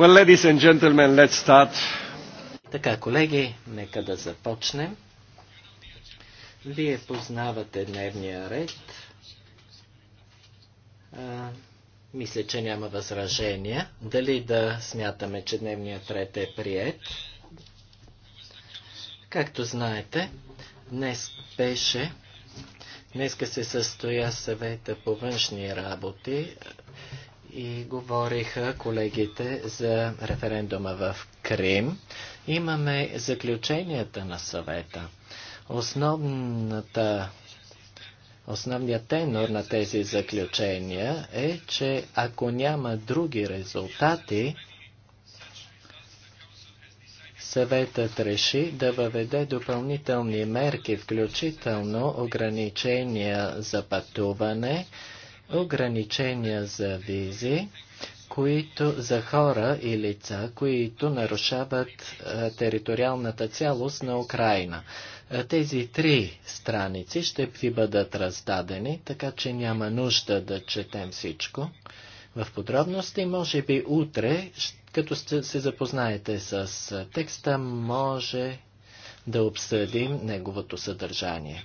Well, ladies and gentlemen, let's start. Така, колеги, нека да започнем. Вие познавате дневния ред. А, мисля, че няма възражения. Дали да смятаме, че дневният ред е прият? Както знаете, днес беше Днеска се състоя съвета по външни работи и говориха колегите за референдума в Крим. Имаме заключенията на съвета. Основната Основният тенор на тези заключения е, че ако няма други резултати, съветът реши да въведе допълнителни мерки, включително ограничения за пътуване, ограничения за визи, които за хора и лица, които нарушават териториалната цялост на Украина. тези три страници ще ви бъдат раздадени, така че няма нужда да четем всичко. В подробности, може би утре, като се запознаете с текста, може да обсъдим неговото съдържание.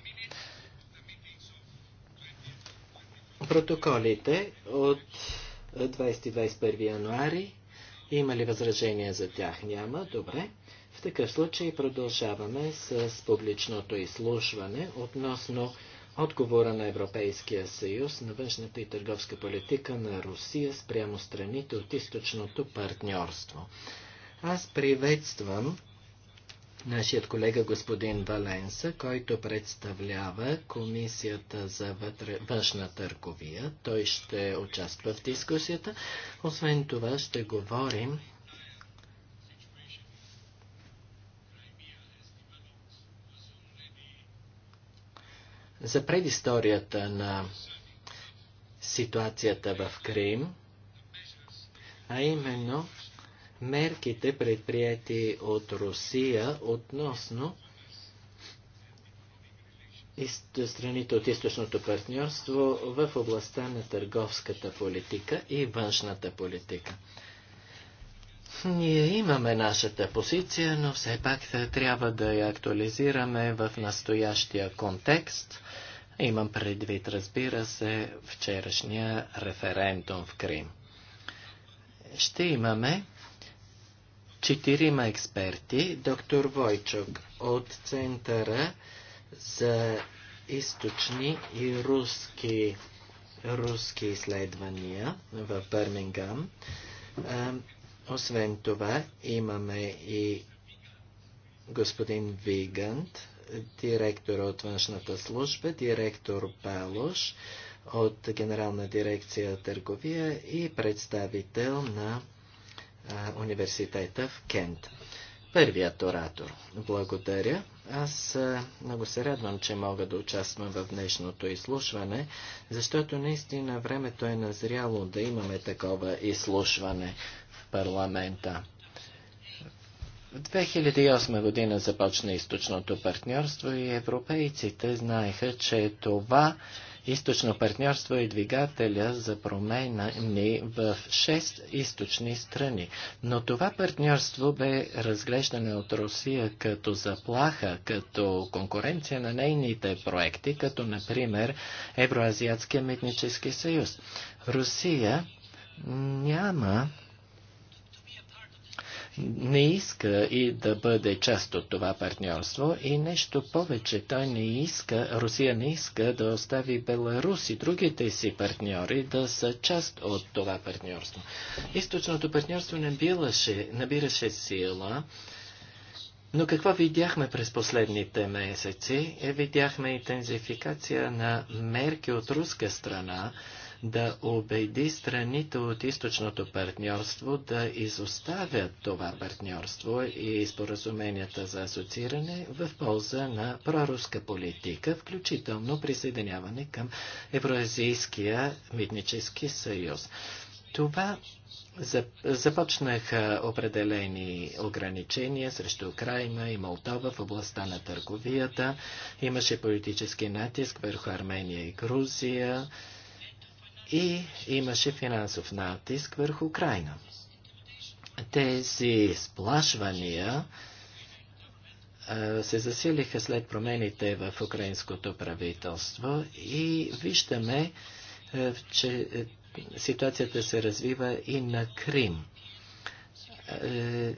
Протоколите от 20-21 е, януари. Има ли възражения за тях? Няма. Добре. В такъв случай продължаваме с публичното изслушване относно отговора на Европейския съюз на външната и търговска политика на Русия спрямо страните от източното партньорство. Аз приветствам нашият колега господин Валенса, който представлява Комисията за вътре, външна търговия. Той ще участва в дискусията. Освен това ще говорим за предисторията на ситуацията в Крим, а именно мерките предприяти от Русия относно страните от източното партньорство в областта на търговската политика и външната политика. Ние имаме нашата позиция, но все пак трябва да я актуализираме в настоящия контекст. Имам предвид, разбира се, вчерашния референдум в Крим. Ще имаме четирима експерти. Доктор Войчок от Центъра за източни и руски, руски изследвания в Бърмингам. Освен това имаме и господин Вигант, директор от външната служба, директор Палош от Генерална дирекция търговия и представител на университета в Кент. Първият оратор. Благодаря. Аз много се радвам, че мога да участвам в днешното изслушване, защото наистина времето е назряло да имаме такова изслушване в парламента. В 2008 година започна източното партньорство и европейците знаеха, че това източно партньорство е двигателя за промена ни в 6 източни страни. Но това партньорство бе разглеждане от Русия като заплаха, като конкуренция на нейните проекти, като например Евроазиатския митнически съюз. Русия няма не иска и да бъде част от това партньорство и нещо повече. Той не иска, Русия не иска да остави Беларус и другите си партньори да са част от това партньорство. Източното партньорство набираше, набираше сила, но какво видяхме през последните месеци? Е, видяхме интензификация на мерки от руска страна, да убеди страните от източното партньорство да изоставят това партньорство и споразуменията за асоцииране в полза на проруска политика, включително присъединяване към Евроазийския митнически съюз. Това Започнаха определени ограничения срещу Украина и Молдова в областта на търговията. Имаше политически натиск върху Армения и Грузия и имаше финансов натиск върху Украина. Тези сплашвания се засилиха след промените в украинското правителство и виждаме, че е, ситуацията се развива и на Крим. Е,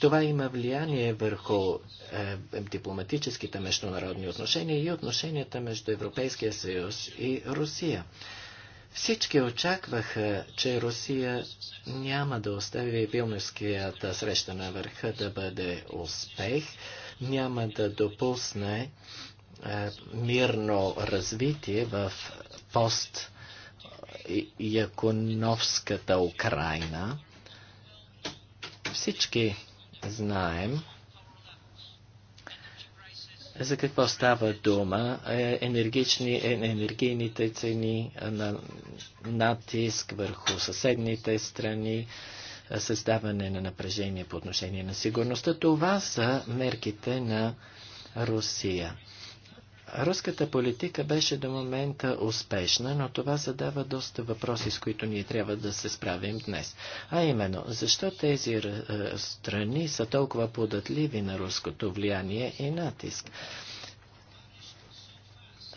това има влияние върху е, дипломатическите международни отношения и отношенията между Европейския съюз и Русия. Всички очакваха, че Русия няма да остави Вилнюскията среща на върха да бъде успех, няма да допусне е, мирно развитие в пост е, Якуновската Украина. Всички знаем, за какво става дума? Е, енергични, е, енергийните цени на натиск върху съседните страни, е, създаване на напрежение по отношение на сигурността. Това са мерките на Русия. Руската политика беше до момента успешна, но това задава доста въпроси, с които ние трябва да се справим днес. А именно, защо тези страни са толкова податливи на руското влияние и натиск?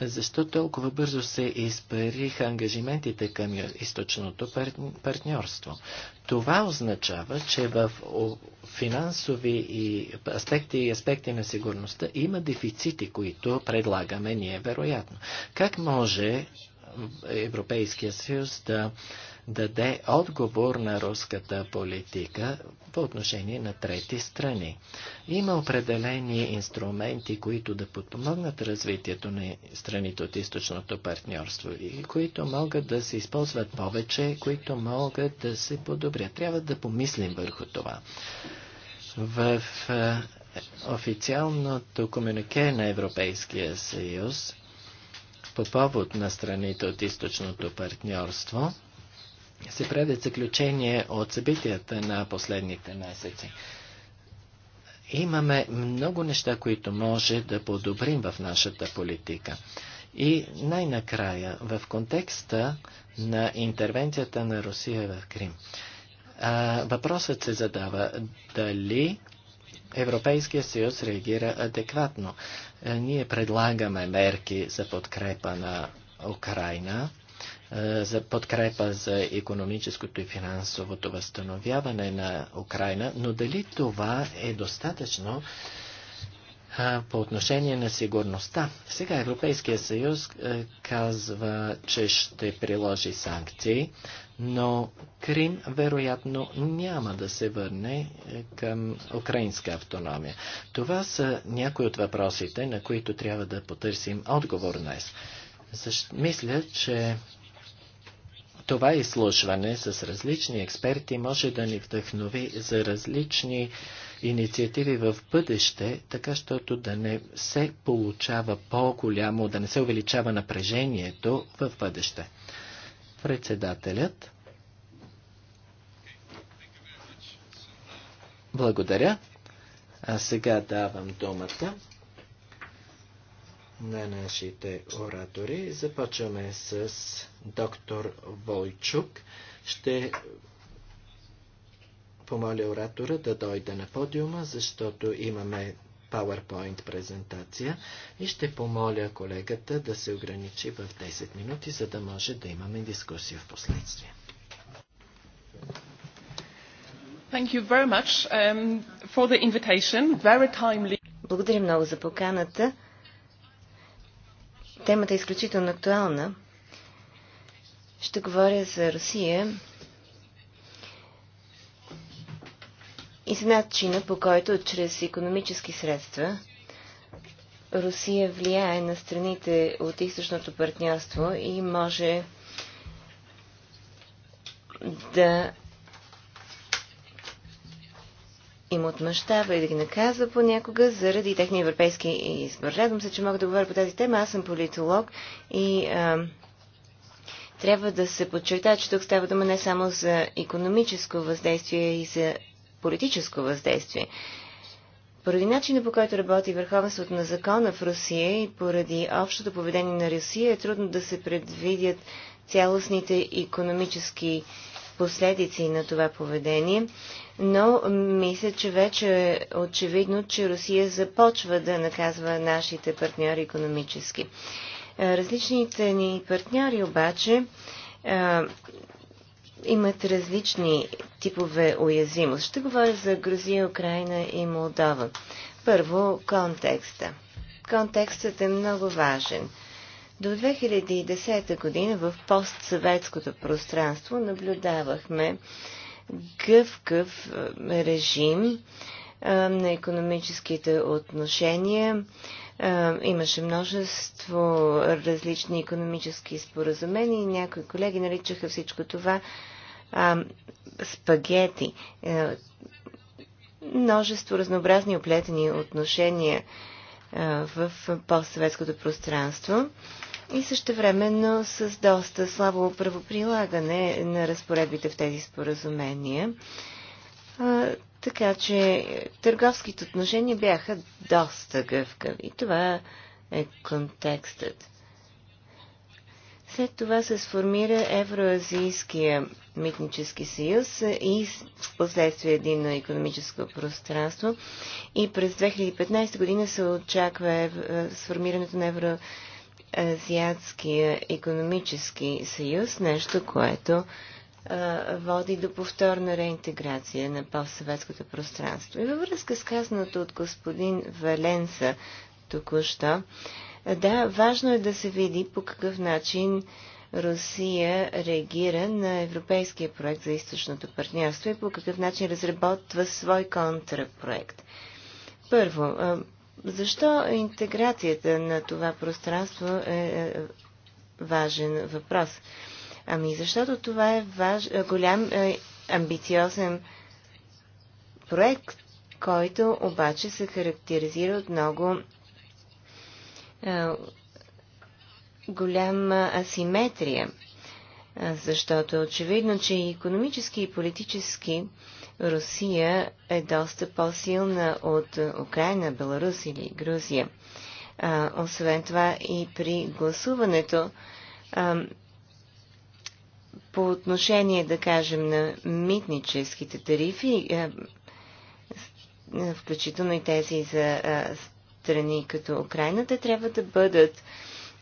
Защо толкова бързо се изпариха ангажиментите към източното пар... партньорство? Това означава, че в финансови и аспекти и аспекти на сигурността има дефицити, които предлагаме ние вероятно. Как може Европейския съюз да даде отговор на руската политика по отношение на трети страни. Има определени инструменти, които да подпомогнат развитието на страните от източното партньорство и които могат да се използват повече, които могат да се подобрят. Трябва да помислим върху това. В е, официалното комюнике на Европейския съюз по повод на страните от източното партньорство се правят заключение от събитията на последните месеци. Имаме много неща, които може да подобрим в нашата политика. И най-накрая, в контекста на интервенцията на Русия в Крим, въпросът се задава дали Европейския съюз реагира адекватно. Е, ние предлагаме мерки за подкрепа на Украина, е, за подкрепа за економическото и финансовото възстановяване на Украина, но дали това е достатъчно е, по отношение на сигурността? Сега Европейския съюз казва, че ще приложи санкции, но Крим вероятно няма да се върне е, към украинска автономия. Това са някои от въпросите, на които трябва да потърсим отговор днес. Защо, мисля, че това изслушване с различни експерти може да ни вдъхнови за различни инициативи в бъдеще, така щото да не се получава по-голямо, да не се увеличава напрежението в бъдеще. Председателят. Благодаря. А сега давам думата на нашите оратори. Започваме с доктор Войчук. Ще помоля оратора да дойде на подиума, защото имаме PowerPoint презентация и ще помоля колегата да се ограничи в 10 минути, за да може да имаме дискусия в последствие. Um, Благодаря много за поканата. Темата е изключително актуална. Ще говоря за Русия и с начина по който чрез економически средства Русия влияе на страните от източното партньорство и може да им отмъщава и да ги наказва понякога заради техния европейски избор. Радвам се, че мога да говоря по тази тема. Аз съм политолог и а, трябва да се подчертая, че тук става дума не само за економическо въздействие и за политическо въздействие. Поради начина по който работи върховенството на закона в Русия и поради общото поведение на Русия е трудно да се предвидят цялостните економически последици на това поведение, но мисля, че вече е очевидно, че Русия започва да наказва нашите партньори економически. Различните ни партньори обаче имат различни типове уязвимост. Ще говоря за Грузия, Украина и Молдова. Първо, контекста. Контекстът е много важен. До 2010 година в постсъветското пространство наблюдавахме гъвкъв е, режим е, на економическите отношения. Е, имаше множество различни економически споразумения и някои колеги наричаха всичко това а, спагети, а, е, множество разнообразни оплетени отношения а, е, в постсъветското пространство и същевременно с доста слабо правоприлагане на разпоредбите в тези споразумения. А, така че търговските отношения бяха доста гъвкави. Това е контекстът. След това се сформира Евроазийския митнически съюз и в последствие единно економическо пространство. И през 2015 година се очаква е, сформирането на Евроазиатския економически съюз, нещо, което е, води до повторна реинтеграция на постсъветското пространство. И във връзка с казаното от господин Валенса току-що, да, важно е да се види по какъв начин Русия реагира на европейския проект за източното партньорство и по какъв начин разработва свой контрапроект. Първо, защо интеграцията на това пространство е, е важен въпрос? Ами защото това е важ... Е, голям, е, амбициозен проект, който обаче се характеризира от много е, голяма асиметрия, е, защото е очевидно, че и економически и политически Русия е доста по-силна от Украина, Беларус или Грузия. Е, освен това и при гласуването по отношение, да кажем, на митническите тарифи, включително и тези за а, страни като украината трябва да бъдат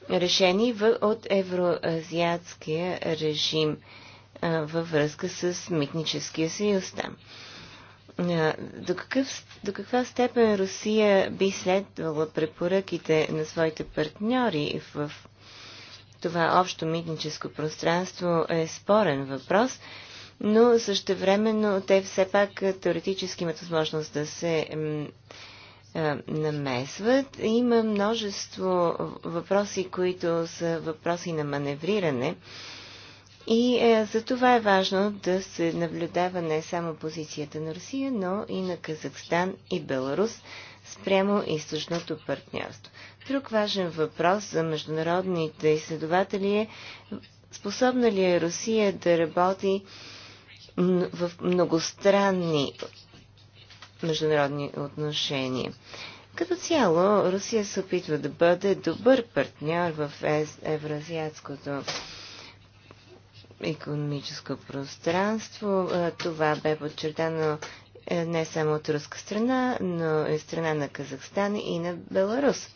решени от евроазиатския режим във връзка с митническия съюз там. До, какъв, до каква степен Русия би следвала препоръките на своите партньори в това общо митническо пространство е спорен въпрос, но времено те все пак теоретически имат възможност да се е, намесват. Има множество въпроси, които са въпроси на маневриране. И е, за това е важно да се наблюдава не само позицията на Русия, но и на Казахстан и Беларус спрямо източното партньорство. Друг важен въпрос за международните изследователи е способна ли е Русия да работи в многостранни международни отношения. Като цяло, Русия се опитва да бъде добър партньор в евразиатското економическо пространство. Това бе подчертано е, не само от руска страна, но и страна на Казахстан и на Беларус.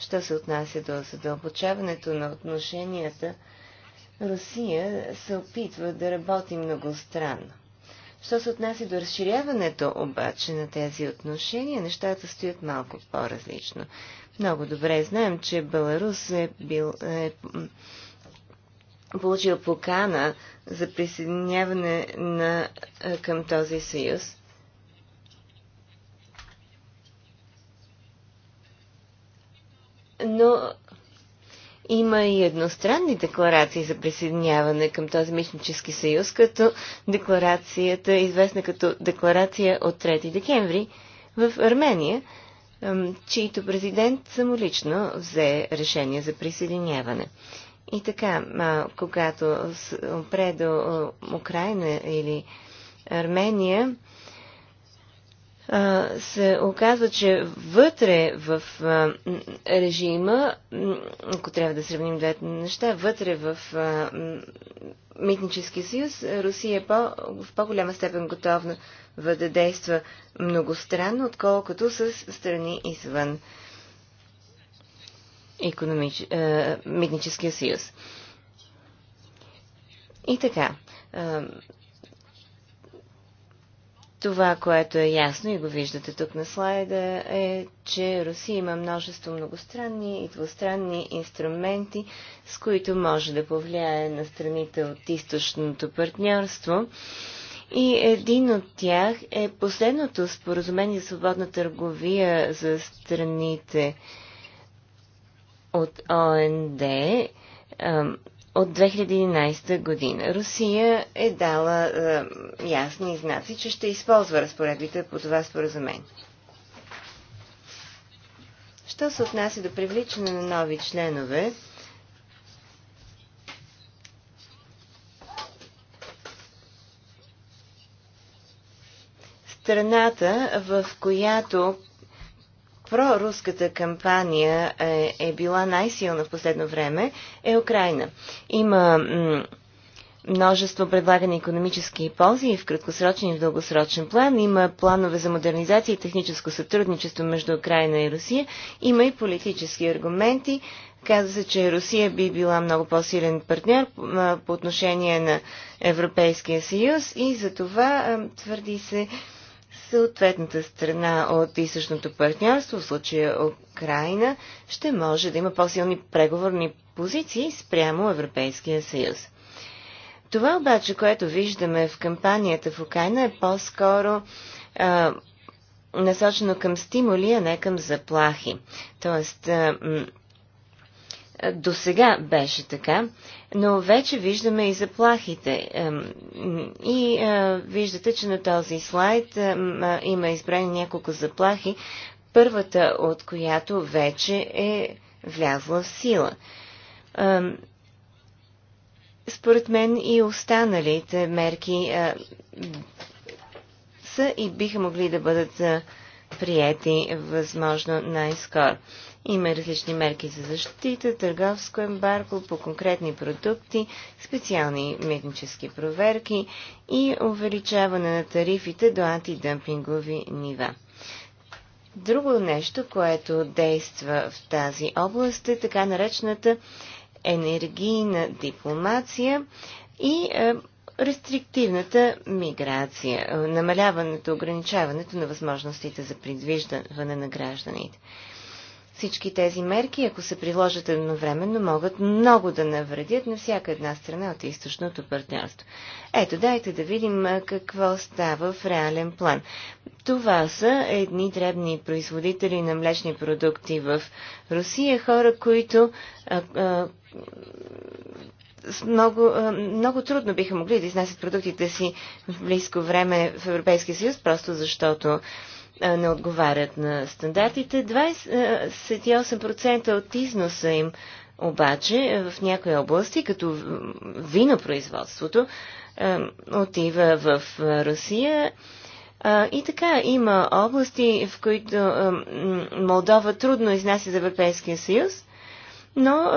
Що се отнася до задълбочаването на отношенията, Русия се опитва да работи многостранно. Що се отнася до разширяването обаче на тези отношения, нещата стоят малко по-различно. Много добре знаем, че Беларус е, бил, е получил покана за присъединяване на, е, към този съюз. Но има и едностранни декларации за присъединяване към този мишнически съюз, като декларацията, известна като декларация от 3 декември в Армения, чийто президент самолично взе решение за присъединяване. И така, когато предо до Украина или Армения, се оказва, че вътре в режима, ако трябва да сравним двете неща, вътре в Митническия съюз, Русия е по, в по-голяма степен готовна да действа многостранно, отколкото с страни извън економич... Митническия съюз. И така, това, което е ясно и го виждате тук на слайда, е, че Русия има множество многостранни и двустранни инструменти, с които може да повлияе на страните от източното партньорство. И един от тях е последното споразумение за свободна търговия за страните от ОНД, от 2011 година. Русия е дала е, ясни знаци, че ще използва разпоредбите по това споразумение. Що се отнася до привличане на нови членове, страната, в която проруската кампания е, е била най-силна в последно време, е Украина. Има множество предлагани економически ползи в краткосрочен и в дългосрочен план. Има планове за модернизация и техническо сътрудничество между Украина и Русия. Има и политически аргументи. Каза се, че Русия би била много по-силен партньор по отношение на Европейския съюз и за това твърди се, съответната страна от източното партньорство, в случая Украина, ще може да има по-силни преговорни позиции спрямо Европейския съюз. Това обаче, което виждаме в кампанията в Украина е по-скоро насочено към стимули, а не към заплахи. Тоест, а, до сега беше така, но вече виждаме и заплахите. И е, виждате, че на този слайд е, е, има избрани няколко заплахи, първата от която вече е влязла в сила. Според мен и останалите мерки са и биха могли да бъдат приети възможно най-скоро. Има различни мерки за защита, търговско ембарго по конкретни продукти, специални митнически проверки и увеличаване на тарифите до антидъмпингови нива. Друго нещо, което действа в тази област е така наречената енергийна дипломация и е, рестриктивната миграция, е, намаляването, ограничаването на възможностите за придвижване на гражданите. Всички тези мерки, ако се приложат едновременно, могат много да навредят на всяка една страна от източното партньорство. Ето, дайте да видим какво става в реален план. Това са едни дребни производители на млечни продукти в Русия, хора, които а, а, много, много трудно биха могли да изнасят продуктите си в близко време в Европейския съюз, просто защото не отговарят на стандартите. 28% от износа им обаче в някои области, като винопроизводството, отива в Русия. И така, има области, в които Молдова трудно изнася за Европейския съюз, но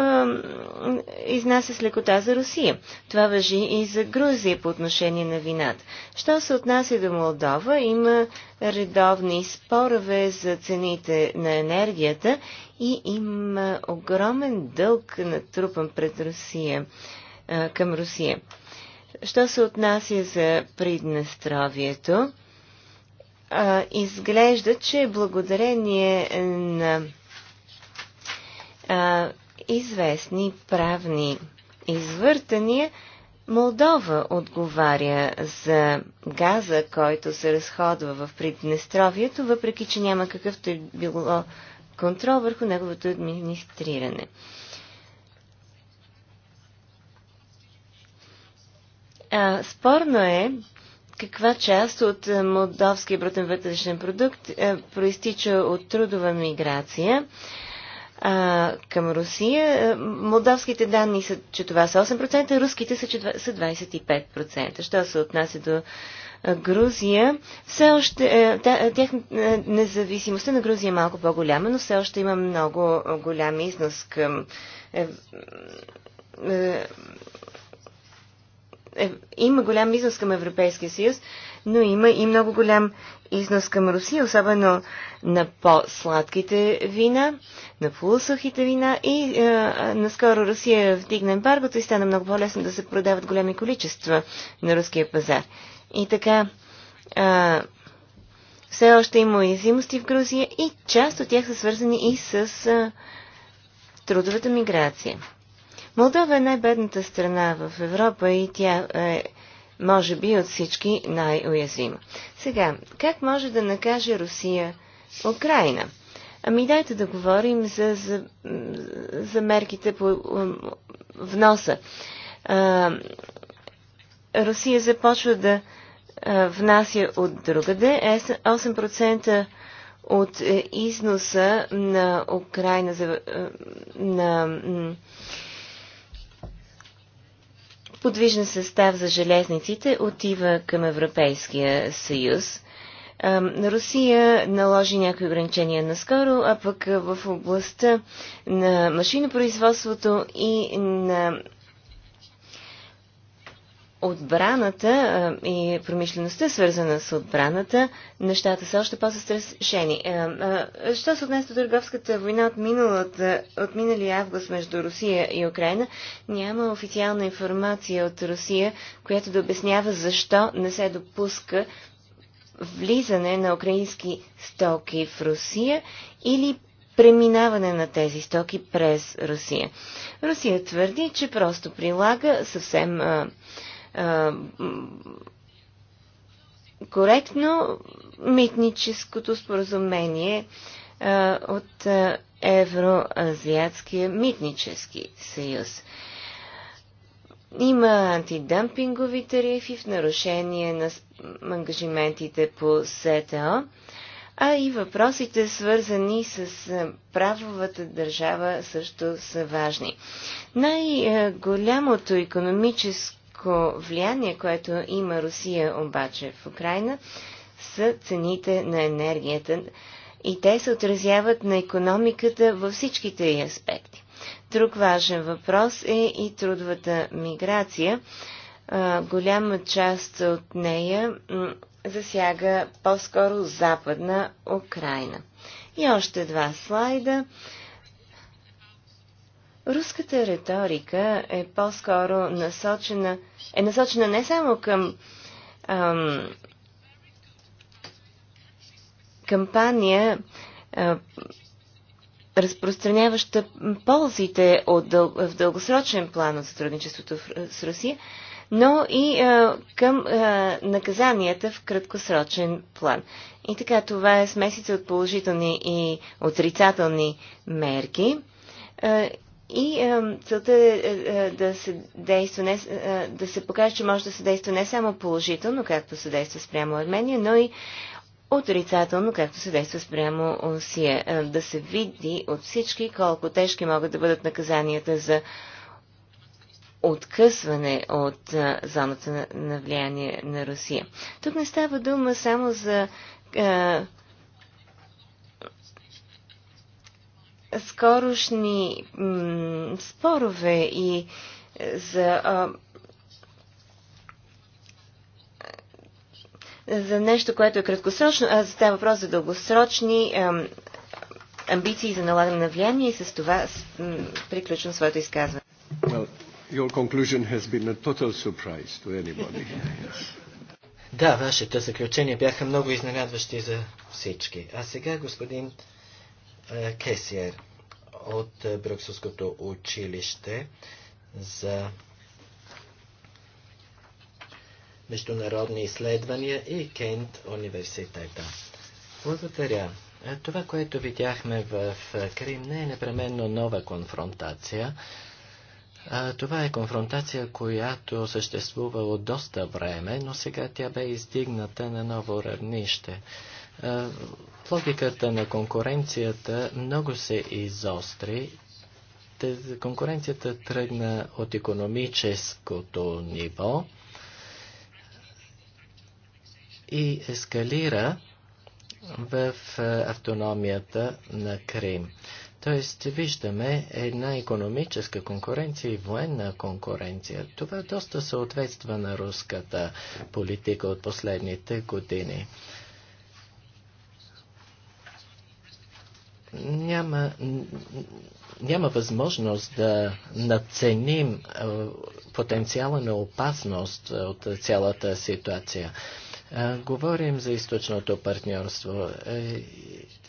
е, изнася с лекота за Русия. Това въжи и за Грузия по отношение на вината. Що се отнася до Молдова, има редовни спорове за цените на енергията и има огромен дълг натрупан пред Русия, е, към Русия. Що се отнася за Приднестровието, е, изглежда, че благодарение на известни правни извъртания. Молдова отговаря за газа, който се разходва в Приднестровието, въпреки че няма какъвто и е било контрол върху неговото администриране. А, спорно е каква част от молдовския брутен вътрешен продукт е, проистича от трудова миграция а, към Русия. Молдовските данни са, че това са 8%, руските са, че са 25%. Що се отнася до Грузия, все още, тях, независимостта на Грузия е малко по-голяма, но все още има много голям износ към е, е, е, има голям износ към Европейския съюз, но има и много голям износ към Русия, особено на по-сладките вина, на полусухите вина и е, наскоро Русия вдигна ембаргото и стана много по-лесно да се продават големи количества на руския пазар. И така, е, все още има уязвимости в Грузия и част от тях са свързани и с е, трудовата миграция. Молдова е най-бедната страна в Европа и тя е, може би, от всички най-уязвима. Сега, как може да накаже Русия Украина? Ами дайте да говорим за, за, за мерките по вноса. А, Русия започва да а, внася от другаде 8% от е, износа на Украина за, на подвижен състав за железниците отива към Европейския съюз. Русия наложи някои ограничения наскоро, а пък в областта на машинопроизводството и на отбраната и промишлеността, свързана с отбраната, нещата са още по-застрашени. Е, що се отнесе до търговската война от, миналата, от миналия август между Русия и Украина, няма официална информация от Русия, която да обяснява защо не се допуска влизане на украински стоки в Русия или преминаване на тези стоки през Русия. Русия твърди, че просто прилага съвсем а, коректно митническото споразумение а, от а, Евроазиатския митнически съюз. Има антидъмпингови тарифи в нарушение на ангажиментите по СТО, а и въпросите свързани с правовата държава също са важни. Най-голямото економическо пряко влияние, което има Русия обаче в Украина, са цените на енергията и те се отразяват на економиката във всичките й аспекти. Друг важен въпрос е и трудовата миграция. голяма част от нея засяга по-скоро западна Украина. И още два слайда. Руската риторика е по-скоро насочена, е насочена не само към ам, кампания, а, разпространяваща ползите от дъл... в дългосрочен план от сътрудничеството с Русия, но и а, към а, наказанията в краткосрочен план. И така, това е смесица от положителни и отрицателни мерки. А, и е, целта е, е е да се действа, не, е, е, да се покаже, че може да се действа не само положително, както се действа спрямо Армения, но и отрицателно, както се действа спрямо Осия. Е, да се види от всички колко тежки могат да бъдат наказанията за откъсване от а, е, зоната на, на влияние на Русия. Тук не става дума само за скорошни спорове и е, за, а, за нещо, което е краткосрочно, а става въпрос за дългосрочни а, амбиции за налагане на влияние и с това приключвам своето изказване. Well, your conclusion has been a total surprise to anybody. Да, вашите заключения бяха много изненадващи за всички. А сега господин е, Кесиер от е, Брюкселското училище за международни изследвания и Кент университета. Благодаря. Е, това, което видяхме в Крим, не е непременно нова конфронтация. Това е конфронтация, която съществува от доста време, но сега тя бе издигната на ново равнище. Е, логиката на конкуренцията много се изостри. Конкуренцията тръгна от економическото ниво и ескалира в е, автономията на Крим. Тоест виждаме една економическа конкуренция и военна конкуренция. Това доста съответства на руската политика от последните години. няма, няма възможност да надценим е, потенциала на опасност е, от цялата ситуация. Е, говорим за източното партньорство.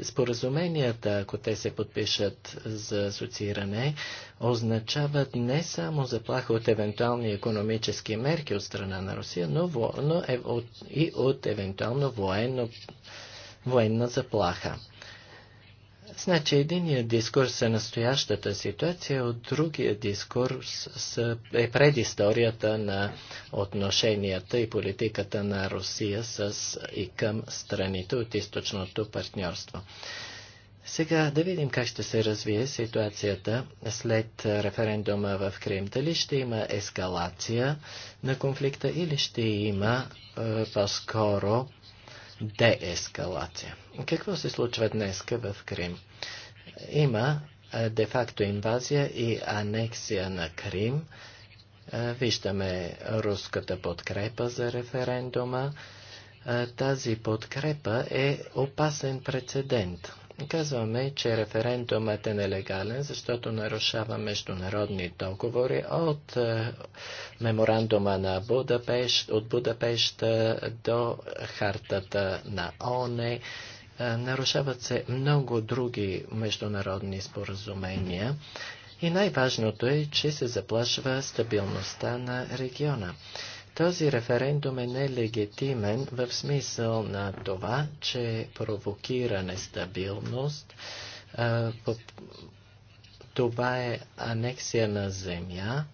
Споразуменията, ако те се подпишат за асоцииране, означават не само заплаха от евентуални економически мерки от страна на Русия, но, но и от евентуално военно, военна заплаха. Значи единият дискурс е настоящата ситуация, от другия дискурс е предисторията на отношенията и политиката на Русия с и към страните от източното партньорство. Сега да видим как ще се развие ситуацията след референдума в Крим. Дали ще има ескалация на конфликта или ще има е, по-скоро деескалация. Какво се случва днес в Крим? Има де-факто инвазия и анексия на Крим. Виждаме руската подкрепа за референдума. Тази подкрепа е опасен прецедент. Казваме, че референдумът е нелегален, защото нарушава международни договори от меморандума на Будапешт, от Будапешта до хартата на ОНЕ е, нарушават се много други международни споразумения и най-важното е, че се заплашва стабилността на региона. Този референдум е нелегитимен в смисъл на това, че провокира нестабилност. Е, това е анексия на земя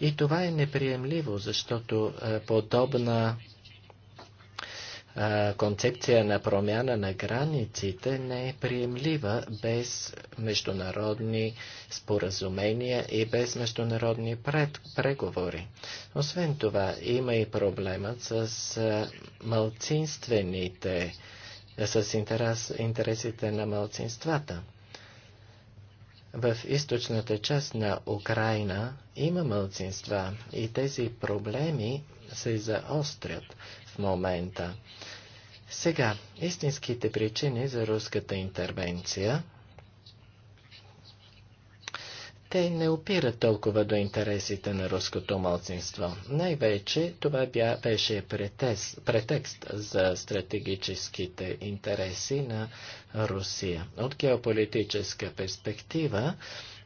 и това е неприемливо, защото е, подобна концепция на промяна на границите не е приемлива без международни споразумения и без международни пред, преговори. Освен това, има и проблемът с малцинствените, с интерес, интересите на малцинствата. В източната част на Украина има мълцинства и тези проблеми се заострят момента. Сега, истинските причини за руската интервенция те не опират толкова до интересите на руското малцинство. Най-вече това бя, беше претез, претекст за стратегическите интереси на Русия. От геополитическа перспектива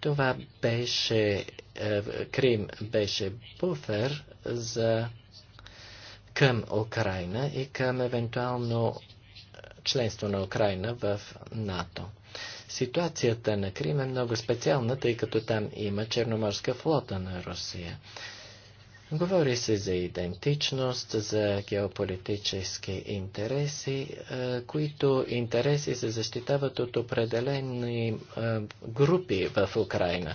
това беше, е, Крим беше буфер за към Украина и към евентуално членство на Украина в НАТО. Ситуацията на Крим е много специална, тъй като там има Черноморска флота на Русия. Говори се за идентичност, за геополитически интереси, е, които интереси се защитават от определени е, групи в Украина.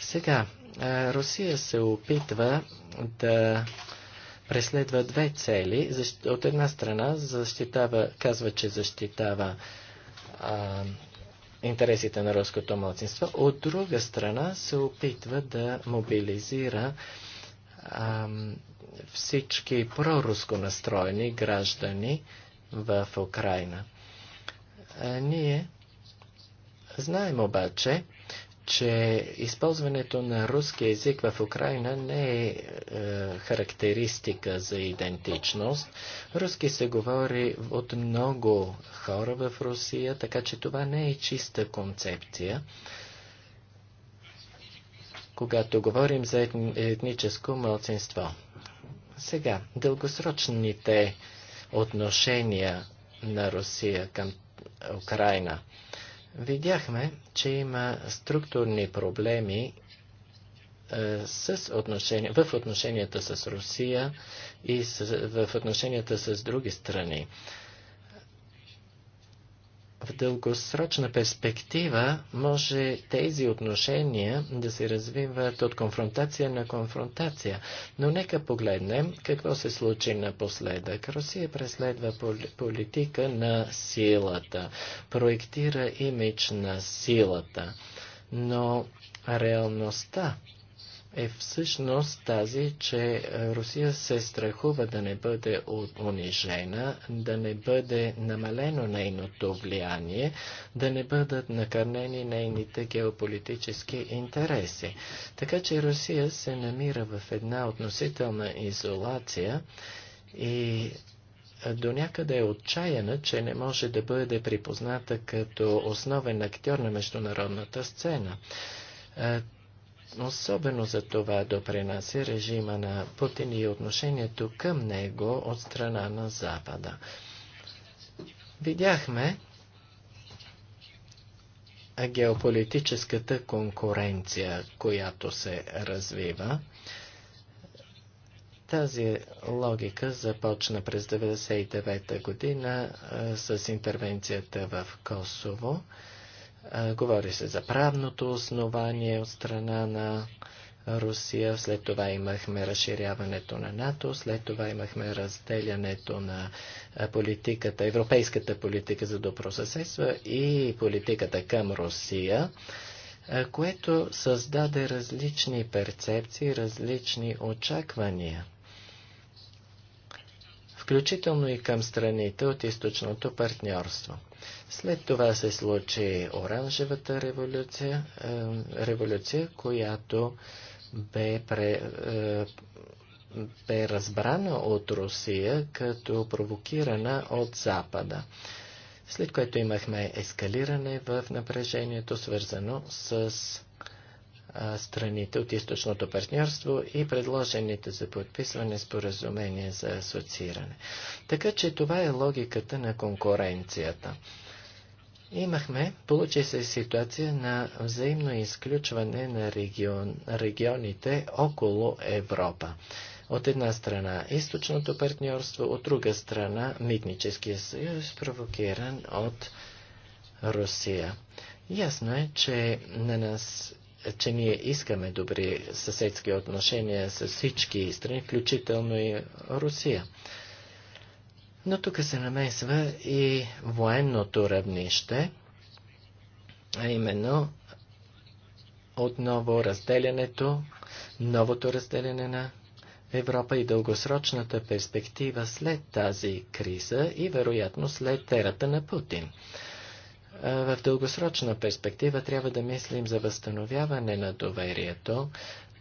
Сега, е, Русия се опитва да преследва две цели. От една страна защитава, казва, че защитава а, интересите на руското младсинство. От друга страна се опитва да мобилизира а, всички проруско настроени граждани в Украина. А, ние знаем обаче, че използването на руски език в Украина не е, е характеристика за идентичност. Руски се говори от много хора в Русия, така че това не е чиста концепция. Когато говорим за етническо мълцинство. Сега, дългосрочните отношения на Русия към Украина. Видяхме, че има структурни проблеми е, с отношения, в отношенията с Русия и с, в отношенията с други страни в дългосрочна перспектива може тези отношения да се развиват от конфронтация на конфронтация. Но нека погледнем какво се случи напоследък. Русия преследва политика на силата, проектира имидж на силата, но реалността е всъщност тази, че Русия се страхува да не бъде унижена, да не бъде намалено нейното влияние, да не бъдат накърнени нейните геополитически интереси. Така че Русия се намира в една относителна изолация и до някъде е отчаяна, че не може да бъде припозната като основен актьор на международната сцена. Е, Особено за това допринася режима на Путин и отношението към него от страна на Запада. Видяхме геополитическата конкуренция, която се развива. Тази логика започна през 1999 година с интервенцията в Косово. Говори се за правното основание от страна на Русия, след това имахме разширяването на НАТО, след това имахме разделянето на политиката, европейската политика за добросъседство и политиката към Русия, което създаде различни перцепции, различни очаквания включително и към страните от източното партньорство. След това се случи оранжевата революция, е, революция която бе, пре, е, бе разбрана от Русия като провокирана от Запада. След което имахме ескалиране в напрежението, свързано с е, страните от източното партньорство и предложените за подписване споразумения за асоцииране. Така че това е логиката на конкуренцията. Имахме, получи се ситуация на взаимно изключване на регион, регионите около Европа. От една страна източното партньорство, от друга страна митническия съюз, провокиран от Русия. Ясно е, че на нас че ние искаме добри съседски отношения с всички страни, включително и Русия. Но тук се намесва и военното равнище, а именно отново разделянето, новото разделяне на Европа и дългосрочната перспектива след тази криза и вероятно след терата на Путин. В дългосрочна перспектива трябва да мислим за възстановяване на доверието,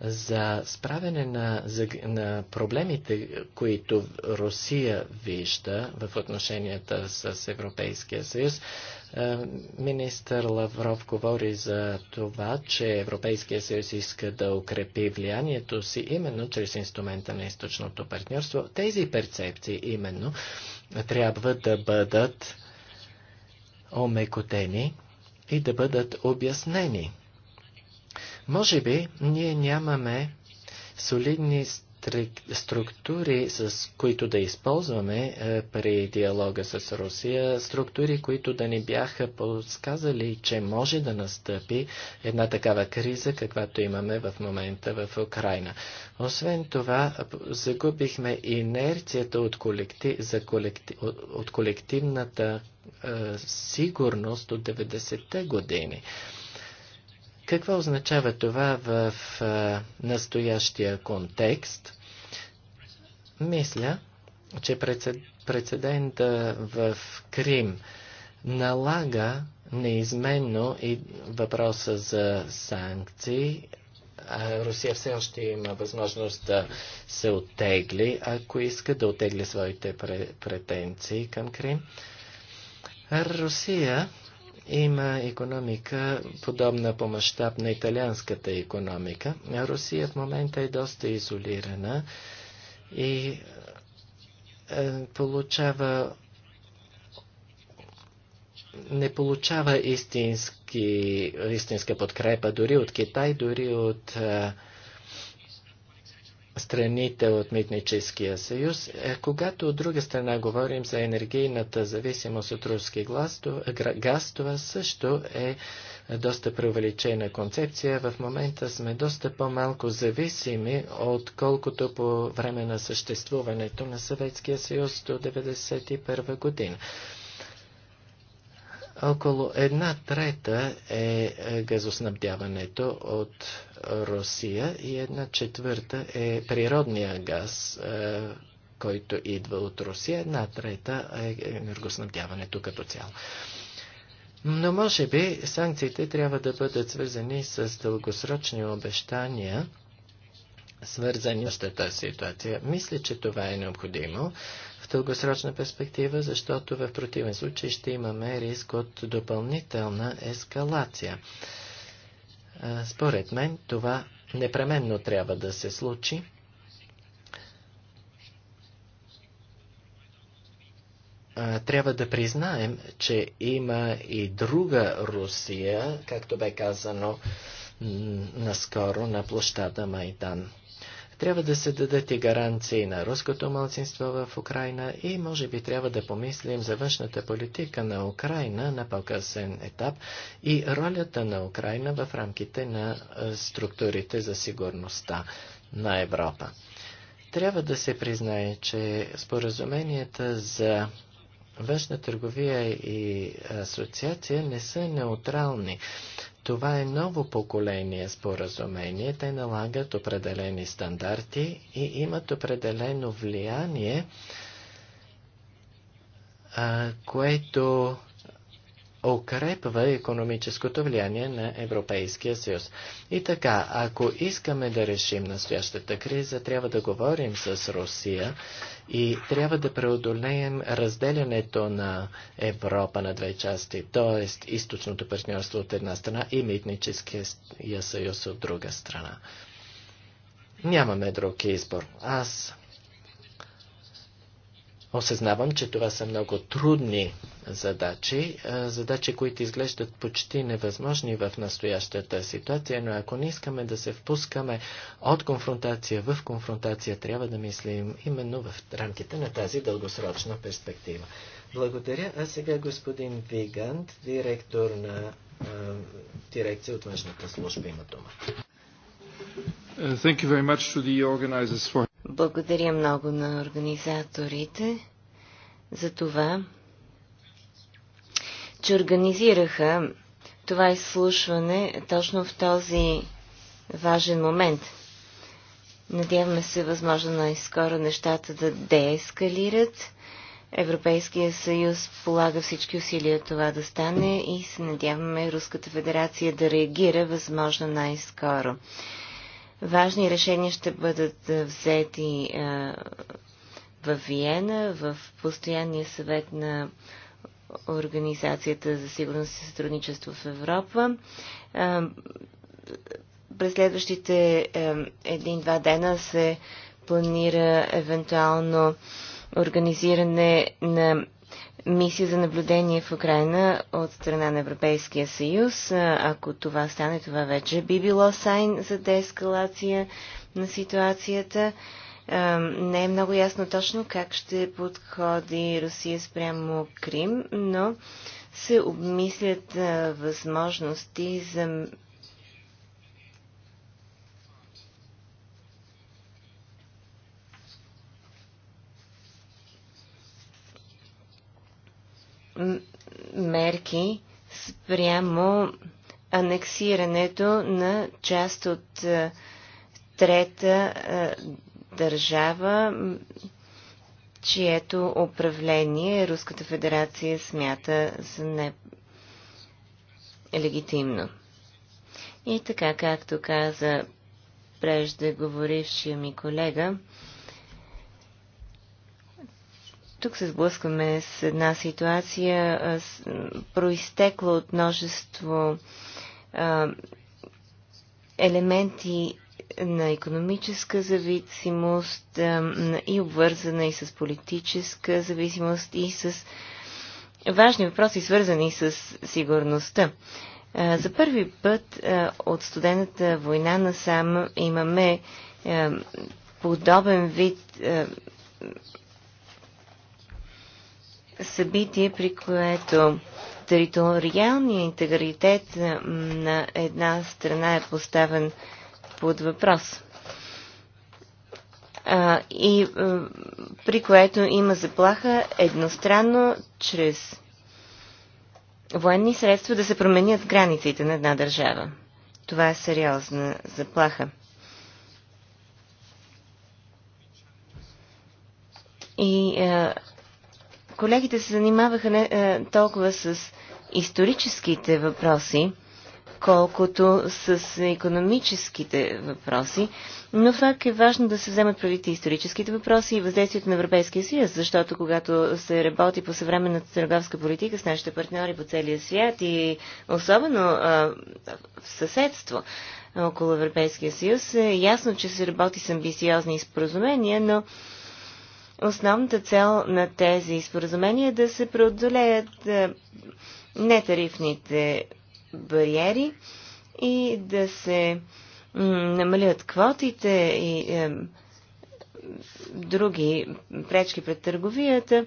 за справяне на, за, на проблемите, които Русия вижда в отношенията с Европейския съюз. Е, министър Лавров говори за това, че Европейския съюз иска да укрепи влиянието си именно чрез инструмента на източното партньорство. Тези перцепции именно трябва да бъдат омекотени и да бъдат обяснени. Може би ние нямаме солидни структури, с които да използваме е, при диалога с Русия, структури, които да ни бяха подсказали, че може да настъпи една такава криза, каквато имаме в момента в Украина. Освен това, загубихме инерцията от, колектив, за колектив, от колективната е, сигурност от 90-те години. Какво означава това в настоящия контекст? Мисля, че прецедента в Крим налага неизменно и въпроса за санкции. Русия все още има възможност да се оттегли, ако иска да оттегли своите претенции към Крим. Русия има економика, подобна по мащаб на италианската економика. А Русия в момента е доста изолирана и е, получава не получава истински, истинска подкрепа дори от Китай, дори от е, страните от Митническия съюз. Е, когато от друга страна говорим за енергийната зависимост от руски газ, това също е доста преувеличена концепция. В момента сме доста по-малко зависими, отколкото по време на съществуването на Съветския съюз до 1991 година. Около една трета е, е газоснабдяването от Русия и една четвърта е природния газ, е, който идва от Русия, една трета е енергоснабдяването като цяло. Но може би санкциите трябва да бъдат свързани с дългосрочни обещания, свързани с тази ситуация. Мисля, че това е необходимо в дългосрочна перспектива, защото в противен случай ще имаме риск от допълнителна ескалация. Според мен това непременно трябва да се случи. трябва да признаем, че има и друга Русия, както бе казано наскоро на площада Майдан. Трябва да се дадат и гаранции на руското малцинство в Украина и може би трябва да помислим за външната политика на Украина на по-късен етап и ролята на Украина в рамките на е, структурите за сигурността на Европа. Трябва да се признае, че споразуменията за външна търговия и е, асоциация не са неутрални. Това е ново поколение споразумение. Те налагат определени стандарти и имат определено влияние, което укрепва економическото влияние на Европейския съюз. И така, ако искаме да решим настоящата криза, трябва да говорим с Русия и трябва да преодолеем разделянето на Европа на две части, т.е. източното партньорство от една страна и митническия съюз от друга страна. Нямаме друг избор. Аз Осъзнавам, че това са много трудни задачи, задачи, които изглеждат почти невъзможни в настоящата ситуация, но ако не искаме да се впускаме от конфронтация в конфронтация, трябва да мислим именно в рамките на тази дългосрочна перспектива. Благодаря. А сега господин Вигант, директор на а, дирекция от външната служба, има дума. Uh, благодаря много на организаторите за това, че организираха това изслушване точно в този важен момент. Надяваме се, възможно най-скоро нещата да деескалират. Европейския съюз полага всички усилия това да стане и се надяваме Руската федерация да реагира възможно най-скоро. Важни решения ще бъдат взети в Виена, в постоянния съвет на Организацията за сигурност и сътрудничество в Европа. През следващите един-два дена се планира евентуално организиране на мисия за наблюдение в Украина от страна на Европейския съюз. Ако това стане, това вече би било сайн за деескалация на ситуацията. Не е много ясно точно как ще подходи Русия спрямо Крим, но се обмислят възможности за мерки спрямо анексирането на част от е, трета е, държава, чието управление Руската федерация смята за не легитимно. И така, както каза преждеговорившия ми колега, тук се сблъскваме с една ситуация, произтекла от множество елементи на економическа зависимост и обвързана и с политическа зависимост и с важни въпроси, свързани с сигурността. за първи път от студената война насам имаме подобен вид събитие, при което териториалният интегритет на една страна е поставен под въпрос. А, и а, при което има заплаха едностранно чрез военни средства да се променят границите на една държава. Това е сериозна заплаха. И а, колегите се занимаваха не е, толкова с историческите въпроси, колкото с економическите въпроси, но факт е важно да се вземат правите историческите въпроси и въздействието на Европейския съюз, защото когато се работи по съвременната търговска политика с нашите партньори по целия свят и особено а, в съседство около Европейския съюз, е ясно, че се работи с амбициозни споразумения, но основната цел на тези споразумения е да се преодолеят е, нетарифните бариери и да се намалят квотите и е, други пречки пред търговията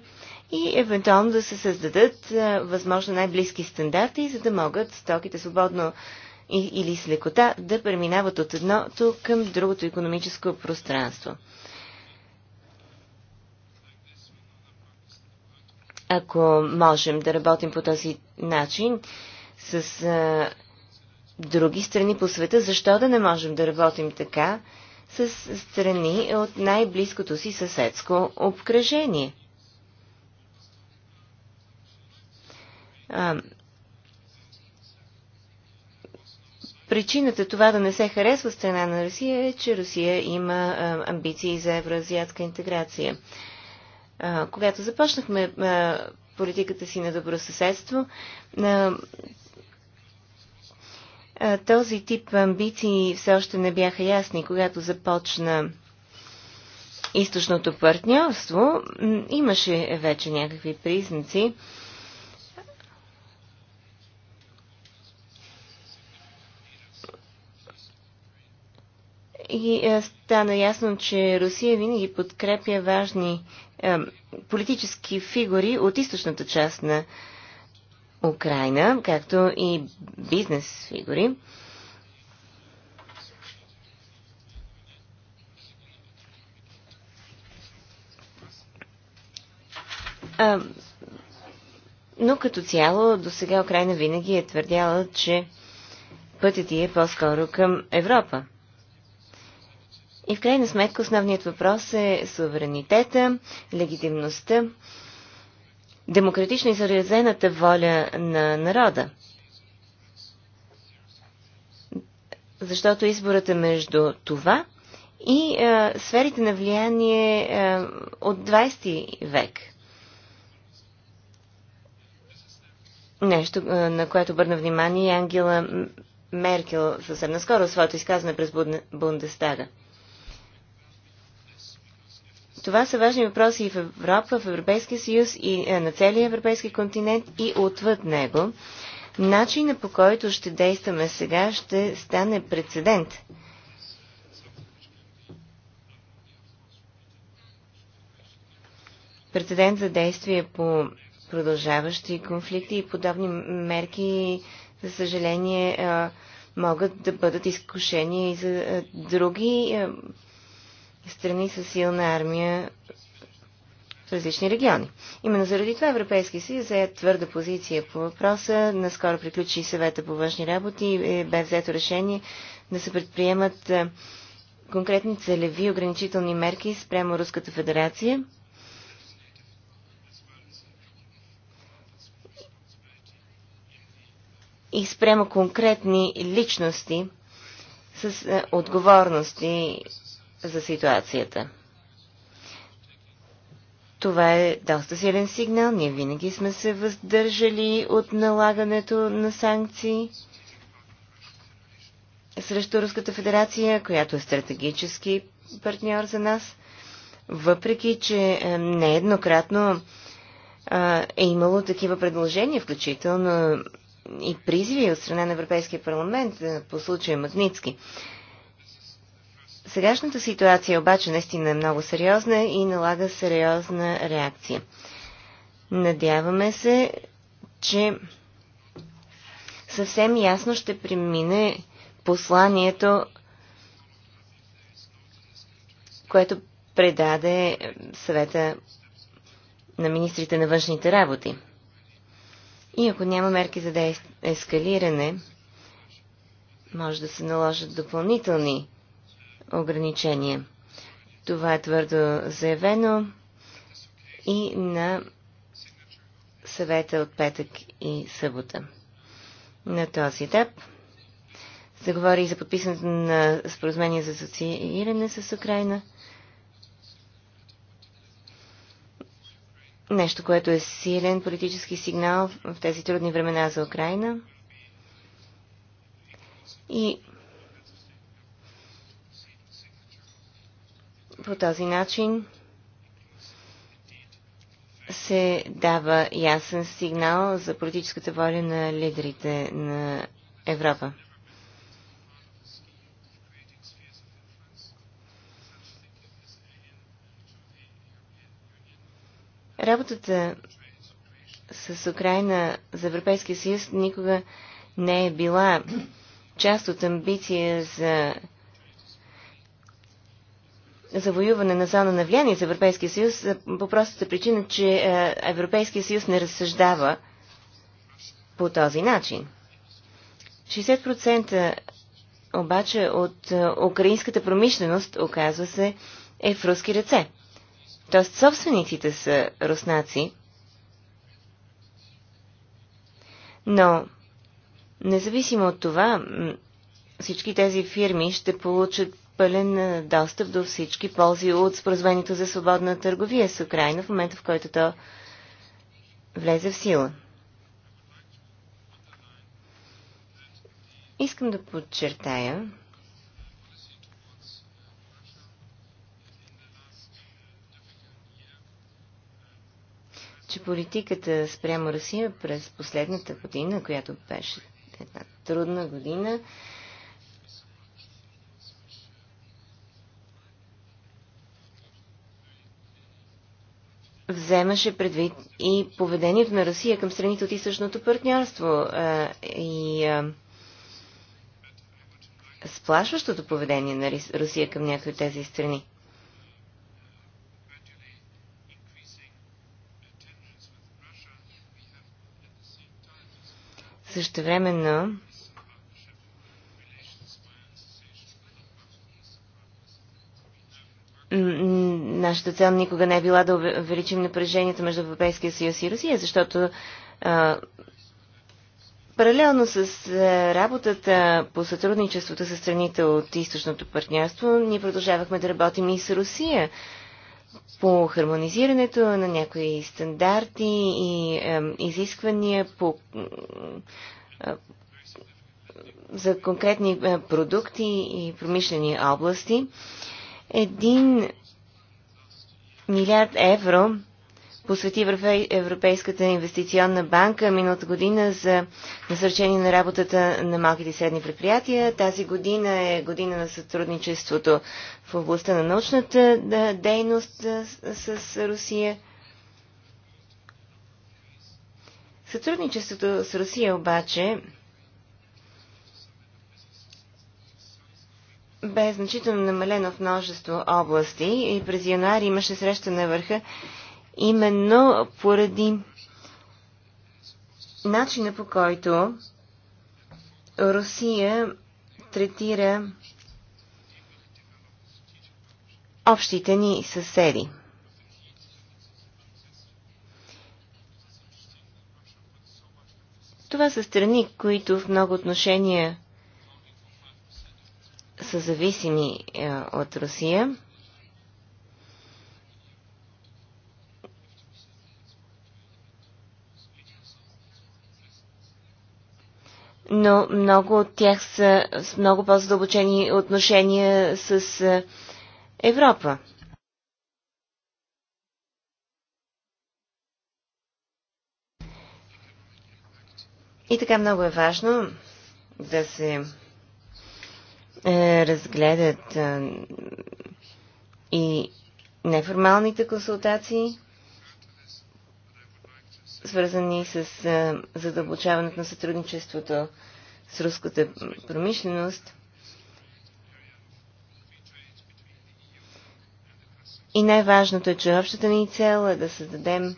и евентуално да се създадат е, възможно най-близки стандарти, за да могат стоките свободно или с лекота да преминават от едното към другото економическо пространство. Ако можем да работим по този начин с а, други страни по света, защо да не можем да работим така с страни от най-близкото си съседско обкръжение? А, Причината това да не се харесва страна на Русия е, че Русия има а, амбиции за евроазиатска интеграция а, когато започнахме а, политиката си на добро а, а, този тип амбиции все още не бяха ясни. Когато започна източното партньорство, имаше вече някакви признаци. И стана ясно, че Русия винаги подкрепя важни е, политически фигури от източната част на Украина, както и бизнес фигури. но като цяло, до сега Украина винаги е твърдяла, че пътят ти е по-скоро към Европа. И в крайна сметка основният въпрос е суверенитета, легитимността, демократично изразената воля на народа. Защото изборът е между това и а, сферите на влияние а, от 20 век. Нещо, а, на което обърна внимание Ангела Меркел съвсем наскоро в своето изказване през Бундестага. Това са важни въпроси и в Европа, в Европейския съюз, и е, на целия европейски континент и отвъд него. Начина по който ще действаме сега ще стане прецедент. Прецедент за действие по продължаващи конфликти и подобни мерки, за съжаление, е, могат да бъдат изкушени и за е, други страни с силна армия в различни региони. Именно заради това Европейския съюз е твърда позиция по въпроса. Наскоро приключи съвета по външни работи и е, бе взето решение да се предприемат е, конкретни целеви ограничителни мерки спрямо Руската федерация. И спрямо конкретни личности с е, отговорности за ситуацията. Това е доста силен сигнал. Ние винаги сме се въздържали от налагането на санкции срещу Руската федерация, която е стратегически партньор за нас, въпреки че е, нееднократно е имало такива предложения, включително и призиви от страна на Европейския парламент е, по случая Магницки. Сегашната ситуация обаче наистина е много сериозна и налага сериозна реакция. Надяваме се, че съвсем ясно ще премине посланието, което предаде съвета на министрите на външните работи. И ако няма мерки за деескалиране, може да се наложат допълнителни ограничение. Това е твърдо заявено и на съвета от петък и събота. На този етап се говори и за подписането на споразумение за асоцииране с Украина. Нещо, което е силен политически сигнал в тези трудни времена за Украина. И По този начин се дава ясен сигнал за политическата воля на лидерите на Европа. Работата с Украина за Европейския съюз никога не е била част от амбиция за завоюване на зона на влияние за Европейския съюз е, по простата причина, че е, Европейския съюз не разсъждава по този начин. 60% обаче от е, украинската промишленост, оказва се, е в руски ръце. Тоест собствениците са руснаци, но независимо от това, всички тези фирми ще получат пълен е, достъп до всички ползи от споразумението за свободна търговия с Украина в момента, в който то влезе в сила. Искам да подчертая, че политиката спрямо Русия през последната година, която беше една трудна година, вземаше предвид и поведението на Русия към страните от източното партньорство и сплашващото поведение на Русия към някои от тези страни. Същевременно Нашата цел никога не е била да увеличим напрежението между Европейския съюз и Русия, защото а, паралелно с работата по сътрудничеството с страните от източното партньорство, ние продължавахме да работим и с Русия по хармонизирането на някои стандарти и а, изисквания по, А, за конкретни продукти и промишлени области. Един милиард евро посвети Европейската инвестиционна банка миналата година за насърчение на работата на малките и средни предприятия. Тази година е година на сътрудничеството в областта на научната дейност с Русия. Сътрудничеството с Русия обаче бе значително намалено в множество области и през януари имаше среща на върха именно поради начина по който Русия третира общите ни съседи. Това са страни, които в много отношения са зависими е, от Русия. но много от тях са с много по-задълбочени отношения с е, Европа. И така много е важно да се е, разгледат е, и неформалните консултации, свързани с е, задълбочаването на сътрудничеството с руската промишленост. И най-важното е, че общата ни цел е да създадем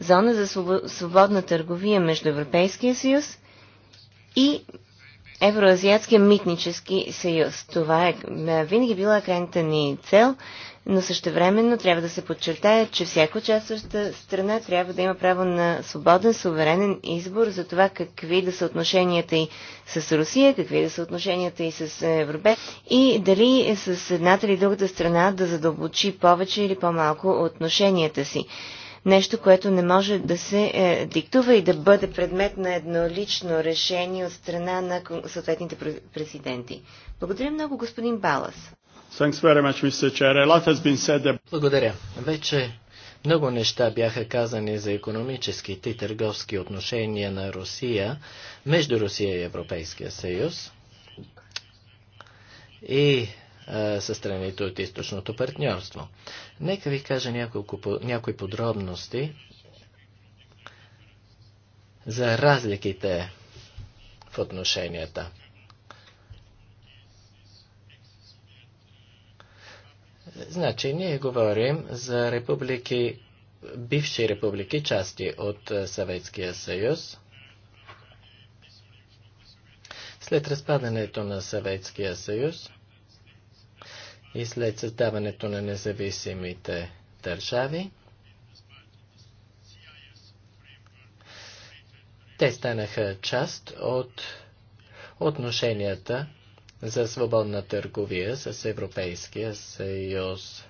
зона за свободна търговия между Европейския съюз и Евроазиатския митнически съюз. Това е, е винаги била крайната ни цел, но същевременно трябва да се подчертая, че всяка участваща страна трябва да има право на свободен, суверенен избор за това какви да са отношенията и с Русия, какви да са отношенията и с Европе и дали е с едната или другата страна да задълбочи повече или по-малко отношенията си нещо, което не може да се е, диктува и да бъде предмет на еднолично решение от страна на съответните президенти. Благодаря много, господин Балас. Благодаря. Вече много неща бяха казани за економическите и търговски отношения на Русия между Русия и Европейския съюз. И е, със страните от източното партньорство. Нека ви кажа няколко, някои подробности за разликите в отношенията. Значи, ние говорим за републики, бивши републики, части от е, Съветския съюз. След разпадането на Съветския съюз, и след създаването на независимите държави. Те станаха част от отношенията за свободна търговия с Европейския съюз.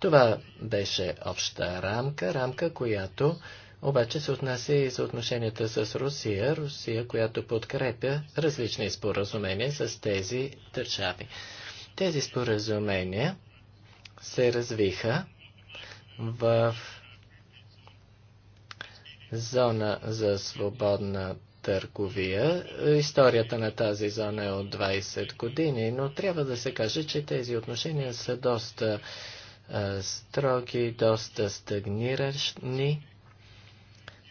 Това беше обща рамка, рамка, която обаче се отнася и за отношенията с Русия, Русия, която подкрепя различни споразумения с тези държави. Тези споразумения се развиха в зона за свободна търговия. Историята на тази зона е от 20 години, но трябва да се каже, че тези отношения са доста строги, доста стагниращни.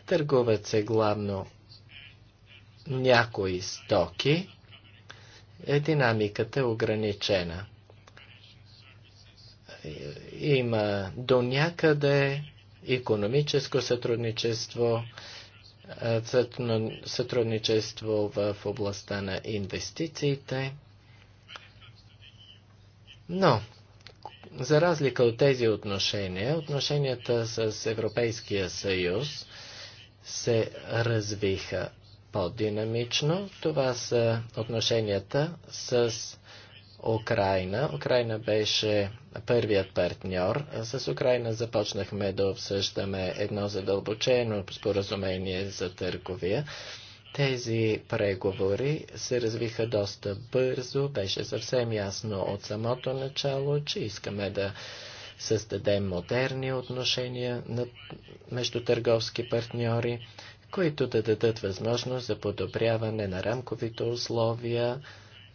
Търгуват се главно някои стоки, е динамиката е ограничена. Има до някъде економическо сътрудничество, сътрудничество в областта на инвестициите. Но, за разлика от тези отношения, отношенията с Европейския съюз се развиха по-динамично. Това са отношенията с Украина. Украина беше първият партньор. С Украина започнахме да обсъждаме едно задълбочено споразумение за търговия. Тези преговори се развиха доста бързо. Беше съвсем ясно от самото начало, че искаме да създадем модерни отношения между търговски партньори които да дадат възможност за подобряване на рамковите условия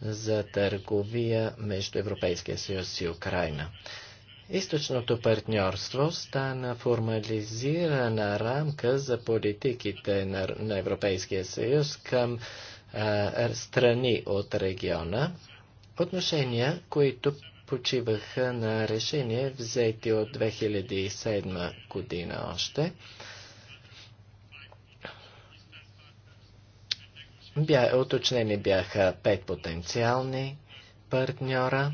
за търговия между Европейския съюз и Украина. Източното партньорство стана формализирана рамка за политиките на, на Европейския съюз към а, страни от региона, отношения, които почиваха на решения, взети от 2007 година още. Бя, уточнени бяха пет потенциални партньора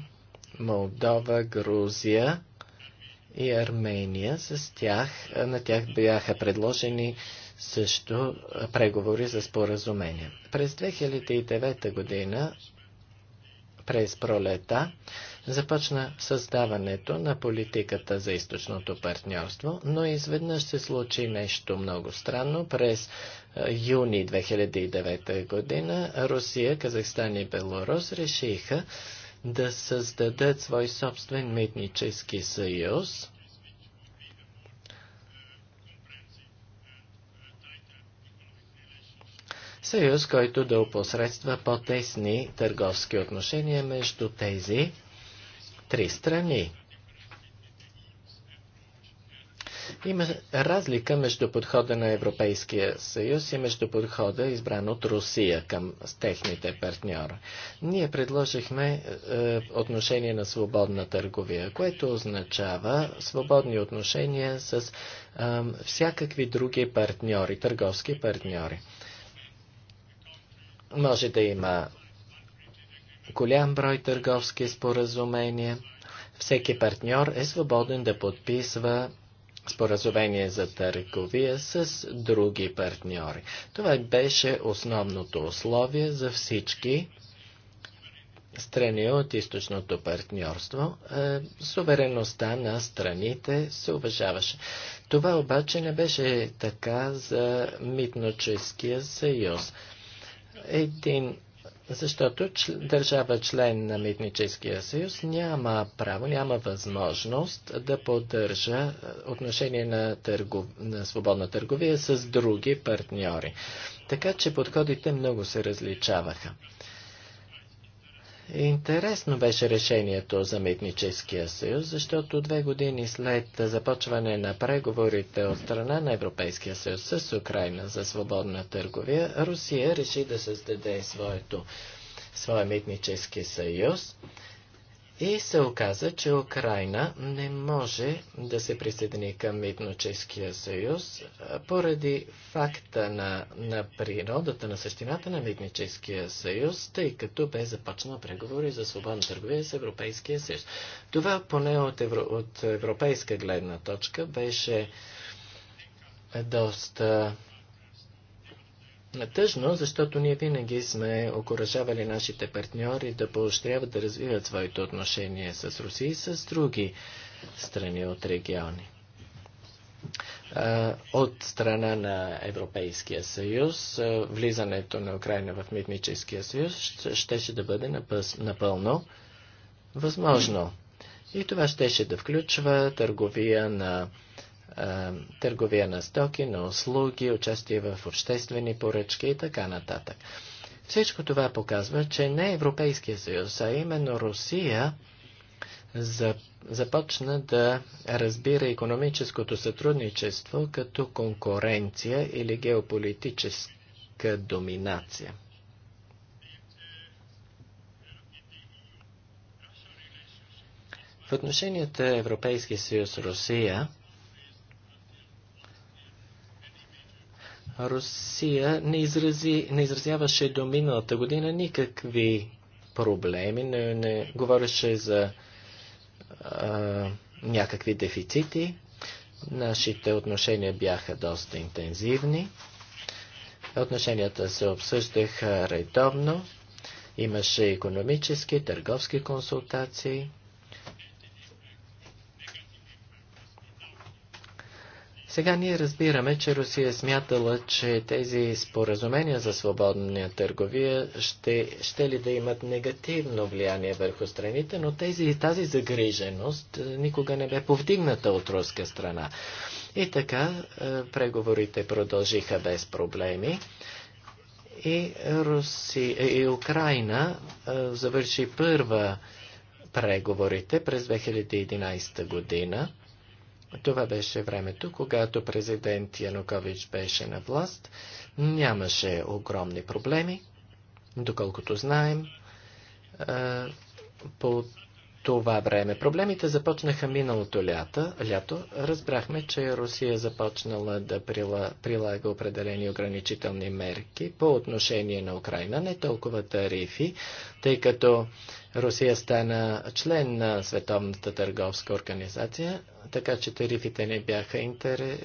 Молдова, Грузия и Армения. С тях, на тях бяха предложени също преговори за споразумение. През 2009 година, през пролета, започна създаването на политиката за източното партньорство, но изведнъж се случи нещо много странно. През юни 2009 година Русия, Казахстан и Беларус решиха да създадат свой собствен митнически съюз. Съюз, който да опосредства по-тесни търговски отношения между тези три страни. Има разлика между подхода на Европейския съюз и между подхода избран от Русия към техните партньори. Ние предложихме е, отношение на свободна търговия, което означава свободни отношения с е, всякакви други партньори, търговски партньори. Може да има голям брой търговски споразумения. Всеки партньор е свободен да подписва споразумение за търговия с други партньори. Това беше основното условие за всички страни от източното партньорство. Е, сувереността на страните се уважаваше. Това обаче не беше така за митноческия съюз. Един защото държава член на Митническия съюз няма право, няма възможност да поддържа е, отношение на, търгов... на свободна търговия с други партньори. Така че подходите много се различаваха. Интересно беше решението за Митническия съюз, защото две години след започване на преговорите от страна на Европейския съюз с Украина за свободна търговия, Русия реши да създаде своето, своя Митнически съюз и се оказа, че Украина не може да се присъедини към Митноческия съюз поради факта на, на природата, на същината на Митноческия съюз, тъй като бе започнал преговори за свободна търговия с Европейския съюз. Това поне от, евро, от европейска гледна точка беше доста Тъжно, защото ние винаги сме окоръжавали нашите партньори да поощряват да развиват своите отношения с Русия и с други страни от региони. От страна на Европейския съюз, влизането на Украина в Митническия съюз щеше да бъде напълно възможно. И това щеше да включва търговия на търговия на стоки, на услуги, участие в обществени поръчки и така нататък. Всичко това показва, че не Европейския съюз, а именно Русия започна да разбира економическото сътрудничество като конкуренция или геополитическа доминация. В отношенията Европейския съюз-Русия Русия не, изрази, не изразяваше до миналата година никакви проблеми, не, не говореше за а, някакви дефицити. Нашите отношения бяха доста интензивни. Отношенията се обсъждаха редовно. Имаше економически, търговски консултации. Сега ние разбираме, че Русия е смятала, че тези споразумения за свободна търговия ще, ще ли да имат негативно влияние върху страните, но тези, тази загриженост е, никога не бе повдигната от руска страна. И така е, преговорите продължиха без проблеми и, Руси, е, и Украина завърши първа преговорите през 2011 година. Това беше времето, когато президент Янукович беше на власт. Нямаше огромни проблеми. Доколкото знаем, по това време. Проблемите започнаха миналото лято. лято. Разбрахме, че Русия е започнала да прилага определени ограничителни мерки по отношение на Украина, не толкова тарифи, тъй като Русия стана член на Световната търговска организация, така че тарифите не бяха интер...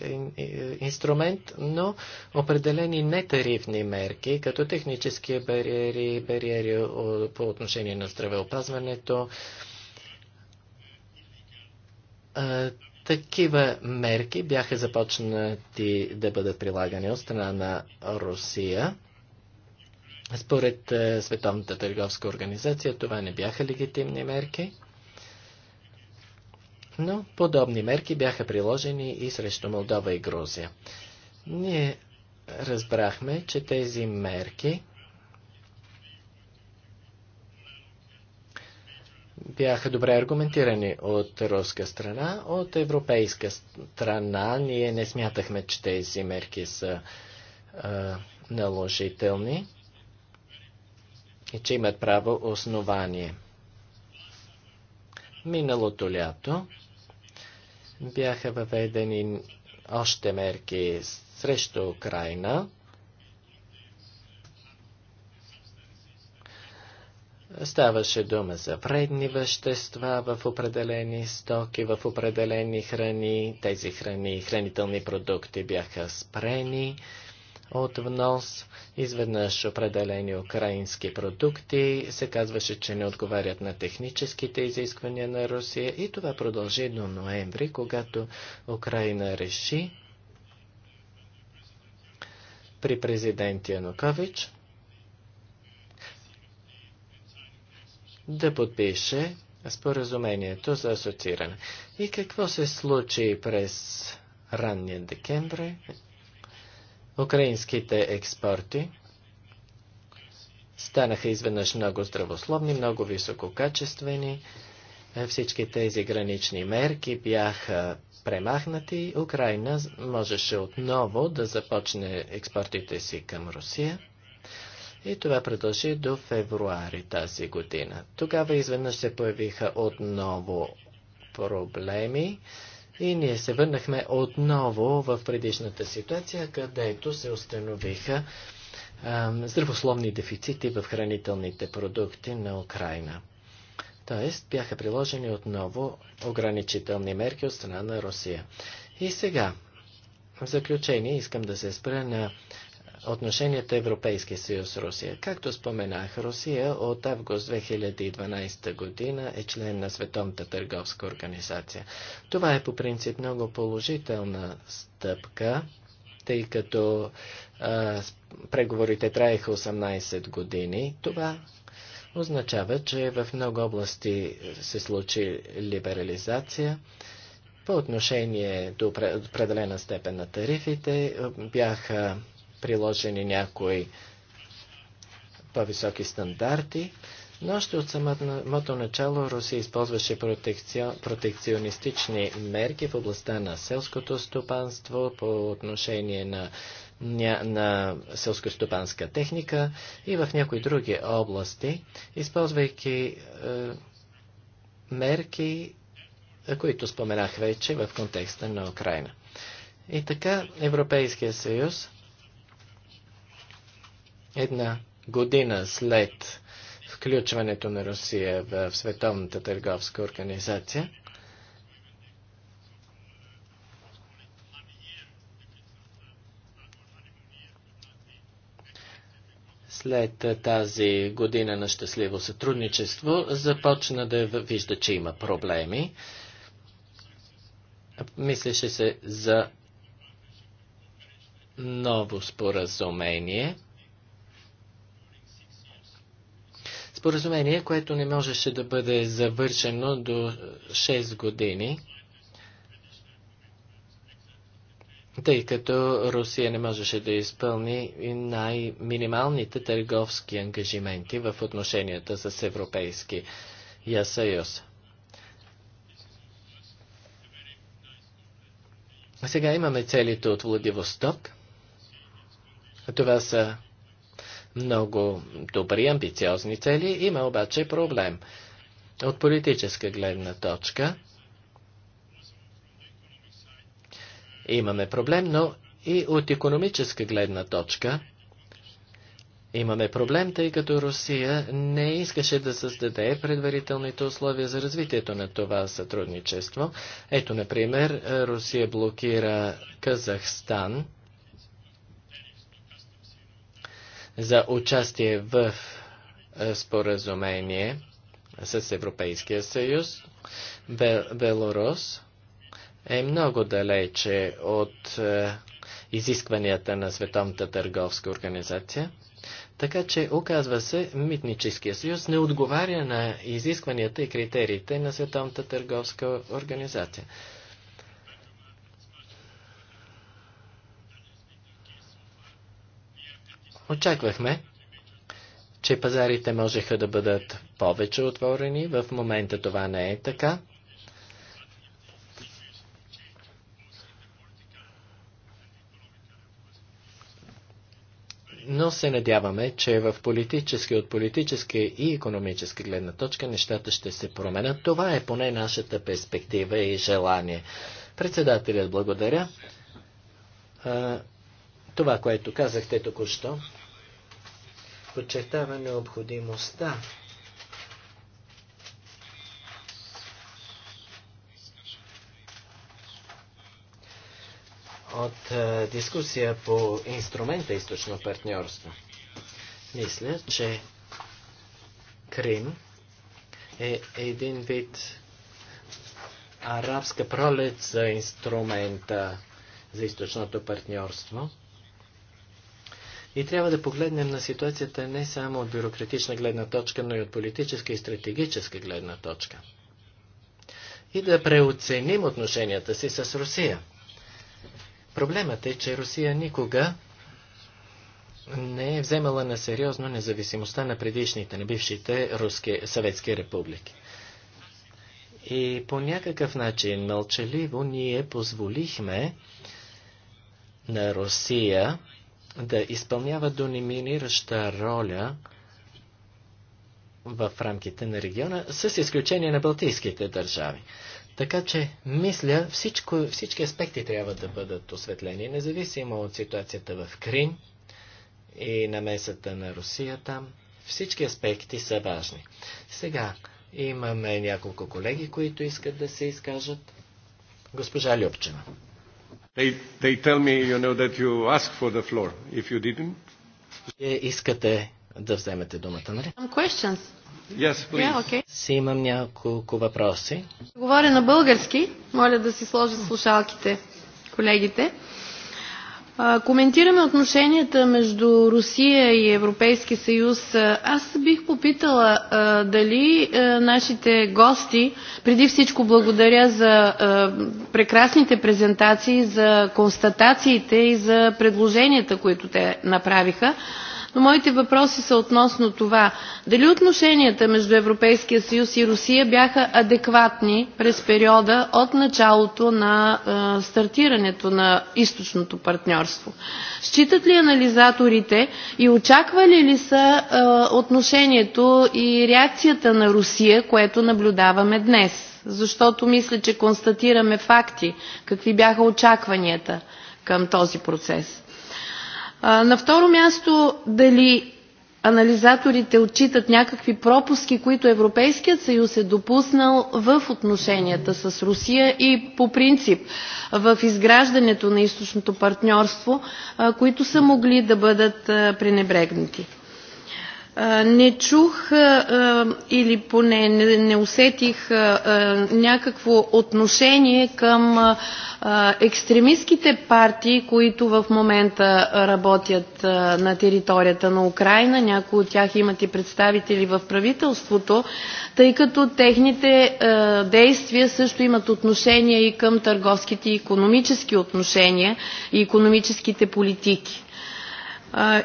инструмент, но определени нетарифни мерки, като технически бариери, бариери по отношение на здравеопазването, такива мерки бяха започнати да бъдат прилагани от страна на Русия. Според Световната търговска организация това не бяха легитимни мерки, но подобни мерки бяха приложени и срещу Молдова и Грузия. Ние разбрахме, че тези мерки бяха добре аргументирани от руска страна. От европейска страна ние не смятахме, че тези мерки са а, наложителни и че имат право основание. Миналото лято бяха въведени още мерки срещу Украина. Ставаше дума за вредни вещества в определени стоки, в определени храни. Тези храни, хранителни продукти бяха спрени от внос. Изведнъж определени украински продукти се казваше, че не отговарят на техническите изисквания на Русия и това продължи до ноември, когато Украина реши при президент Янукович да подпише споразумението за асоцииране. И какво се случи през ранния декември? Украинските експорти станаха изведнъж много здравословни, много висококачествени. Всички тези гранични мерки бяха премахнати. Украина можеше отново да започне експортите си към Русия. И това продължи до февруари тази година. Тогава изведнъж се появиха отново проблеми и ние се върнахме отново в предишната ситуация, където се установиха здравословни дефицити в хранителните продукти на Украина. Тоест бяха приложени отново ограничителни мерки от страна на Русия. И сега, в заключение, искам да се спра на отношенията Европейски съюз Русия. Както споменах, Русия от август 2012 година е член на Световната търговска организация. Това е по принцип много положителна стъпка, тъй като а, преговорите траеха 18 години. Това означава, че в много области се случи либерализация. По отношение до определена степен на тарифите бяха приложени някои по-високи стандарти, но още от самото начало Русия използваше протекционистични мерки в областта на селското стопанство по отношение на, ня... на селско-стопанска техника и в някои други области, използвайки е, мерки, е, които споменах вече в контекста на Украина. И така Европейския съюз Една година след включването на Русия в Световната търговска организация, след тази година на щастливо сътрудничество, започна да вижда, че има проблеми. Мислеше се за ново споразумение. Споразумение, което не можеше да бъде завършено до 6 години, тъй като Русия не можеше да изпълни най-минималните търговски ангажименти в отношенията с Европейския съюз. Сега имаме целите от Владивосток. Това са много добри, амбициозни цели. Има обаче проблем. От политическа гледна точка имаме проблем, но и от економическа гледна точка имаме проблем, тъй като Русия не искаше да създаде предварителните условия за развитието на това сътрудничество. Ето, например, Русия блокира Казахстан – за участие в е, споразумение с Европейския съюз. Бел, Белорус е много далече от е, изискванията на Световната търговска организация. Така че, оказва се, Митническия съюз не отговаря на изискванията и критериите на Световната търговска организация. Очаквахме, че пазарите можеха да бъдат повече отворени. В момента това не е така. но се надяваме, че в политически, от политически и економически гледна точка нещата ще се променят. Това е поне нашата перспектива и желание. Председателят благодаря. Това, което казахте току-що, подчертава необходимостта от дискусия по инструмента източно партньорство. Мисля, че Крим е един вид арабска пролет за инструмента за източното партньорство – и трябва да погледнем на ситуацията не само от бюрократична гледна точка, но и от политическа и стратегическа гледна точка. И да преоценим отношенията си с Русия. Проблемът е, че Русия никога не е вземала на сериозно независимостта на предишните, на бившите руски, съветски републики. И по някакъв начин мълчаливо ние позволихме на Русия да изпълнява доминираща роля в рамките на региона, с изключение на балтийските държави. Така че, мисля, всичко, всички аспекти трябва да бъдат осветлени, независимо от ситуацията в Крим и намесата на Русия там. Всички аспекти са важни. Сега имаме няколко колеги, които искат да се изкажат. Госпожа Любчева. They, they tell me, you know, that you asked for the floor. If you didn't... Вие искате да вземете думата, нали? Some questions. Yes, please. Yeah, okay. Си имам няколко въпроси. Говоря на български. Моля да си сложат слушалките колегите. Коментираме отношенията между Русия и Европейски съюз. Аз бих попитала дали нашите гости, преди всичко благодаря за прекрасните презентации, за констатациите и за предложенията, които те направиха но моите въпроси са относно това. Дали отношенията между Европейския съюз и Русия бяха адекватни през периода от началото на е, стартирането на източното партньорство? Считат ли анализаторите и очаквали ли са е, отношението и реакцията на Русия, което наблюдаваме днес? защото мисля, че констатираме факти, какви бяха очакванията към този процес. На второ място, дали анализаторите отчитат някакви пропуски, които Европейският съюз е допуснал в отношенията с Русия и по принцип в изграждането на източното партньорство, които са могли да бъдат пренебрегнати не чух или поне не усетих някакво отношение към екстремистските партии, които в момента работят на територията на Украина. Някои от тях имат и представители в правителството, тъй като техните действия също имат отношение и към търговските и економически отношения и економическите политики.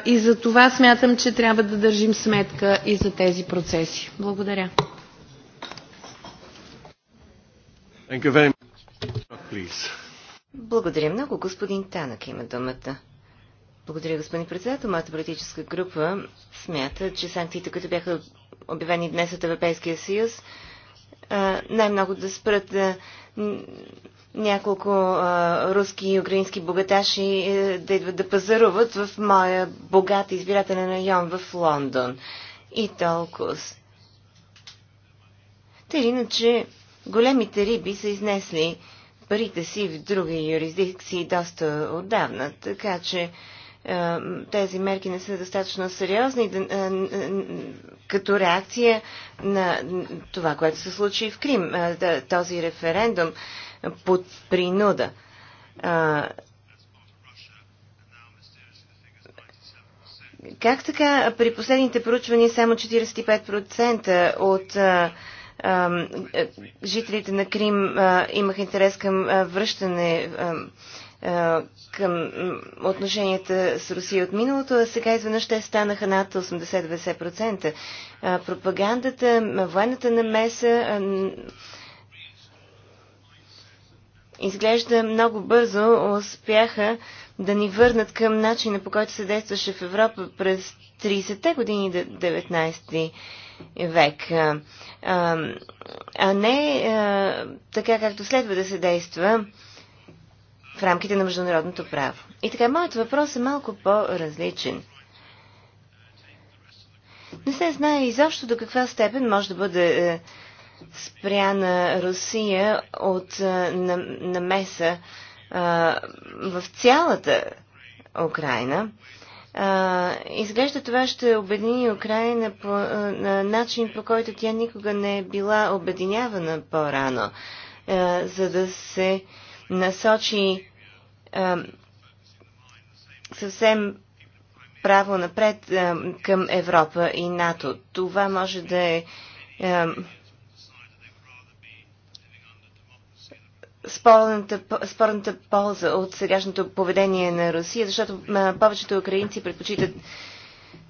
И за това смятам, че трябва да държим сметка и за тези процеси. Благодаря. Благодаря много. Господин Танък има думата. Благодаря, господин председател. Моята политическа група смята, че санкциите, които бяха обявени днес от Европейския съюз, най-много да спрат няколко руски и украински богаташи е, да идват да пазаруват в моя богат избирателен район в Лондон. И толкова. Те иначе големите риби са изнесли парите си в други юрисдикции доста отдавна, така че е, тези мерки не са достатъчно сериозни е, е, като реакция на това, което се случи в Крим, този референдум под принуда. Как така при последните проучвания само 45% от а, а, жителите на Крим а, имах интерес към а, връщане а, е, към отношенията с Русия от миналото, а сега изведнъж те станаха над 80-90%. Е, пропагандата, военната намеса е, изглежда много бързо успяха да ни върнат към начина по който се действаше в Европа през 30-те години 19 ти век. А не така както следва да се действа в рамките на международното право. И така, моят въпрос е малко по-различен. Не се знае изобщо до каква степен може да бъде е, спряна Русия от е, намеса е, в цялата Украина. Е, изглежда това ще обедини Украина по е, на начин, по който тя никога не е била обединявана по-рано, е, за да се насочи съвсем право напред към Европа и НАТО. Това може да е спорната, спорната полза от сегашното поведение на Русия, защото повечето украинци предпочитат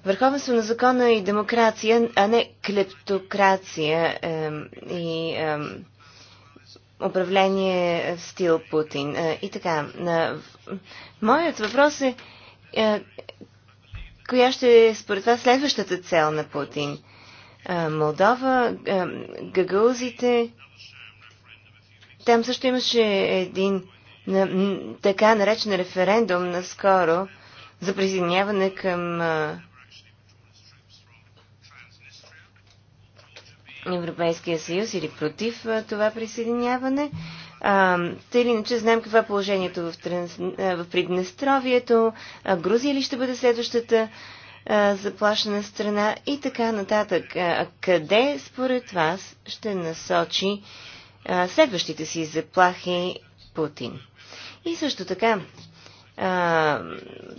върховенство на закона и демокрация, а не клептокрация и и е управление в стил Путин. Е, и така, е, моят въпрос е, е, коя ще е според вас следващата цел на Путин? Молдова, гагаузите. Там също имаше един така наречен референдум наскоро за присъединяване към Европейския съюз или против това присъединяване. те или иначе знаем какво е положението в, Транс... в Приднестровието, Грузия ли ще бъде следващата заплашена страна и така нататък. Къде според вас ще насочи следващите си заплахи Путин? И също така, а,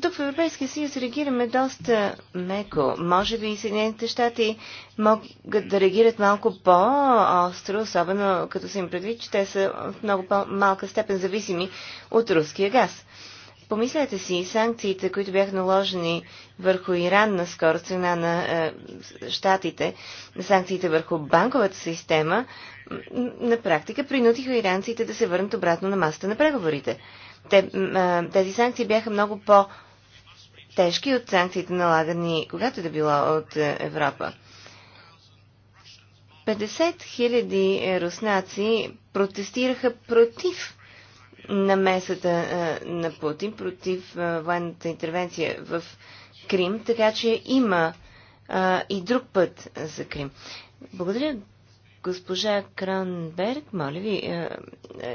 тук в Европейския съюз реагираме доста меко. Може би и Съединените щати могат да реагират малко по-остро, особено като се им предвид, че те са в много по-малка степен зависими от руския газ. Помислете си, санкциите, които бяха наложени върху Иран на скоро цена на е, щатите, санкциите върху банковата система, на практика принудиха иранците да се върнат обратно на масата на преговорите. Те, тези санкции бяха много по-тежки от санкциите налагани когато да било от Европа. 50 000 руснаци протестираха против намесата на Путин, против военната интервенция в Крим, така че има и друг път за Крим. Благодаря, госпожа Кранберг. Моля ви,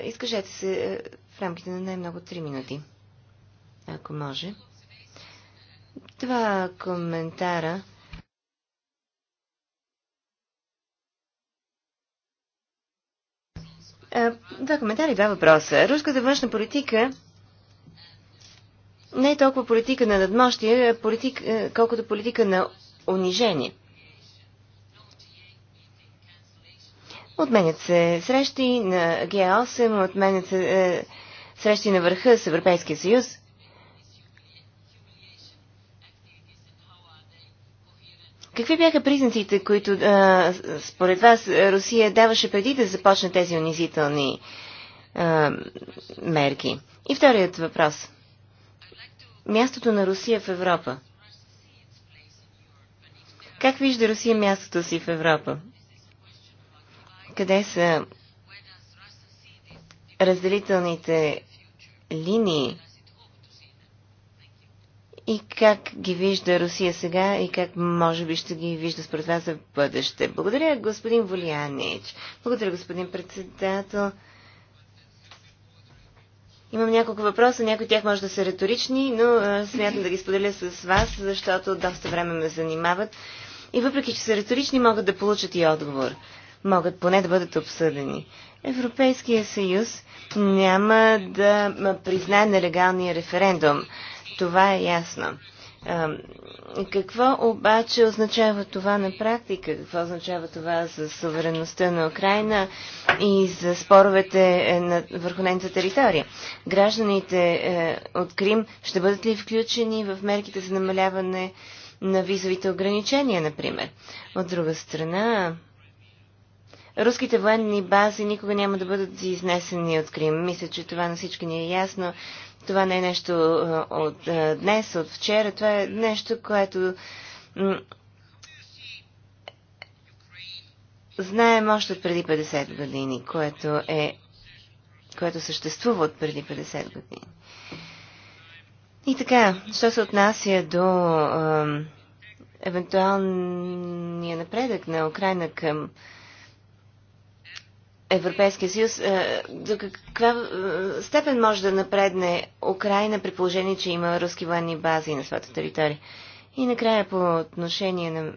изкажете се рамките на най-много 3 минути, ако може. Два коментара. Два коментари, два въпроса. Руската външна политика не е толкова политика на надмощие, политик, колкото политика на унижение. Отменят се срещи на Г8, отменят се е, срещи на върха с Европейския съюз, Какви бяха признаците, които а, според вас Русия даваше преди да започне тези унизителни а, мерки? И вторият въпрос. Мястото на Русия в Европа. Как вижда Русия мястото си в Европа? Къде са разделителните линии и как ги вижда Русия сега и как може би ще ги вижда според вас за бъдеще. Благодаря, господин Волянич. Благодаря, господин председател. Имам няколко въпроса, някои от тях може да са риторични, но а, смятам да ги споделя с вас, защото доста време ме занимават. И въпреки, че са риторични, могат да получат и отговор. Могат поне да бъдат обсъдени. Европейския съюз няма да признае нелегалния референдум. Това е ясно. Какво обаче означава това на практика? Какво означава това за суверенността на Украина и за споровете е, на, върху нейната територия? Гражданите е, от Крим ще бъдат ли включени в мерките за намаляване на визовите ограничения, например? От друга страна, руските военни бази никога няма да бъдат изнесени от Крим. Мисля, че това на всички ни е ясно. Това не е нещо от днес, от вчера. Това е нещо, което знаем още от преди 50 години, което, е, което съществува от преди 50 години. И така, що се отнася до евентуалния напредък на Украина към Европейския съюз, е, до каква е, степен може да напредне Украина при положение, че има руски военни бази на своята територия? И накрая по отношение на,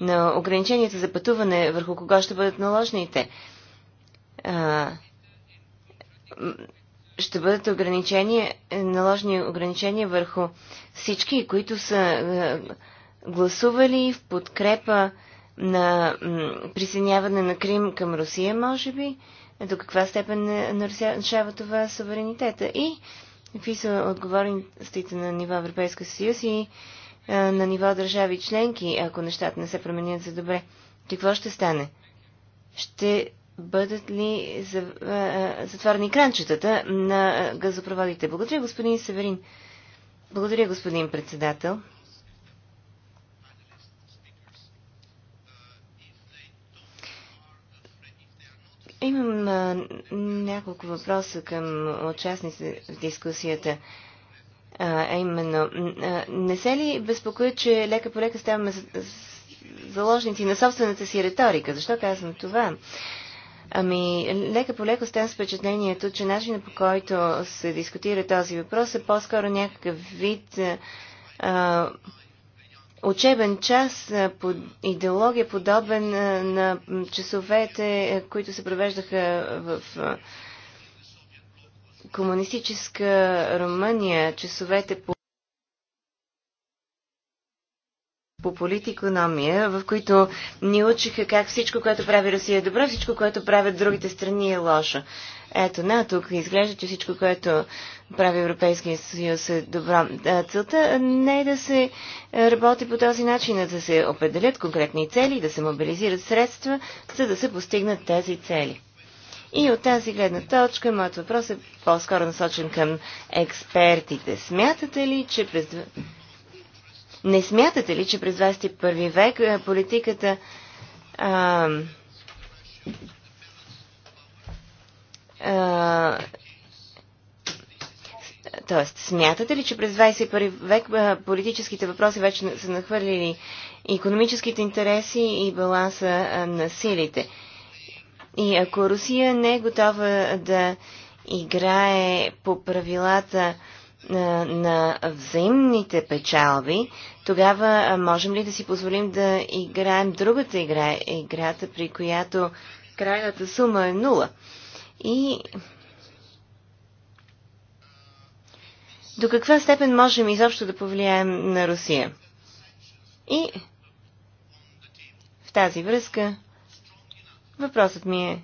на ограниченията за пътуване, върху кого ще бъдат наложените? А, е, ще бъдат ограничения, наложени ограничения върху всички, които са гласували в подкрепа на присъединяване на Крим към Русия, може би, до каква степен нарушава това суверенитета и какви са отговорностите на ниво Европейска съюз и на ниво държави членки, ако нещата не се променят за добре. Какво ще стане? Ще бъдат ли затворени кранчетата на газопроводите? Благодаря, господин Северин. Благодаря, господин председател. Имам а, няколко въпроса към участниците в дискусията. А, именно, а, не се ли безпокоя, че лека по лека ставаме заложници на собствената си риторика? Защо казвам това? Ами, лека по лека ставам с впечатлението, че начинът по който се дискутира този въпрос е по-скоро някакъв вид а, учебен час по идеология, подобен на часовете, които се провеждаха в комунистическа Румъния, часовете по по политикономия, в които ни учиха как всичко, което прави Русия е добро, всичко, което правят другите страни е лошо. Ето, на тук изглежда, че всичко, което прави Европейския съюз е добро. Целта не е да се работи по този начин, а да се определят конкретни цели, да се мобилизират средства, за да се постигнат тези цели. И от тази гледна точка, моят въпрос е по-скоро насочен към експертите. Смятате ли, че през не смятате ли, че през 21 век е, политиката а, а, Тоест, смятате ли, че през 21 век политическите въпроси вече са нахвърлили економическите интереси и баланса на силите? И ако Русия не е готова да играе по правилата на взаимните печалби, тогава можем ли да си позволим да играем другата игра, играта при която крайната сума е нула? И до каква степен можем изобщо да повлияем на Русия? И в тази връзка въпросът ми е,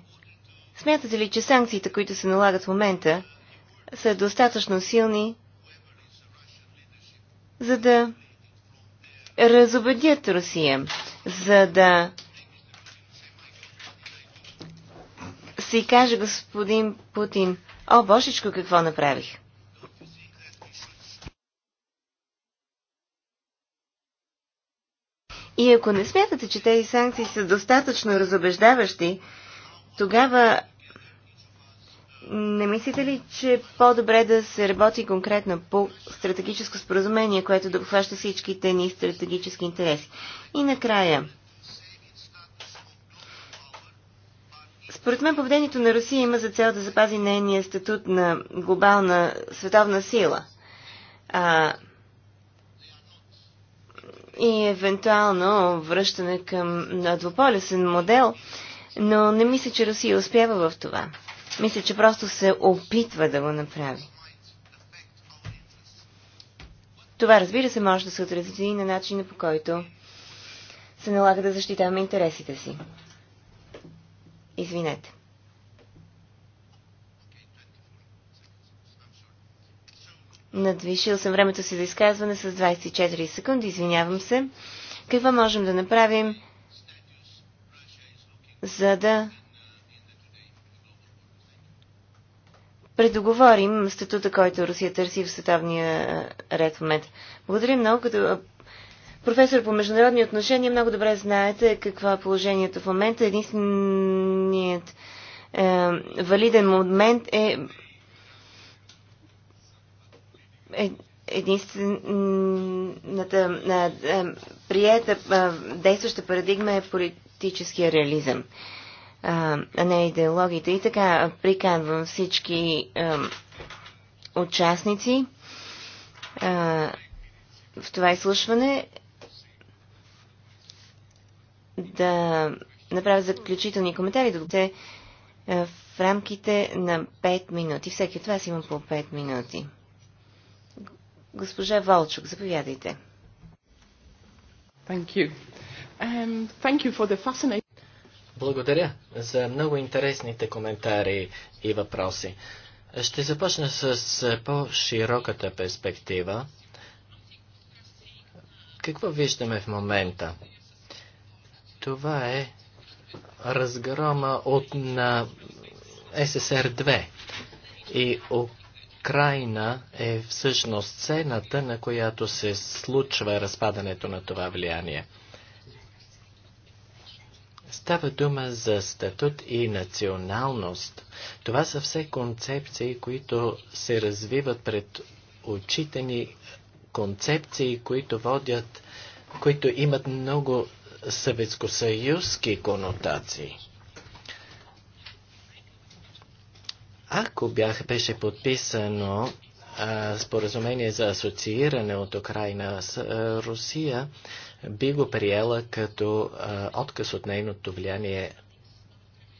смятате ли, че санкциите, които се налагат в момента, са достатъчно силни, за да разобедят Русия, за да си каже господин Путин, о, божичко, какво направих. И ако не смятате, че тези санкции са достатъчно разобеждаващи, тогава не мислите ли, че е по-добре да се работи конкретно по стратегическо споразумение, което да обхваща всичките ни стратегически интереси? И накрая. Според мен поведението на Русия има за цел да запази нейния статут на глобална световна сила. А, и евентуално връщане към двуполюсен модел, но не мисля, че Русия успява в това. Мисля, че просто се опитва да го направи. Това, разбира се, може да се отрази и на начина по който се налага да защитаваме интересите си. Извинете. Надвишил съм времето си за изказване с 24 секунди, извинявам се. Какво можем да направим, за да предоговорим статута, който Русия търси в световния ред в момента. Благодаря много. Като професор по международни отношения много добре знаете какво е положението в момента. Единственият е, валиден момент е, е единствената е, е, приета е, действаща парадигма е политическия реализъм а, не идеологията. И така, приканвам всички а, участници а, в това изслушване да направят заключителни коментари, докато те в рамките на 5 минути. Всеки от вас има по 5 минути. Госпожа Волчук, заповядайте. Thank you. Um, thank you for the fascinating... Благодаря за много интересните коментари и въпроси. Ще започна с по-широката перспектива. Какво виждаме в момента? Това е разгрома от на сср 2 И Украина е всъщност цената, на която се случва разпадането на това влияние. Става дума за статут и националност. Това са все концепции, които се развиват пред очите ни, концепции, които водят, които имат много съветско съветско-съюзски конотации. Ако бях, беше подписано а, споразумение за асоцииране от Украина с а, Русия, би го приела като а, отказ от нейното влияние.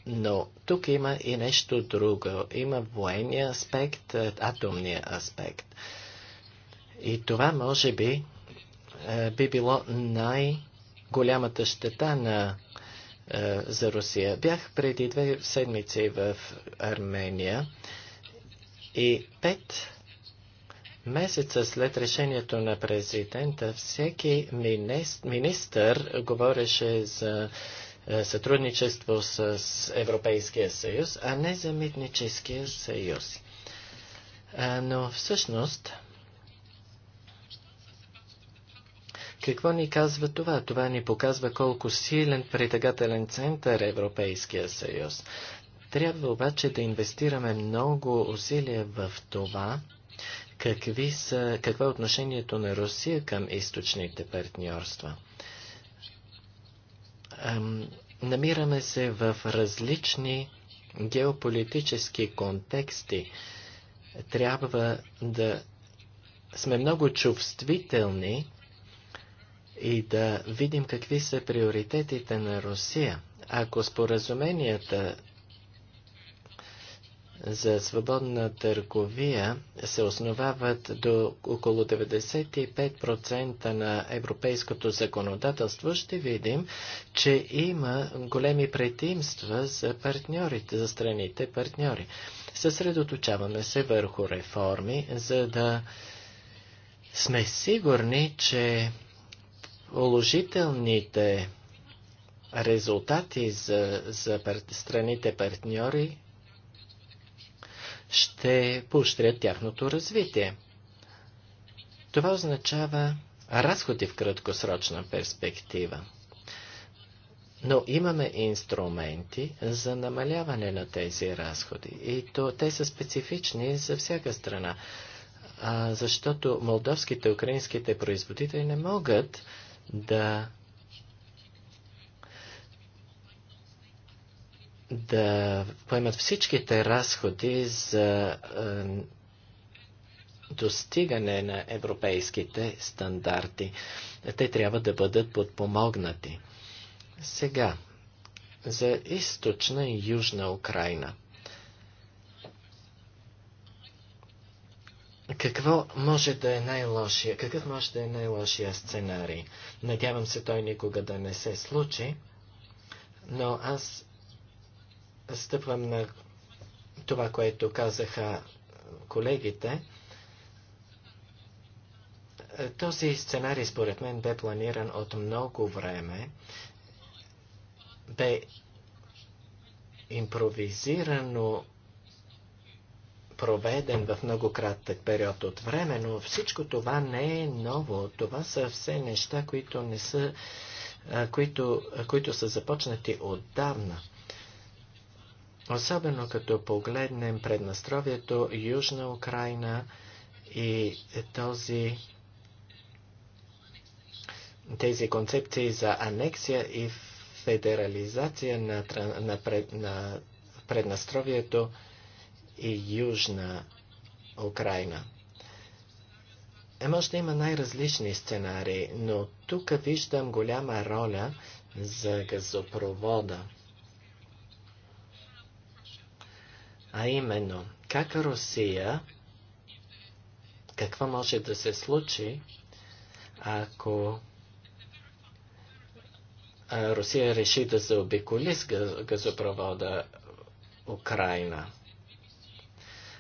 Но тук има и нещо друго. Има военния аспект, атомния аспект. И това може би би било най-голямата щета на, за Русия. Бях преди две седмици в Армения и пет Месеца след решението на президента, всеки министър говореше за е, сътрудничество с Европейския съюз, а не за митническия съюз. Но всъщност, какво ни казва това? Това ни показва колко силен притегателен център е Европейския съюз. Трябва обаче да инвестираме много усилия в това, какви са, какво е отношението на Русия към източните партньорства. Намираме се в различни геополитически контексти. Трябва да сме много чувствителни и да видим какви са приоритетите на Русия. Ако споразуменията за свободна търговия се основават до около 95% на европейското законодателство, ще видим, че има големи предимства за партньорите, за страните партньори. Съсредоточаваме се върху реформи, за да сме сигурни, че положителните резултати за, за страните партньори ще поощрят тяхното развитие. Това означава разходи в краткосрочна перспектива. Но имаме инструменти за намаляване на тези разходи. И то, те са специфични за всяка страна. А, защото молдовските, и украинските производители не могат да да поемат всичките разходи за е, достигане на европейските стандарти. Те трябва да бъдат подпомогнати. Сега, за източна и южна Украина. Какво може да е най-лошия? Какъв може да е най-лошия сценарий? Надявам се той никога да не се случи, но аз стъпвам на това, което казаха колегите. Този сценарий, според мен, бе планиран от много време, бе импровизирано проведен в много кратък период от време, но всичко това не е ново. Това са все неща, които не са, които, които са започнати отдавна. Особено като погледнем преднастровието Южна Украина и този, тези концепции за анексия и федерализация на, на, пред, на преднастровието и Южна Украина. Е, може да има най-различни сценарии, но тук виждам голяма роля за газопровода. А именно, как Русия, какво може да се случи, ако Русия реши да заобиколи с газопровода Украина.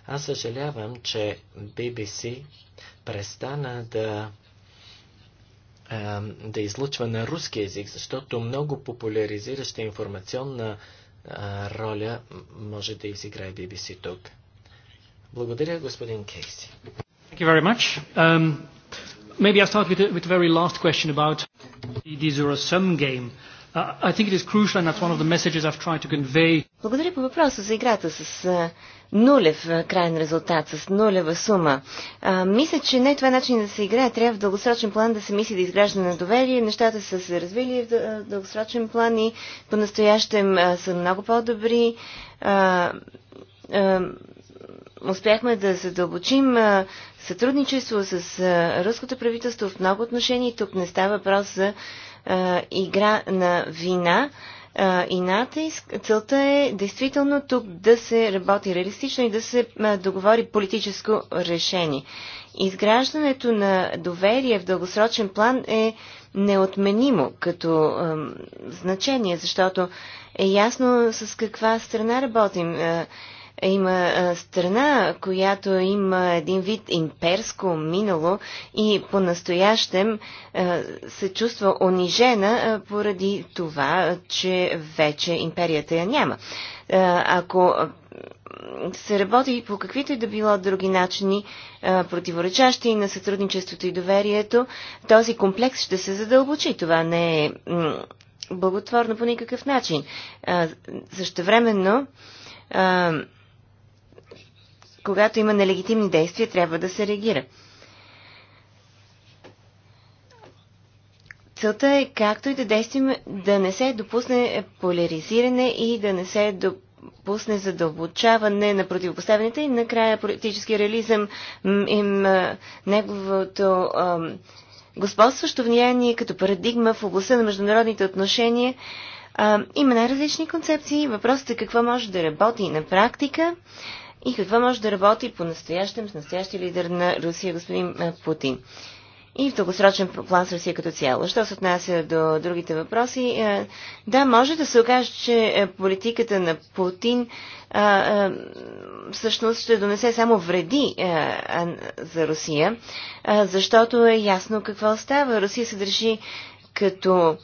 Аз съжалявам, че BBC престана да, да излучва на руски язик, защото много популяризираща информационна роля може да изиграе BBC тук. Благодаря, господин Кейси. Thank you very much. Um, maybe I'll start with a, with the very last question about the zero-sum game. Uh, I think it is crucial, and that's one of the messages I've tried to convey благодаря по въпроса за играта с а, нулев крайен резултат, с нулева сума. А, мисля, че не това е начин да се играе. Трябва в дългосрочен план да се мисли да изгражда на доверие. Нещата са се развили в дългосрочен план и по-настоящем са много по-добри. Успяхме да задълбочим сътрудничество с руското правителство в много отношения. Тук не става въпрос за игра на вина и натиск. Целта е действително тук да се работи реалистично и да се договори политическо решение. Изграждането на доверие в дългосрочен план е неотменимо като значение, защото е ясно с каква страна работим. А, има страна, която има един вид имперско минало и по-настоящем се чувства унижена поради това, че вече империята я няма. Ако се работи и по каквито и да било други начини, противоречащи на сътрудничеството и доверието, този комплекс ще се задълбочи. Това не е благотворно по никакъв начин. времено, когато има нелегитимни действия, трябва да се реагира. Целта е както и да действаме, да не се допусне поляризиране и да не се допусне задълбочаване на противопоставените и накрая политически реализъм им неговото господстващо влияние като парадигма в областта на международните отношения. има най-различни концепции. Въпросът е какво може да работи на практика и какво може да работи по-настоящем с настоящия лидер на Русия, господин Путин. И в дългосрочен план с Русия като цяло. Що се отнася до другите въпроси, да, може да се окаже, че политиката на Путин всъщност ще донесе само вреди за Русия, защото е ясно какво става. Русия се държи като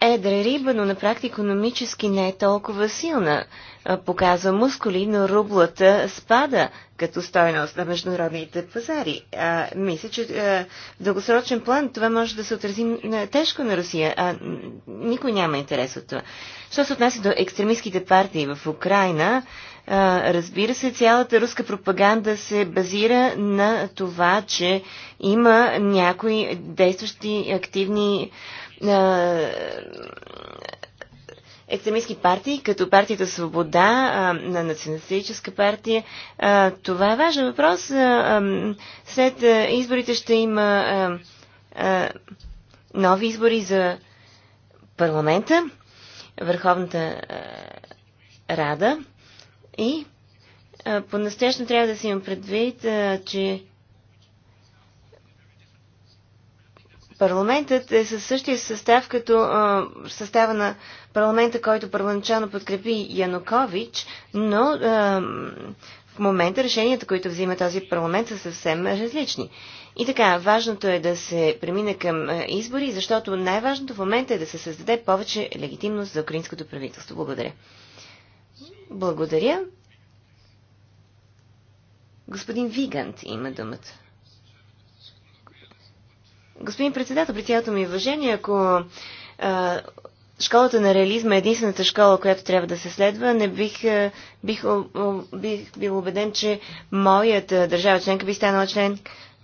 едра риба, но на практика економически не е толкова силна. Показва мускули, но рублата спада като стойност на международните пазари. А, мисля, че а, в дългосрочен план това може да се отрази на, тежко на Русия, а никой няма интерес от това. Що се отнася до екстремистските партии в Украина, а, разбира се, цялата руска пропаганда се базира на това, че има някои действащи активни екстремистски партии, като партията Свобода, а, на Националистическа партия. А, това е важен въпрос. А, след изборите ще има нови избори за парламента, Върховната Рада и по-настоящно трябва да си имам предвид, че Парламентът е със същия състав като а, състава на парламента, който първоначално подкрепи Янукович, но а, в момента решенията, които взима този парламент, са съвсем различни. И така, важното е да се премине към избори, защото най-важното в момента е да се създаде повече легитимност за украинското правителство. Благодаря. Благодаря. Господин Вигант има думата. Господин председател, при цялото ми уважение, ако а, школата на реализма е единствената школа, която трябва да се следва, не бих, бих, бих бил убеден, че моята държава членка би станала член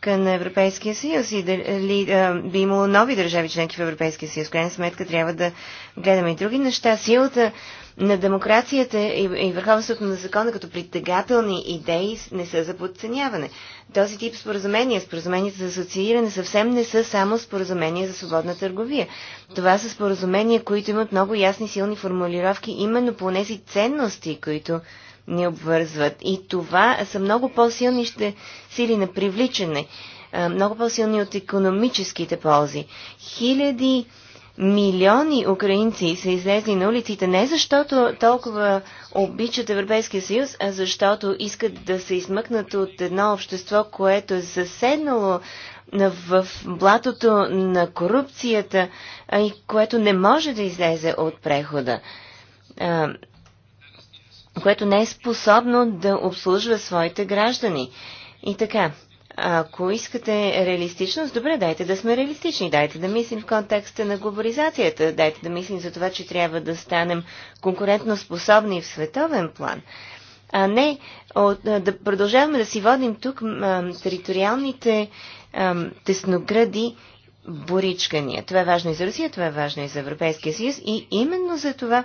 членка на Европейския съюз и дали а, би имало нови държави членки в Европейския съюз. В крайна сметка трябва да гледаме и други неща. Силата на демокрацията и, и върховенството на закона като притегателни идеи не са за подценяване. Този тип споразумения, споразуменията за асоцииране, съвсем не са само споразумения за свободна търговия. Това са споразумения, които имат много ясни, силни формулировки именно по тези ценности, които ни обвързват. И това са много по-силни ще, сили на привличане, много по-силни от економическите ползи. Хиляди милиони украинци са излезли на улиците не защото толкова обичат Европейския съюз, а защото искат да се измъкнат от едно общество, което е заседнало в блатото на корупцията и което не може да излезе от прехода което не е способно да обслужва своите граждани. И така, ако искате реалистичност, добре, дайте да сме реалистични, дайте да мислим в контекста на глобализацията, дайте да мислим за това, че трябва да станем конкурентно способни в световен план, а не от, да продължаваме да си водим тук а, териториалните а, тесногради боричкания. Това е важно и за Русия, това е важно и за Европейския съюз и именно за това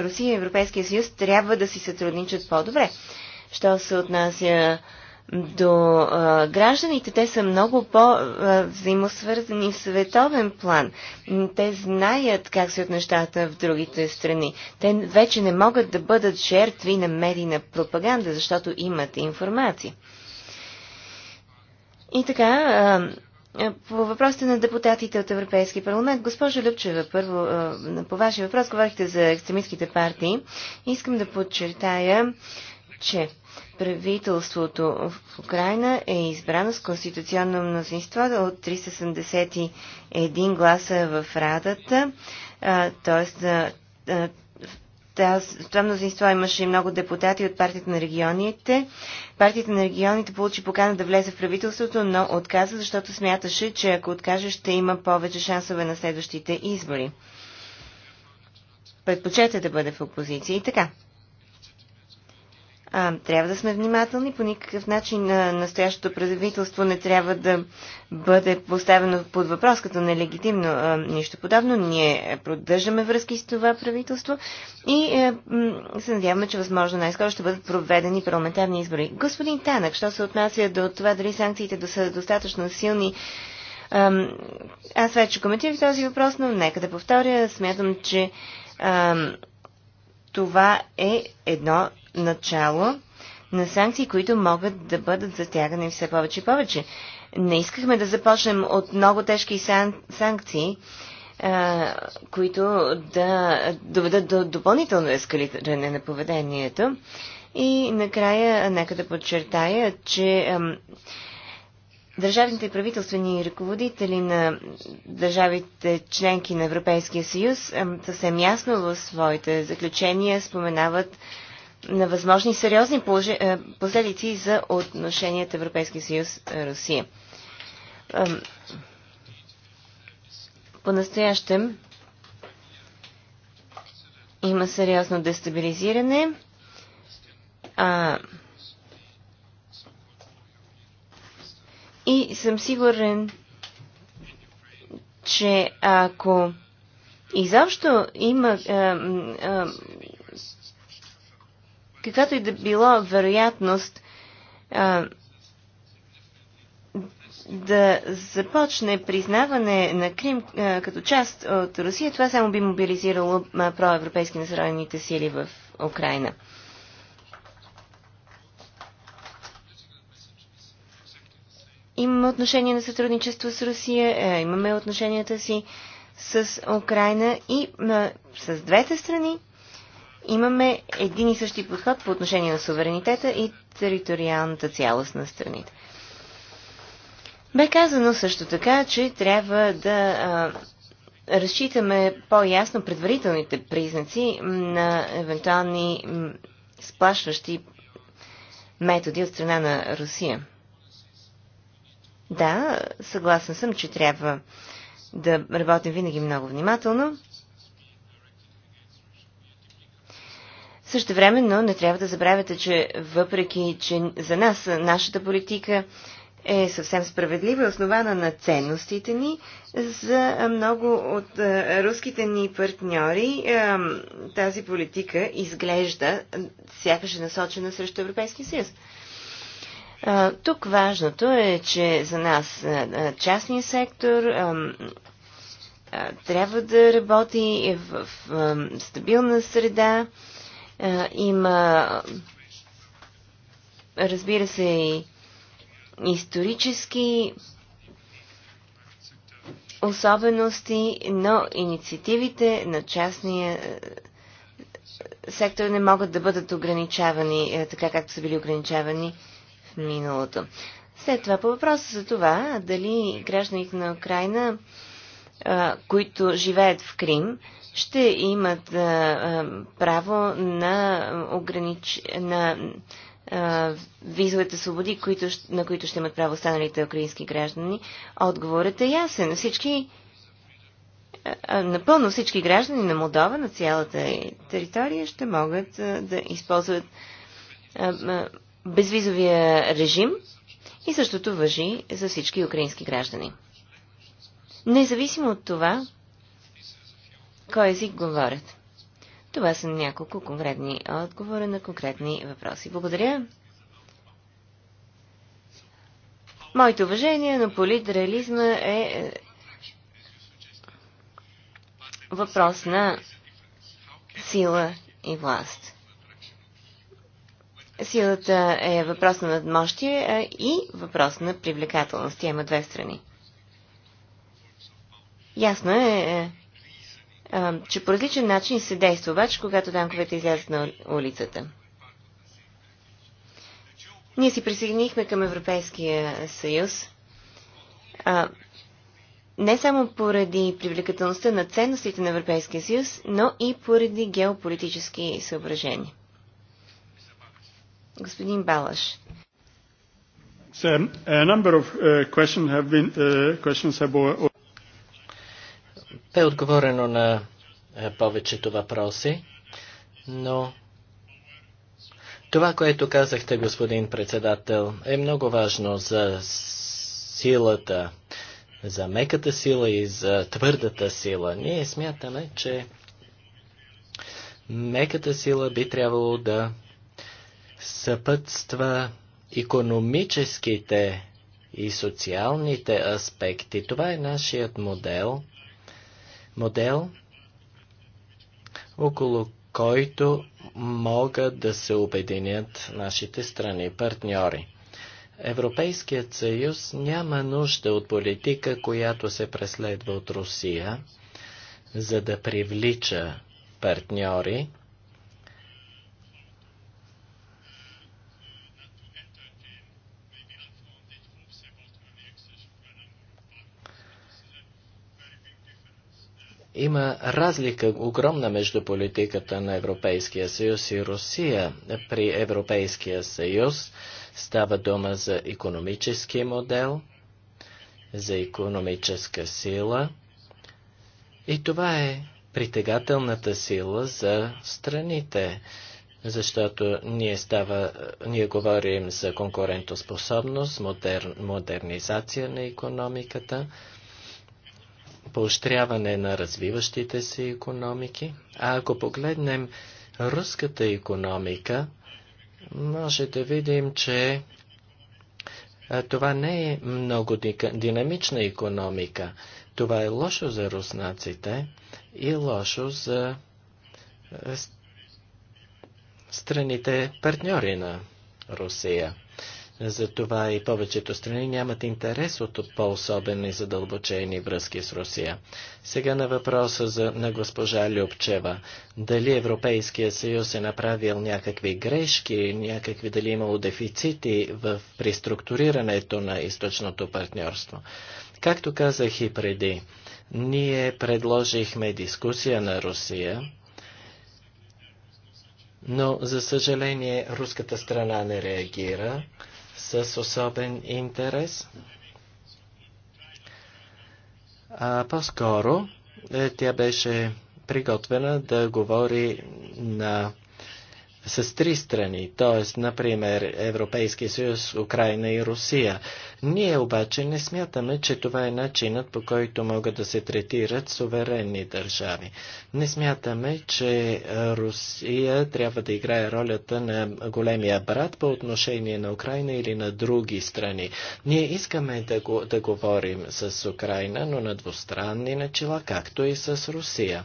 Русия и Европейския съюз трябва да си сътрудничат по-добре. Що се отнася до а, гражданите, те са много по-взаимосвързани в световен план. Те знаят как се от нещата в другите страни. Те вече не могат да бъдат жертви на медийна пропаганда, защото имат информация. И така, а, е, по въпросите на депутатите от Европейски парламент, госпожо Любчева, първо е, по вашия въпрос говорихте за екстремистските партии. Искам да подчертая, че правителството в Украина е избрано с конституционно мнозинство от 371 гласа в Радата, е, т.е. Таз, това мнозинство имаше и много депутати от партията на регионите. Партията на регионите получи покана да влезе в правителството, но отказа, защото смяташе, че ако откаже, ще има повече шансове на следващите избори. Предпочете да бъде в опозиция и така. А, трябва да сме внимателни. По никакъв начин на настоящото правителство не трябва да бъде поставено под въпрос като нелегитимно. А, нищо подобно. Ние продържаме връзки с това правителство и а, се надяваме, че възможно най-скоро ще бъдат проведени парламентарни избори. Господин Танък, що се отнася до това дали санкциите да са достатъчно силни, аз вече коментирах този въпрос, но нека да повторя. Смятам, че това е едно начало на санкции, които могат да бъдат затягани все повече и повече. Не искахме да започнем от много тежки сан- санкции, а, които да доведат до допълнително ескалиране на поведението. И накрая, нека да подчертая, че А, държавните и правителствени ръководители на държавите членки на Европейския съюз съвсем ясно в своите заключения споменават на възможни сериозни е, последици за отношенията Европейския съюз-Русия. Е, по-настоящем има сериозно дестабилизиране, а И съм сигурен, че ако изобщо има е, е, каквато и да било вероятност а, е, да започне признаване на Крим а, като част от Русия, това само би мобилизирало проевропейски настроените сили в Украина. Имаме отношение на сътрудничество с Русия, е, имаме отношенията си с Украина и с двете страни имаме един и същи подход по отношение на суверенитета и териториалната цялост на страните. Бе казано също така, че трябва да а, разчитаме по-ясно предварителните признаци на евентуални сплашващи методи от страна на Русия. Да, съгласна съм, че трябва да работим винаги много внимателно. Също време, но не трябва да забравяте, че въпреки, че за нас нашата политика е съвсем справедлива, основана на ценностите ни, за много от руските ни партньори тази политика изглежда сякаш е насочена срещу Европейския съюз. Тук важното е, че за нас частния сектор трябва да работи в стабилна среда. Има, разбира се, и исторически особености, но инициативите на частния сектор не могат да бъдат ограничавани така, както са били ограничавани миналото. След това по въпроса за това, дали гражданите на Украина, които живеят в Крим, ще имат право на, огранич... на визовите свободи, които, на които ще имат право останалите украински граждани, отговорът е ясен. Всички, напълно всички граждани на Молдова, на цялата територия, ще могат да използват безвизовия режим и същото въжи за всички украински граждани. Независимо от това, кой език говорят. Това са няколко конкретни отговора на конкретни въпроси. Благодаря. Моето уважение, но политреализма е, е въпрос на сила и власт. Силата е въпрос на надмощие и въпрос на привлекателност. Тя има две страни. Ясно е, е че по различен начин се действа обаче, когато танковете излязат на улицата. Ние си присъединихме към Европейския съюз не само поради привлекателността на ценностите на Европейския съюз, но и поради геополитически съображения. Господин Балаш. Uh, uh, Бе отговорено на е, повечето въпроси, но това, което казахте, господин председател, е много важно за силата, за меката сила и за твърдата сила. Ние смятаме, че меката сила би трябвало да съпътства економическите и социалните аспекти. Това е нашият модел, модел, около който могат да се обединят нашите страни партньори. Европейският съюз няма нужда от политика, която се преследва от Русия, за да привлича партньори, Има разлика огромна между политиката на Европейския съюз и Русия. При Европейския съюз става дума за економически модел, за економическа сила и това е притегателната сила за страните, защото ние, става, ние говорим за конкурентоспособност, модер, модернизация на економиката – поощряване на развиващите се економики. А ако погледнем руската економика, може да видим, че това не е много динамична економика. Това е лошо за руснаците и лошо за страните партньори на Русия. Затова и повечето страни нямат интерес от по-особени задълбочени връзки с Русия. Сега на въпроса за, на госпожа Любчева. Дали Европейския съюз е направил някакви грешки, някакви дали е имало дефицити в приструктурирането на източното партньорство? Както казах и преди, ние предложихме дискусия на Русия, но за съжаление руската страна не реагира с особен интерес. А по-скоро е, тя беше приготвена да говори на с три страни, т.е. например Европейския съюз, Украина и Русия. Ние обаче не смятаме, че това е начинът по който могат да се третират суверенни държави. Не смятаме, че е, Русия трябва да играе ролята на големия брат по отношение на Украина или на други страни. Ние искаме да, го, да говорим с Украина, но на двустранни начала, както и с Русия.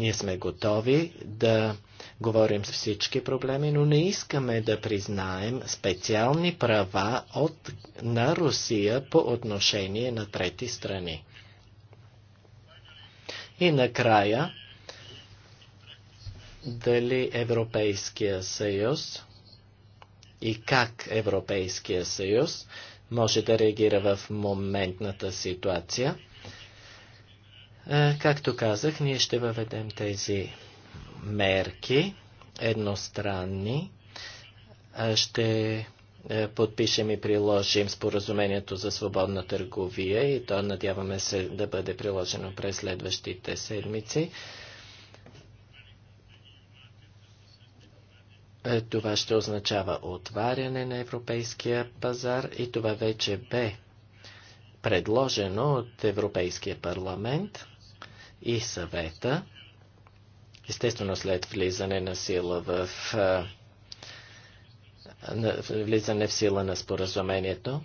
Ние сме готови да говорим с всички проблеми, но не искаме да признаем специални права от, на Русия по отношение на трети страни. И накрая, дали Европейския съюз и как Европейския съюз може да реагира в моментната ситуация. Е, както казах, ние ще въведем тези мерки, едностранни. Ще е, подпишем и приложим споразумението за свободна търговия и то надяваме се да бъде приложено през следващите седмици. Е, това ще означава отваряне на европейския пазар и това вече бе предложено от Европейския парламент и съвета. Естествено, след влизане на сила в влизане в сила на споразумението.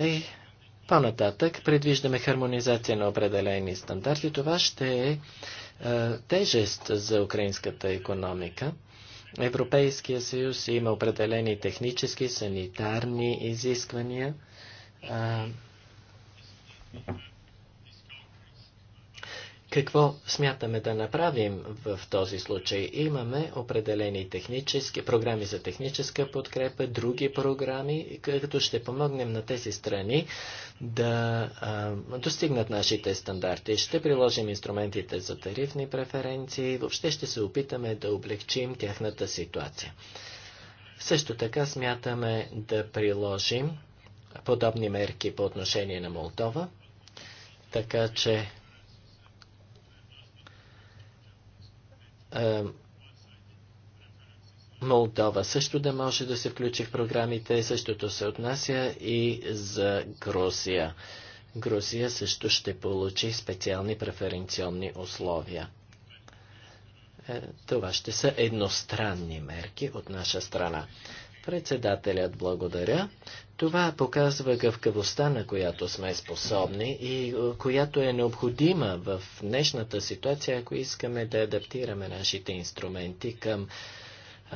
И по-нататък предвиждаме хармонизация на определени стандарти. Това ще е тежест за украинската економика. Европейския съюз има определени технически, санитарни изисквания. Какво смятаме да направим в този случай? Имаме определени технически програми за техническа подкрепа, други програми, като ще помогнем на тези страни да а, достигнат нашите стандарти. Ще приложим инструментите за тарифни преференции, въобще ще се опитаме да облегчим тяхната ситуация. Също така смятаме да приложим подобни мерки по отношение на Молдова, така че Молдова също да може да се включи в програмите. Същото се отнася и за Грузия. Грузия също ще получи специални преференционни условия. Е, това ще са едностранни мерки от наша страна. Председателят благодаря. Това показва гъвкавостта, на която сме способни и е, която е необходима в днешната ситуация, ако искаме да адаптираме нашите инструменти към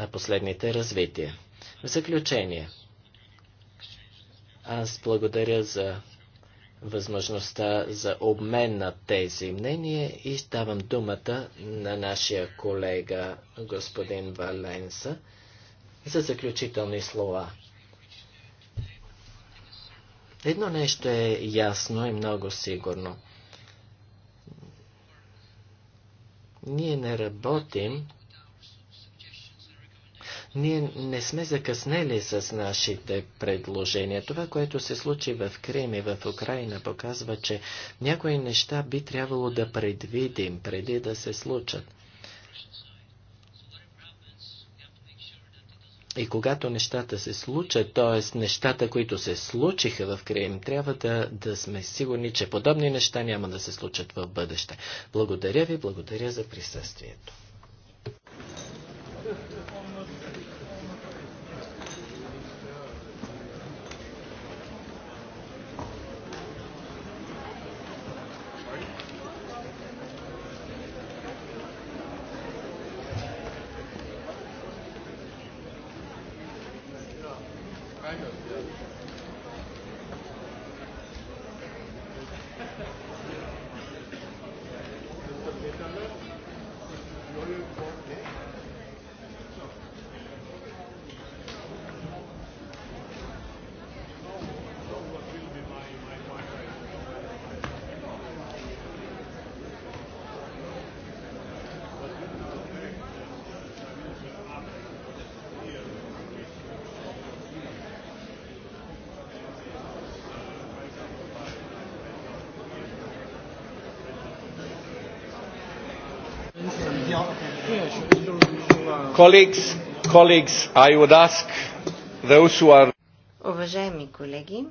е, последните развития. В заключение, аз благодаря за възможността за обмен на тези мнения и давам думата на нашия колега господин Валенса за заключителни слова. Едно нещо е ясно и много сигурно. Ние не работим, ние не сме закъснели с нашите предложения. Това, което се случи в Крим и в Украина, показва, че някои неща би трябвало да предвидим преди да се случат. И когато нещата се случат, т.е. нещата, които се случиха в Крим, трябва да, да сме сигурни, че подобни неща няма да се случат в бъдеще. Благодаря ви, благодаря за присъствието. Уважаеми колеги,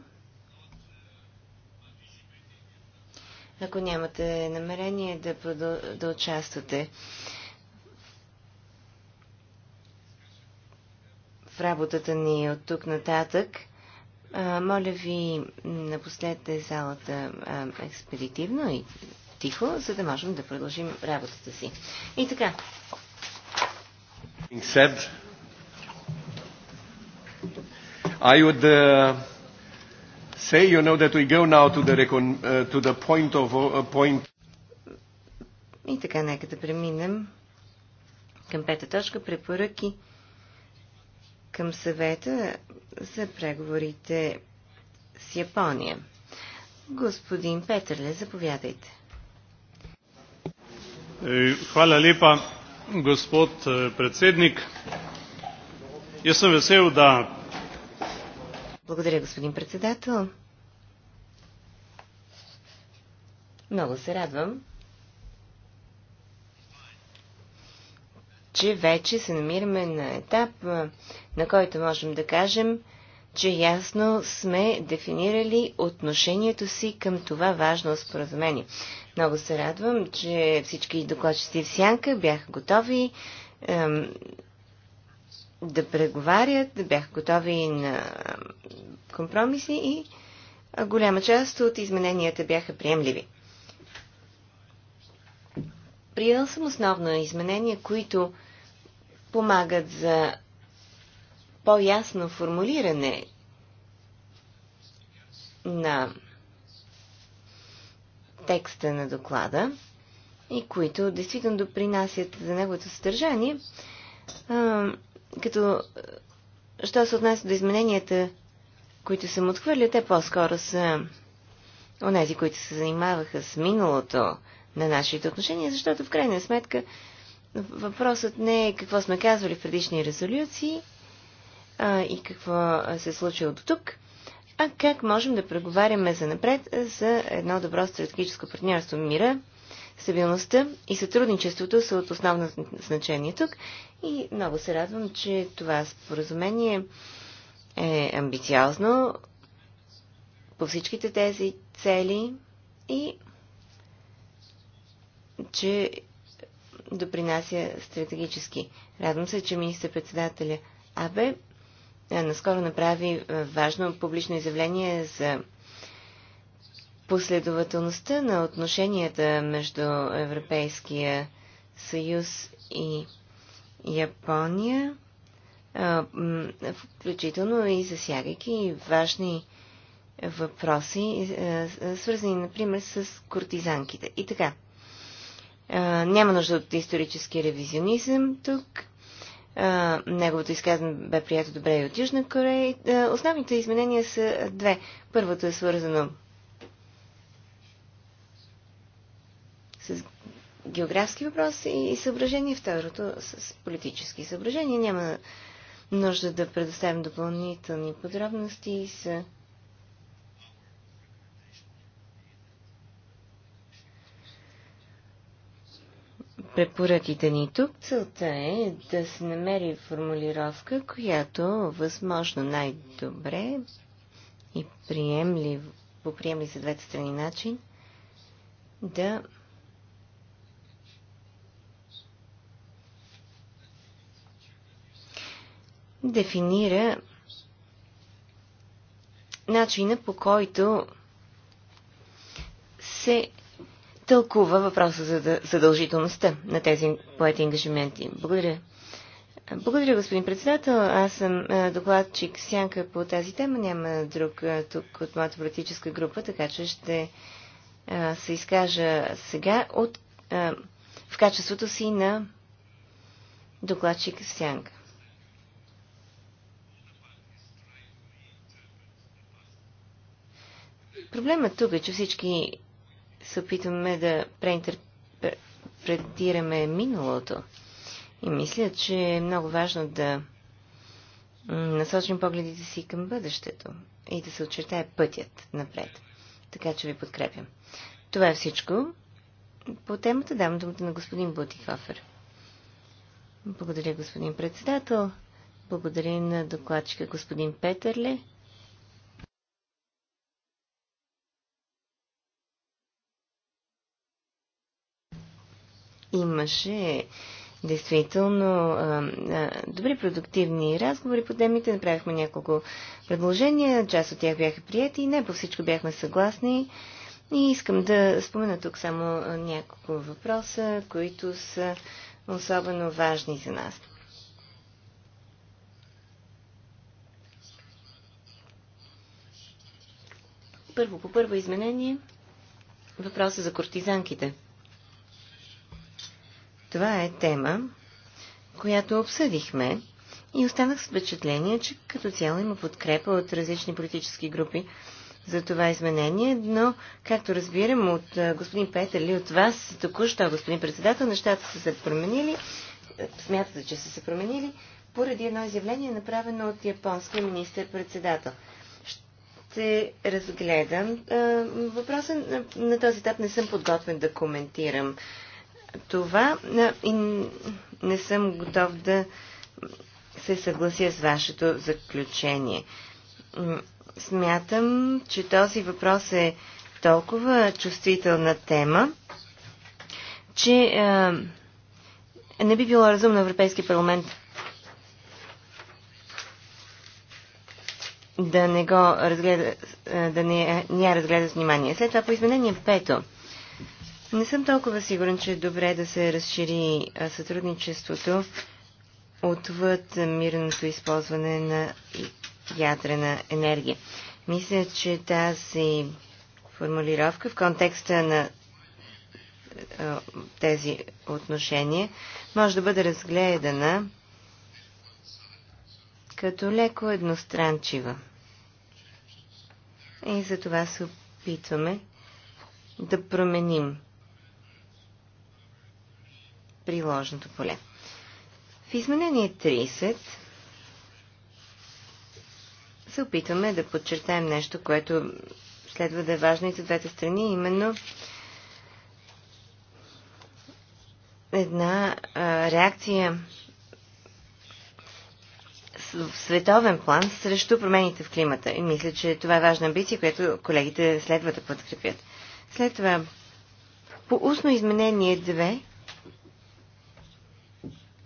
ако нямате намерение да, да участвате в работата ни от тук нататък, моля ви, напоследте залата експедитивно и тихо, за да можем да продължим работата си. И така, being said, I would uh, say, you know, that we go now to the, recon, uh, to the point of uh, point. И така, нека да преминем към пета точка препоръки към съвета за преговорите с Япония. Господин Петърле, заповядайте. Е, хвала лепа gospod е, председник. Jaz sem vesel, da. Благодаря, господин председател. Много се радвам, че вече се намираме на етап, е, на който можем да кажем, че ясно сме дефинирали отношението си към това важно споразумение. Много се радвам, че всички докладчици в Сянка бяха готови ем, да преговарят, бяха готови на компромиси и голяма част от измененията бяха приемливи. Приел съм основно изменения, които помагат за по-ясно формулиране на текста на доклада и които действително допринасят за неговото съдържание, като що се отнася до измененията, които съм отхвърля, те по-скоро са онези, които се занимаваха с миналото на нашите отношения, защото в крайна сметка въпросът не е какво сме казвали в предишни резолюции а, и какво се е случило до тук, а как можем да преговаряме за напред за едно добро стратегическо партньорство мира, стабилността и сътрудничеството са от основно значение тук и много се радвам, че това споразумение е амбициозно по всичките тези цели и че допринася стратегически. Радвам се, че министър-председателя Абе наскоро направи е, важно публично изявление за последователността на отношенията между Европейския съюз и Япония, включително и засягайки важни въпроси, е, е, свързани, например, с кортизанките. И така. Няма нужда от исторически ревизионизъм тук неговото изказване бе прието добре и от Южна Корея. основните изменения са две. Първото е свързано с географски въпроси и съображения, второто с политически съображения. Няма нужда да предоставим допълнителни подробности с. препоръките ни тук. Целта е да се намери формулировка, която възможно най-добре и приемлив, по приемлив за двете страни начин да дефинира начина по който се тълкува въпроса за задължителността на тези поети ангажименти. Благодаря. Благодаря, господин председател. Аз съм докладчик Сянка по тази тема. Няма друг тук от моята политическа група, така че ще се изкажа сега от, в качеството си на докладчик Сянка. Проблемът тук е, че всички се опитваме да преинтерпретираме миналото. И мисля, че е много важно да насочим погледите си към бъдещето и да се очертае пътят напред. Така че ви подкрепям. Това е всичко. По темата дам думата на господин Бутихофер. Благодаря, господин председател. Благодаря на докладчика господин Петърле. имаше действително добри продуктивни разговори по темите. Направихме няколко предложения, част от тях бяха прияти и не по всичко бяхме съгласни. И искам да спомена тук само няколко въпроса, които са особено важни за нас. Първо, по първо изменение, въпроса за кортизанките – това е тема, която обсъдихме и останах с впечатление, че като цяло има подкрепа от различни политически групи за това изменение, но, както разбирам от господин Петър или от вас, току-що, господин председател, нещата са се променили, смятате, че са се променили, поради едно изявление, направено от японския министр-председател. Ще разгледам. Въпроса на този етап не съм подготвен да коментирам това и не съм готов да се съглася с вашето заключение. Смятам, че този въпрос е толкова чувствителна тема, че не би било разумно Европейски парламент да не го разгледа, да не я разгледа с внимание. След това по изменение пето. Не съм толкова сигурен, че е добре да се разшири сътрудничеството отвъд мирното използване на ядрена енергия. Мисля, че тази формулировка в контекста на тези отношения може да бъде разгледана като леко едностранчива. И за това се опитваме да променим приложното поле. В изменение 30 се опитваме да подчертаем нещо, което следва да е важно и за двете страни, именно една а, реакция в световен план срещу промените в климата. И мисля, че това е важна амбиция, която колегите следва да подкрепят. След това, по устно изменение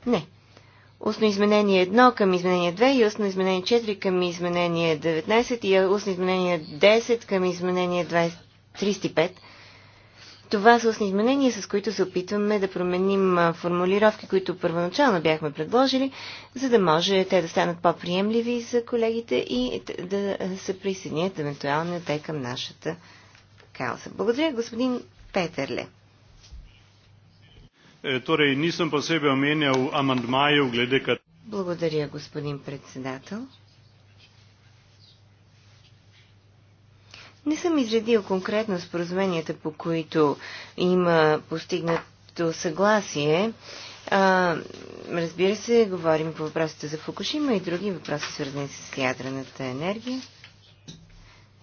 не. Устно изменение 1 към изменение 2 и устно изменение 4 към изменение 19 и устно изменение 10 към изменение 20, 35. Това са устни изменения, с които се опитваме да променим формулировки, които първоначално бяхме предложили, за да може те да станат по-приемливи за колегите и да се присъединят евентуално те към нашата кауза. Благодаря, господин Петерле. E, torej, nisem posebej omenjal amandmajev glede kar. Благодаря, господин председател. Не съм изредил конкретно споразуменията, по които има постигнато съгласие. А, разбира се, говорим по въпросите за Фукушима и други въпроси, свързани с ядрената енергия.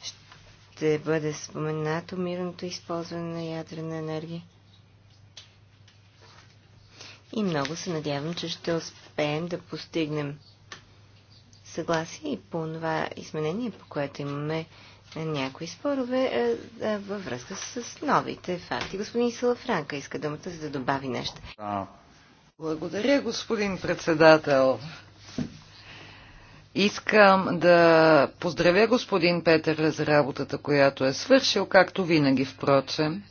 Ще бъде споменато мирното използване на ядрена енергия и много се надявам, че ще успеем да постигнем съгласие и по това изменение, по което имаме някои спорове е, е, във връзка с новите факти. Господин Франка, иска думата, за да добави нещо. Благодаря, господин председател. Искам да поздравя господин Петър за работата, която е свършил, както винаги, впрочем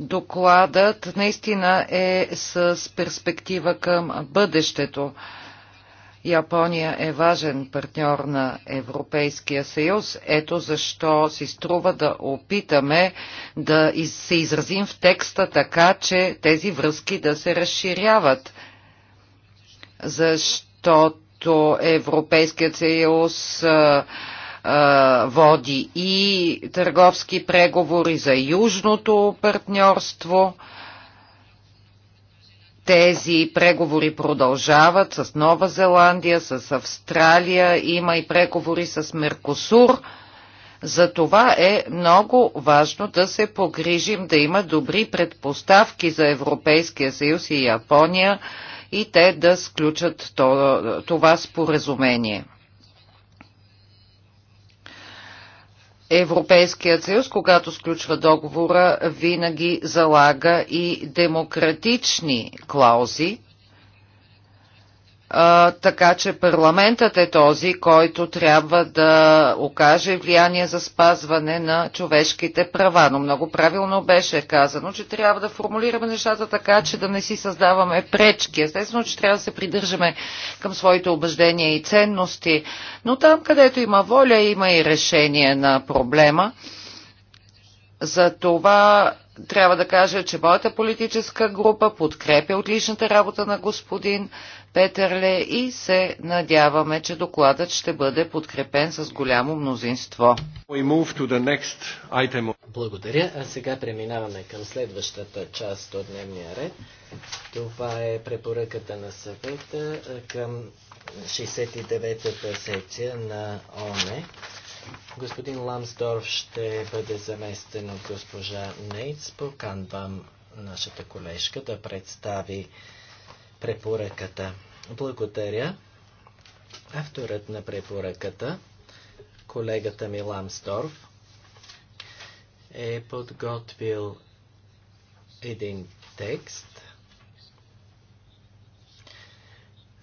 докладът наистина е с перспектива към бъдещето. Япония е важен партньор на Европейския съюз. Ето защо си струва да опитаме да се изразим в текста така, че тези връзки да се разширяват. Защото Европейският съюз води и търговски преговори за южното партньорство. Тези преговори продължават с Нова Зеландия, с Австралия, има и преговори с Меркосур. За това е много важно да се погрижим да има добри предпоставки за Европейския съюз и Япония и те да сключат това споразумение. Европейският съюз, когато сключва договора, винаги залага и демократични клаузи, а, така че парламентът е този, който трябва да окаже влияние за спазване на човешките права. Но много правилно беше казано, че трябва да формулираме нещата така, че да не си създаваме пречки. Естествено, че трябва да се придържаме към своите убеждения и ценности, но там, където има воля, има и решение на проблема. За това трябва да кажа, че моята политическа група подкрепя отличната работа на господин Петърле и се надяваме, че докладът ще бъде подкрепен с голямо мнозинство. Благодаря, а сега преминаваме към следващата част от дневния ред. Това е препоръката на съвета към 69-та секция на ОНЕ. Господин Ламсдорф ще бъде заместен от госпожа Нейтс. Поканвам нашата колежка да представи препоръката. Благодаря. Авторът на препоръката, колегата Милан Сторф, е подготвил един текст,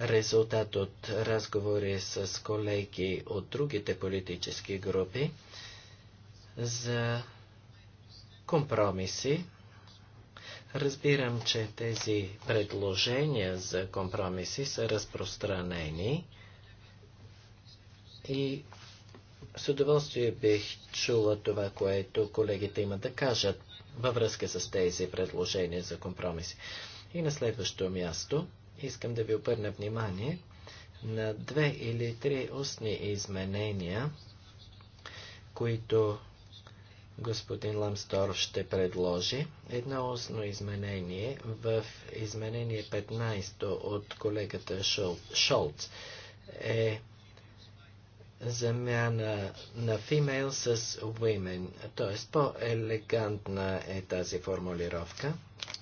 резултат от разговори с колеги от другите политически групи за компромиси, Разбирам, че тези предложения за компромиси са разпространени и с удоволствие бих чула това, което колегите имат да кажат във връзка с тези предложения за компромиси. И на следващото място искам да ви обърна внимание на две или три устни изменения, които господин Ламстор ще предложи едно устно изменение в изменение 15 от колегата Шол, Шолц е замяна на female с women, т.е. по-елегантна е тази формулировка.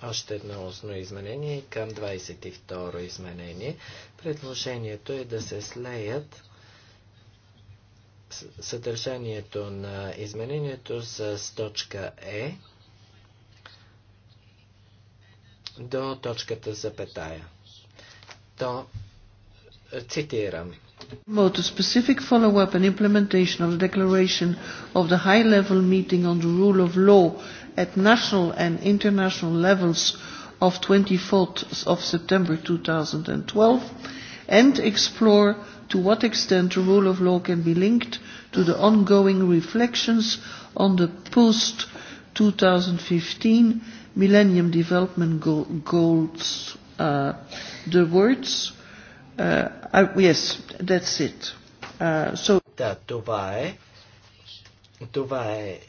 Още едно основно изменение към 22 изменение. Предложението е да се слеят съдържанието на изменението с точка Е до точката запетая. То, цитирам, promote a specific follow-up and implementation of the declaration of the high-level meeting on the rule of law at national and international levels of 24th of September 2012 and explore to what extent the rule of law can be linked to the ongoing reflections on the post 2015 Millennium Development Goals. Uh, the words. Uh, I, yes, that's it. Uh, so. Да, това е. Това е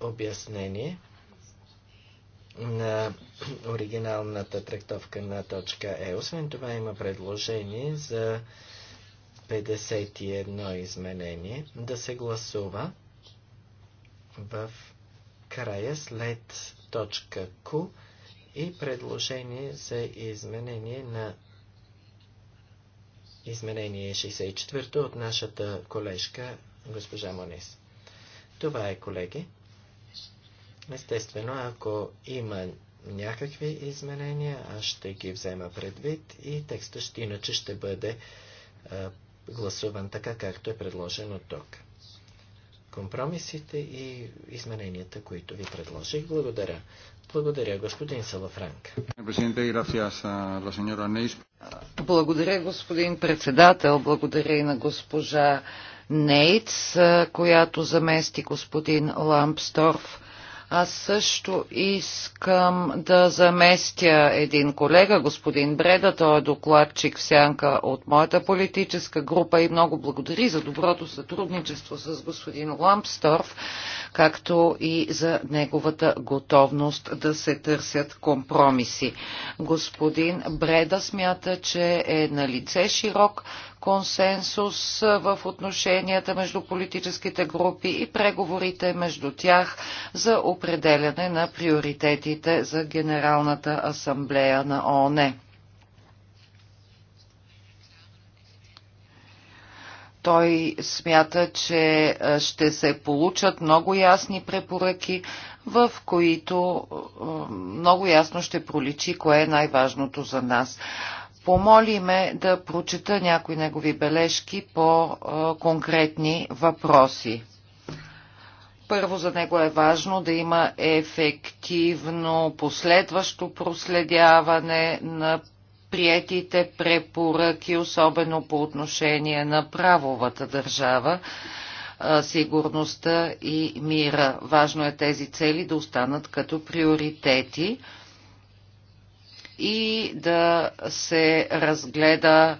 обяснение на оригиналната трактовка на точка Е. Освен това има предложение за 51 изменение да се гласува в края след точка Q и предложение за изменение на изменение 64 от нашата колежка госпожа Монис. Това е, колеги. Естествено, ако има някакви изменения, аз ще ги взема предвид и текстът ще иначе ще бъде а, гласуван така, както е предложено тук. Компромисите и измененията, които ви предложих. Благодаря. Благодаря, господин Салафранк. Благодаря, господин председател. Благодаря и на госпожа Нейтс, която замести господин Лампсторф. Аз също искам да заместя един колега, господин Бреда. Той е докладчик в сянка от моята политическа група и много благодари за доброто сътрудничество с господин Лампсторф, както и за неговата готовност да се търсят компромиси. Господин Бреда смята, че е на лице широк консенсус в отношенията между политическите групи и преговорите между тях за определяне на приоритетите за Генералната асамблея на ООН. Той смята, че ще се получат много ясни препоръки, в които много ясно ще проличи кое е най-важното за нас. Помоли ме да прочета някои негови бележки по конкретни въпроси. Първо за него е важно да има ефективно последващо проследяване на приетите препоръки, особено по отношение на правовата държава, сигурността и мира. Важно е тези цели да останат като приоритети и да се разгледа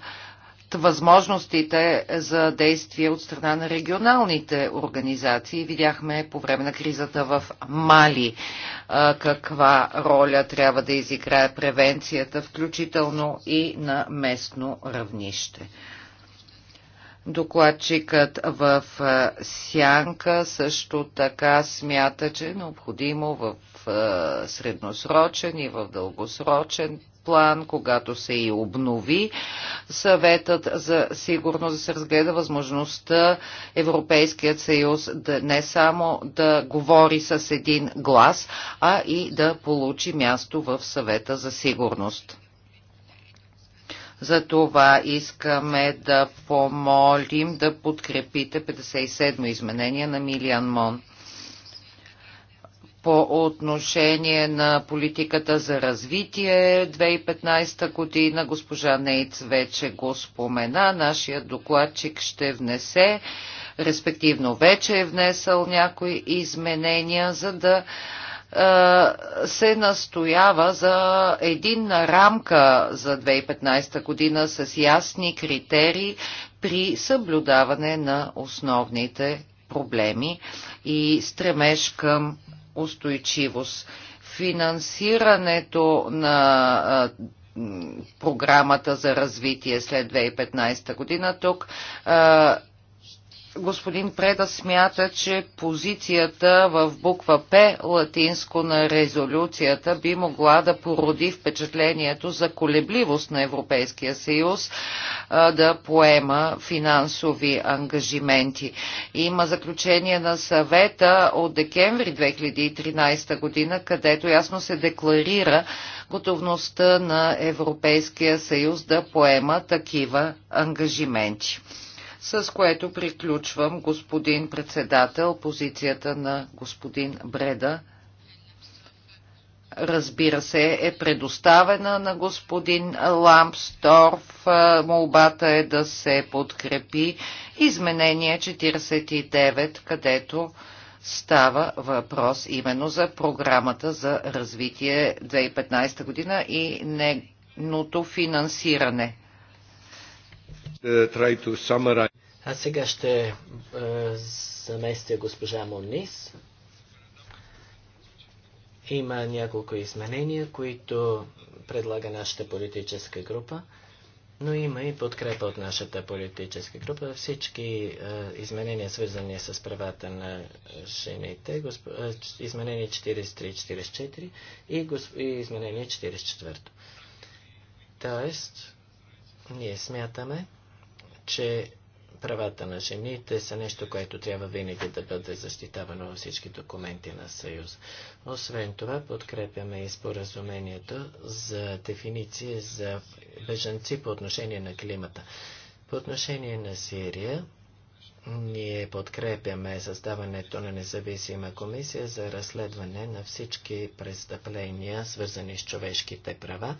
възможностите за действие от страна на регионалните организации. Видяхме по време на кризата в Мали каква роля трябва да изиграе превенцията, включително и на местно равнище. Докладчикът в Сянка също така смята, че е необходимо в средносрочен и в дългосрочен план, когато се и обнови, съветът за сигурност да се разгледа възможността Европейският съюз да не само да говори с един глас, а и да получи място в съвета за сигурност. За това искаме да помолим да подкрепите 57-о изменение на Милиан Мон по отношение на политиката за развитие 2015 година. Госпожа Нейц вече го спомена. Нашия докладчик ще внесе, респективно вече е внесъл някои изменения, за да се настоява за единна рамка за 2015 година с ясни критерии при съблюдаване на основните проблеми и стремеж към устойчивост. Финансирането на програмата за развитие след 2015 година тук господин Преда смята, че позицията в буква П латинско на резолюцията би могла да породи впечатлението за колебливост на Европейския съюз да поема финансови ангажименти. Има заключение на съвета от декември 2013 година, където ясно се декларира готовността на Европейския съюз да поема такива ангажименти с което приключвам, господин председател, позицията на господин Бреда. Разбира се, е предоставена на господин Лампсторф. Молбата е да се подкрепи изменение 49, където става въпрос именно за програмата за развитие 2015 година и неното финансиране. Uh, а сега ще е, заместя госпожа Монис. Има няколко изменения, които предлага нашата политическа група, но има и подкрепа от нашата политическа група. Всички е, изменения, свързани с правата на жените, е, изменение 43-44 и, и изменение 44. Тоест, ние смятаме, че правата на жените са нещо, което трябва винаги да бъде защитавано във всички документи на Съюз. Освен това, подкрепяме и споразумението за дефиниции за бежанци по отношение на климата. По отношение на Сирия, ние подкрепяме създаването на независима комисия за разследване на всички престъпления, свързани с човешките права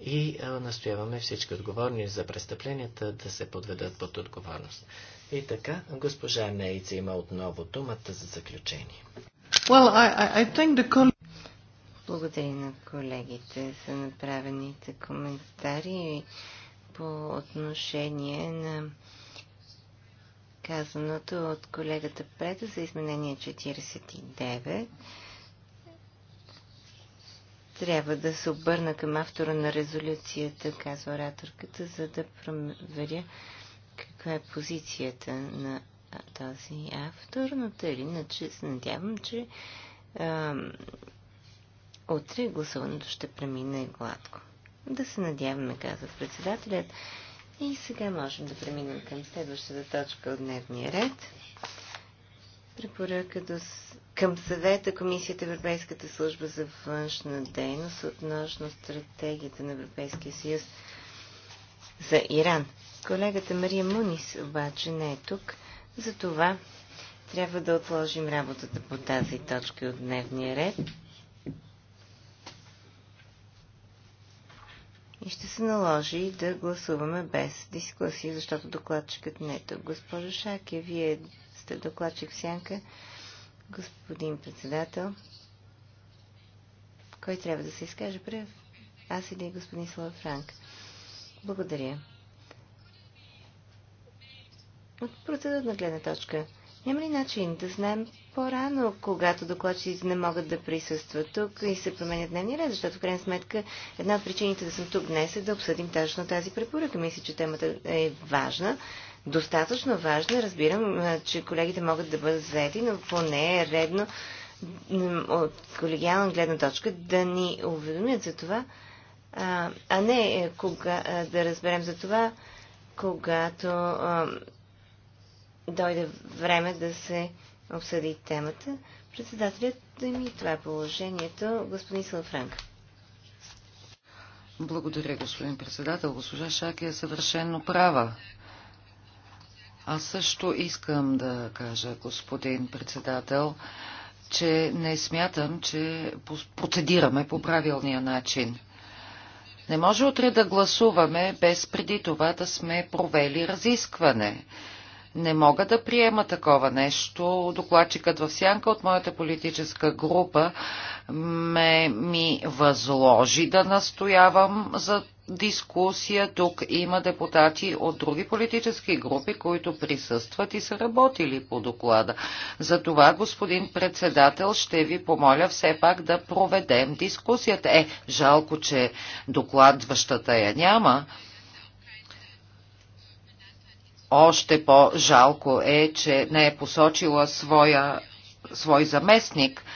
и настояваме всички отговорни за престъпленията да се подведат под отговорност. И така, госпожа Нейца има отново думата за заключение. Well, I, I think the... Благодаря на колегите за направените коментари по отношение на казаното от колегата Преда за изменение 49. Трябва да се обърна към автора на резолюцията, казва ораторката, за да проверя каква е позицията на този автор, но тъй иначе се надявам, че а, утре гласуването ще премине гладко. Да се надяваме, казва председателят. И сега можем да преминем към следващата точка от дневния ред. Препоръка до към съвета Комисията Европейската служба за външна дейност относно стратегията на Европейския съюз за Иран. Колегата Мария Мунис обаче не е тук, затова трябва да отложим работата по тази точка от дневния ред. И ще се наложи да гласуваме без дискусии, защото докладчикът не е тук. Госпожо Шаке, вие сте докладчик в сянка господин председател. Кой трябва да се изкаже пръв? Аз или господин Слава Франк? Благодаря. От процедурна гледна точка, няма ли начин да знаем по-рано, когато докладчиците не могат да присъстват тук и се променят дневния ред, защото в крайна сметка една от причините да съм тук днес е да обсъдим точно тази препоръка. Мисля, че темата е важна достатъчно важна. Разбирам, че колегите могат да бъдат заети, но поне е редно от колегиална гледна точка да ни уведомят за това, а не е, кога, да разберем за това, когато дойде време да се обсъди темата. Председателят да ми това е положението, господин Салфранк. Благодаря, господин председател. Госпожа Шаки е съвършенно права. Аз също искам да кажа, господин председател, че не смятам, че процедираме по правилния начин. Не може утре да гласуваме без преди това да сме провели разискване. Не мога да приема такова нещо. Докладчикът в сянка от моята политическа група ме ми възложи да настоявам за дискусия. Тук има депутати от други политически групи, които присъстват и са работили по доклада. За това, господин председател, ще ви помоля все пак да проведем дискусията. Е, жалко, че докладващата я няма. Още по-жалко е, че не е посочила своя, свой заместник –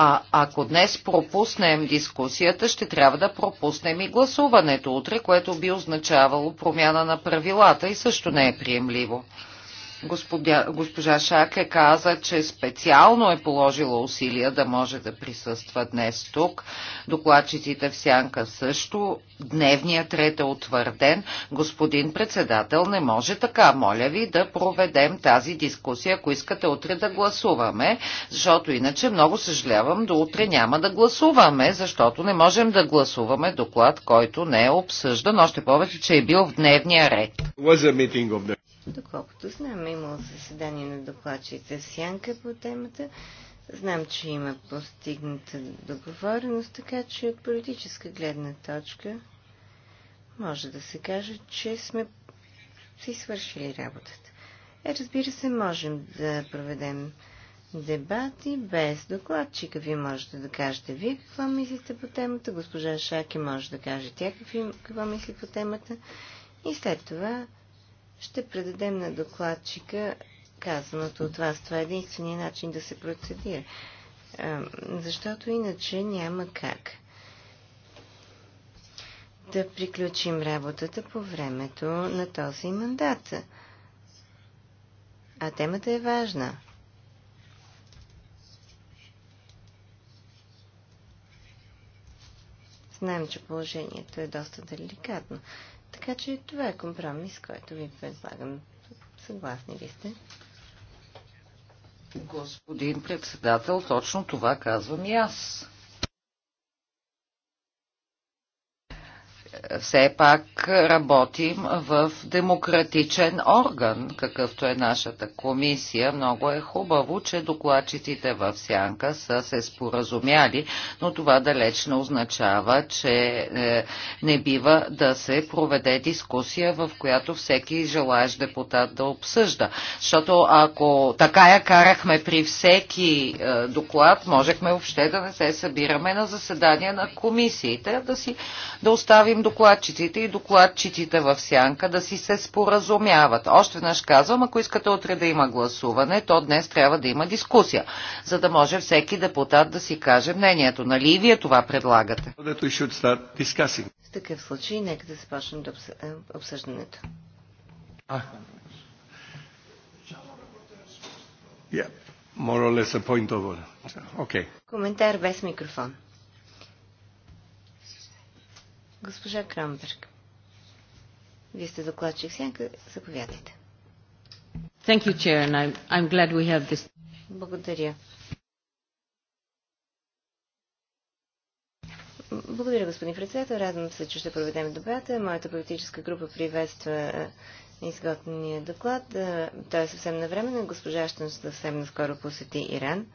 а ако днес пропуснем дискусията, ще трябва да пропуснем и гласуването утре, което би означавало промяна на правилата и също не е приемливо. Господя, госпожа Шаке каза, че специално е положила усилия да може да присъства днес тук. Докладчиците в сянка също. Дневният ред е утвърден. Господин председател, не може така. Моля ви да проведем тази дискусия, ако искате утре да гласуваме, защото иначе много съжалявам, до утре няма да гласуваме, защото не можем да гласуваме доклад, който не е обсъждан, още повече, че е бил в дневния ред. Доколкото знам, е имало заседание на докладчите в Сянка по темата. Знам, че има постигната договореност, така че от политическа гледна точка може да се каже, че сме си свършили работата. Е, разбира се, можем да проведем дебати без докладчика. Вие можете да кажете вие какво мислите по темата, госпожа Шаки може да каже тя какво мисли по темата и след това ще предадем на докладчика казаното от вас. Това е единствения начин да се процедира. Защото иначе няма как да приключим работата по времето на този мандат. А темата е важна. Знаем, че положението е доста деликатно. Така че това е компромис, който ви предлагам. Съгласни ли сте? Господин председател, точно това казвам и аз. все пак работим в демократичен орган, какъвто е нашата комисия. Много е хубаво, че докладчиците в Сянка са се споразумяли, но това далеч не означава, че е, не бива да се проведе дискусия, в която всеки желаеш депутат да обсъжда. Защото ако така я карахме при всеки е, доклад, можехме въобще да не се събираме на заседания на комисиите, да си да оставим докладчиците и докладчиците в сянка да си се споразумяват. Още веднъж казвам, ако искате утре да има гласуване, то днес трябва да има дискусия, за да може всеки депутат да си каже мнението. Нали и вие това предлагате? В такъв случай, нека да започнем да е, обсъждането. А. Yeah. More or less a point of Okay. Коментар без микрофон. Госпожа Крамберг. Вие сте докладчик сянка. Заповядайте. Thank you, Chair, and I'm, I'm glad we have this. Благодаря. Благодаря, господин председател. Радвам се, че ще проведем дебата. Моята политическа група приветства е, изготвения доклад. Е, той е съвсем навременен. Госпожа Аштън съвсем наскоро посети Иран.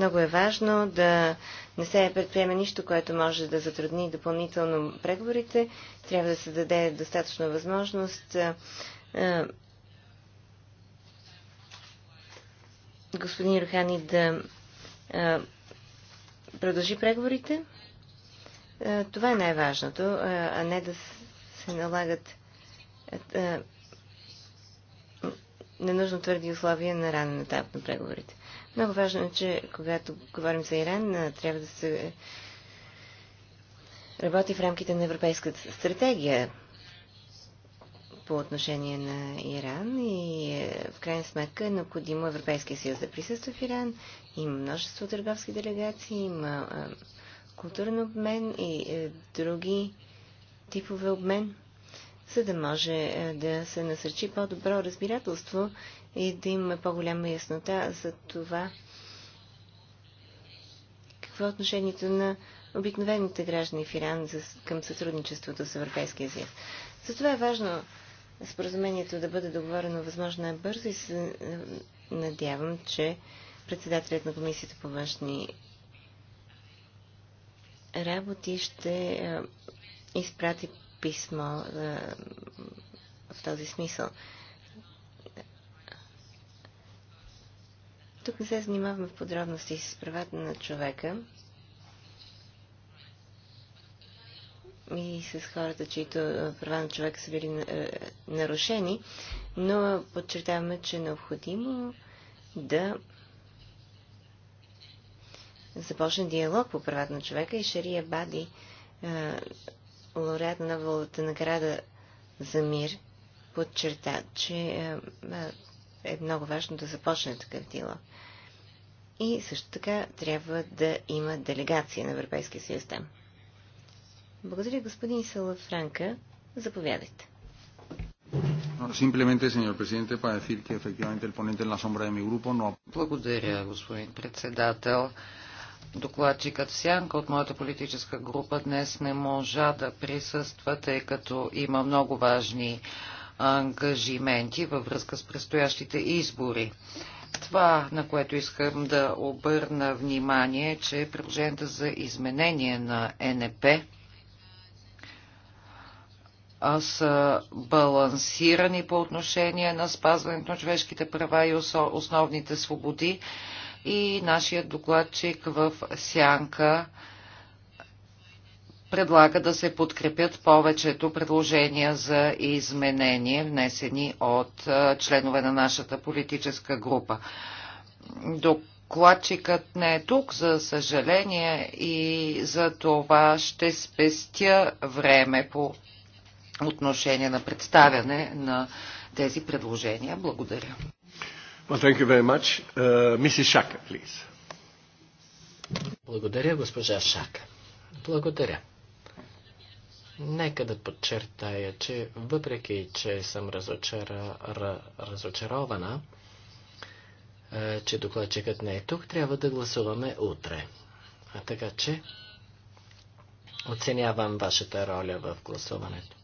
Много е важно да не се предприеме нищо, което може да затрудни допълнително преговорите. Трябва да се даде достатъчно възможност господин Рухани да продължи преговорите. Това е най-важното, а не да се налагат ненужно твърди условия на ранен етап на преговорите. Много важно е, че когато говорим за Иран, трябва да се работи в рамките на Европейската стратегия по отношение на Иран и е, в крайна сметка е необходимо Европейския съюз да присъства в Иран. Има множество търговски делегации, има културен обмен и е, други типове обмен, за да може е, да се насърчи по-добро разбирателство и да имаме по-голяма яснота за това какво е отношението на обикновените граждани в Иран към сътрудничеството с Европейския съюз. Затова е важно споразумението да бъде договорено възможно най-бързо и се надявам, че председателят на Комисията по външни работи ще изпрати писмо в този смисъл. Тук не се занимаваме в подробности с правата на човека и с хората, чието е, права на човека са били е, нарушени, но подчертаваме, че е необходимо да започне диалог по правата на човека и Шария Бади, е, лауреат на Новата награда за мир, подчерта, че е много важно да започне такъв диалог. И също така трябва да има делегация на Европейския съюз там. Благодаря, господин Сала Франка. Заповядайте. Simplemente, señor presidente, para decir que efectivamente el ponente en la sombra de mi grupo no... Благодаря, господин председател. Докладчикът Сянка от моята политическа група днес не можа да присъства, тъй като има много важни ангажименти във връзка с предстоящите избори. Това, на което искам да обърна внимание, е, че предложението за изменение на НП са балансирани по отношение на спазването на човешките права и основните свободи. И нашия докладчик в Сянка предлага да се подкрепят повечето предложения за изменение, внесени от членове на нашата политическа група. Докладчикът не е тук, за съжаление, и за това ще спестя време по отношение на представяне на тези предложения. Благодаря. Well, thank you very much. Uh, Mrs. Shaka, please. Благодаря, госпожа Шака. Благодаря. Нека да подчертая, че въпреки, че съм разочара, разочарована, е, че докладчикът не е тук, трябва да гласуваме утре. А така че оценявам вашата роля в гласуването.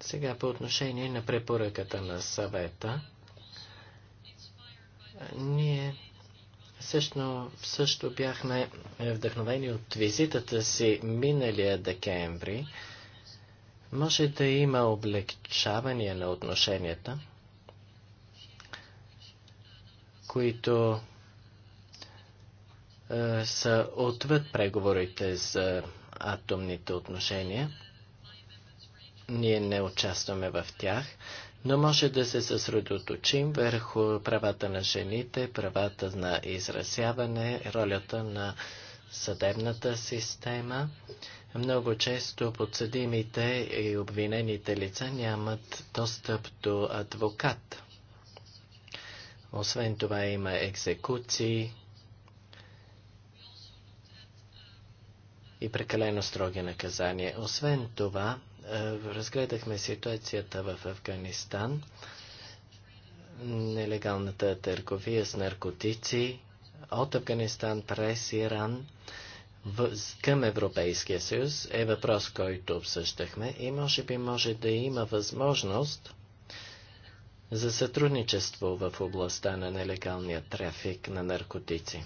Сега по отношение на препоръката на съвета, ние също, също бяхме е, вдъхновени от визитата си миналия декември. Може да има облегчавания на отношенията, които е, са отвъд преговорите за атомните отношения. Ние не участваме в тях, но може да се съсредоточим върху правата на жените, правата на изразяване, ролята на съдебната система. Много често подсъдимите и обвинените лица нямат достъп до адвокат. Освен това има екзекуции и прекалено строги наказания. Освен това, е, разгледахме ситуацията в Афганистан, нелегалната търговия с наркотици от Афганистан през Иран в, към Европейския съюз е въпрос, който обсъждахме и може би може да има възможност за сътрудничество в областта на нелегалния трафик на наркотици.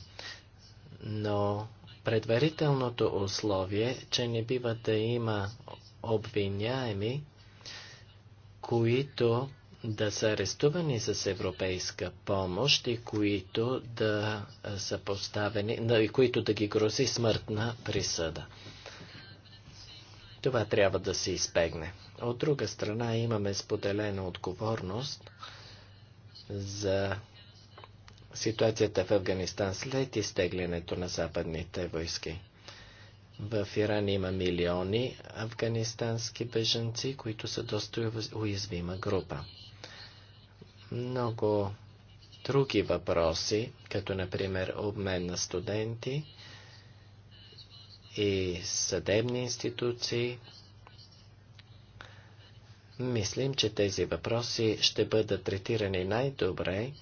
Но предварителното условие, че не бива да има обвиняеми, които да са арестувани с европейска помощ и които да са поставени, и които да ги грози смъртна присъда. Това трябва да се избегне. От друга страна имаме споделена отговорност за ситуацията в Афганистан след изтеглянето на западните войски. В Иран има милиони афганистански беженци, които са доста уязвима група. Много други въпроси, като например обмен на студенти и съдебни институции. Мислим, че тези въпроси ще бъдат третирани най-добре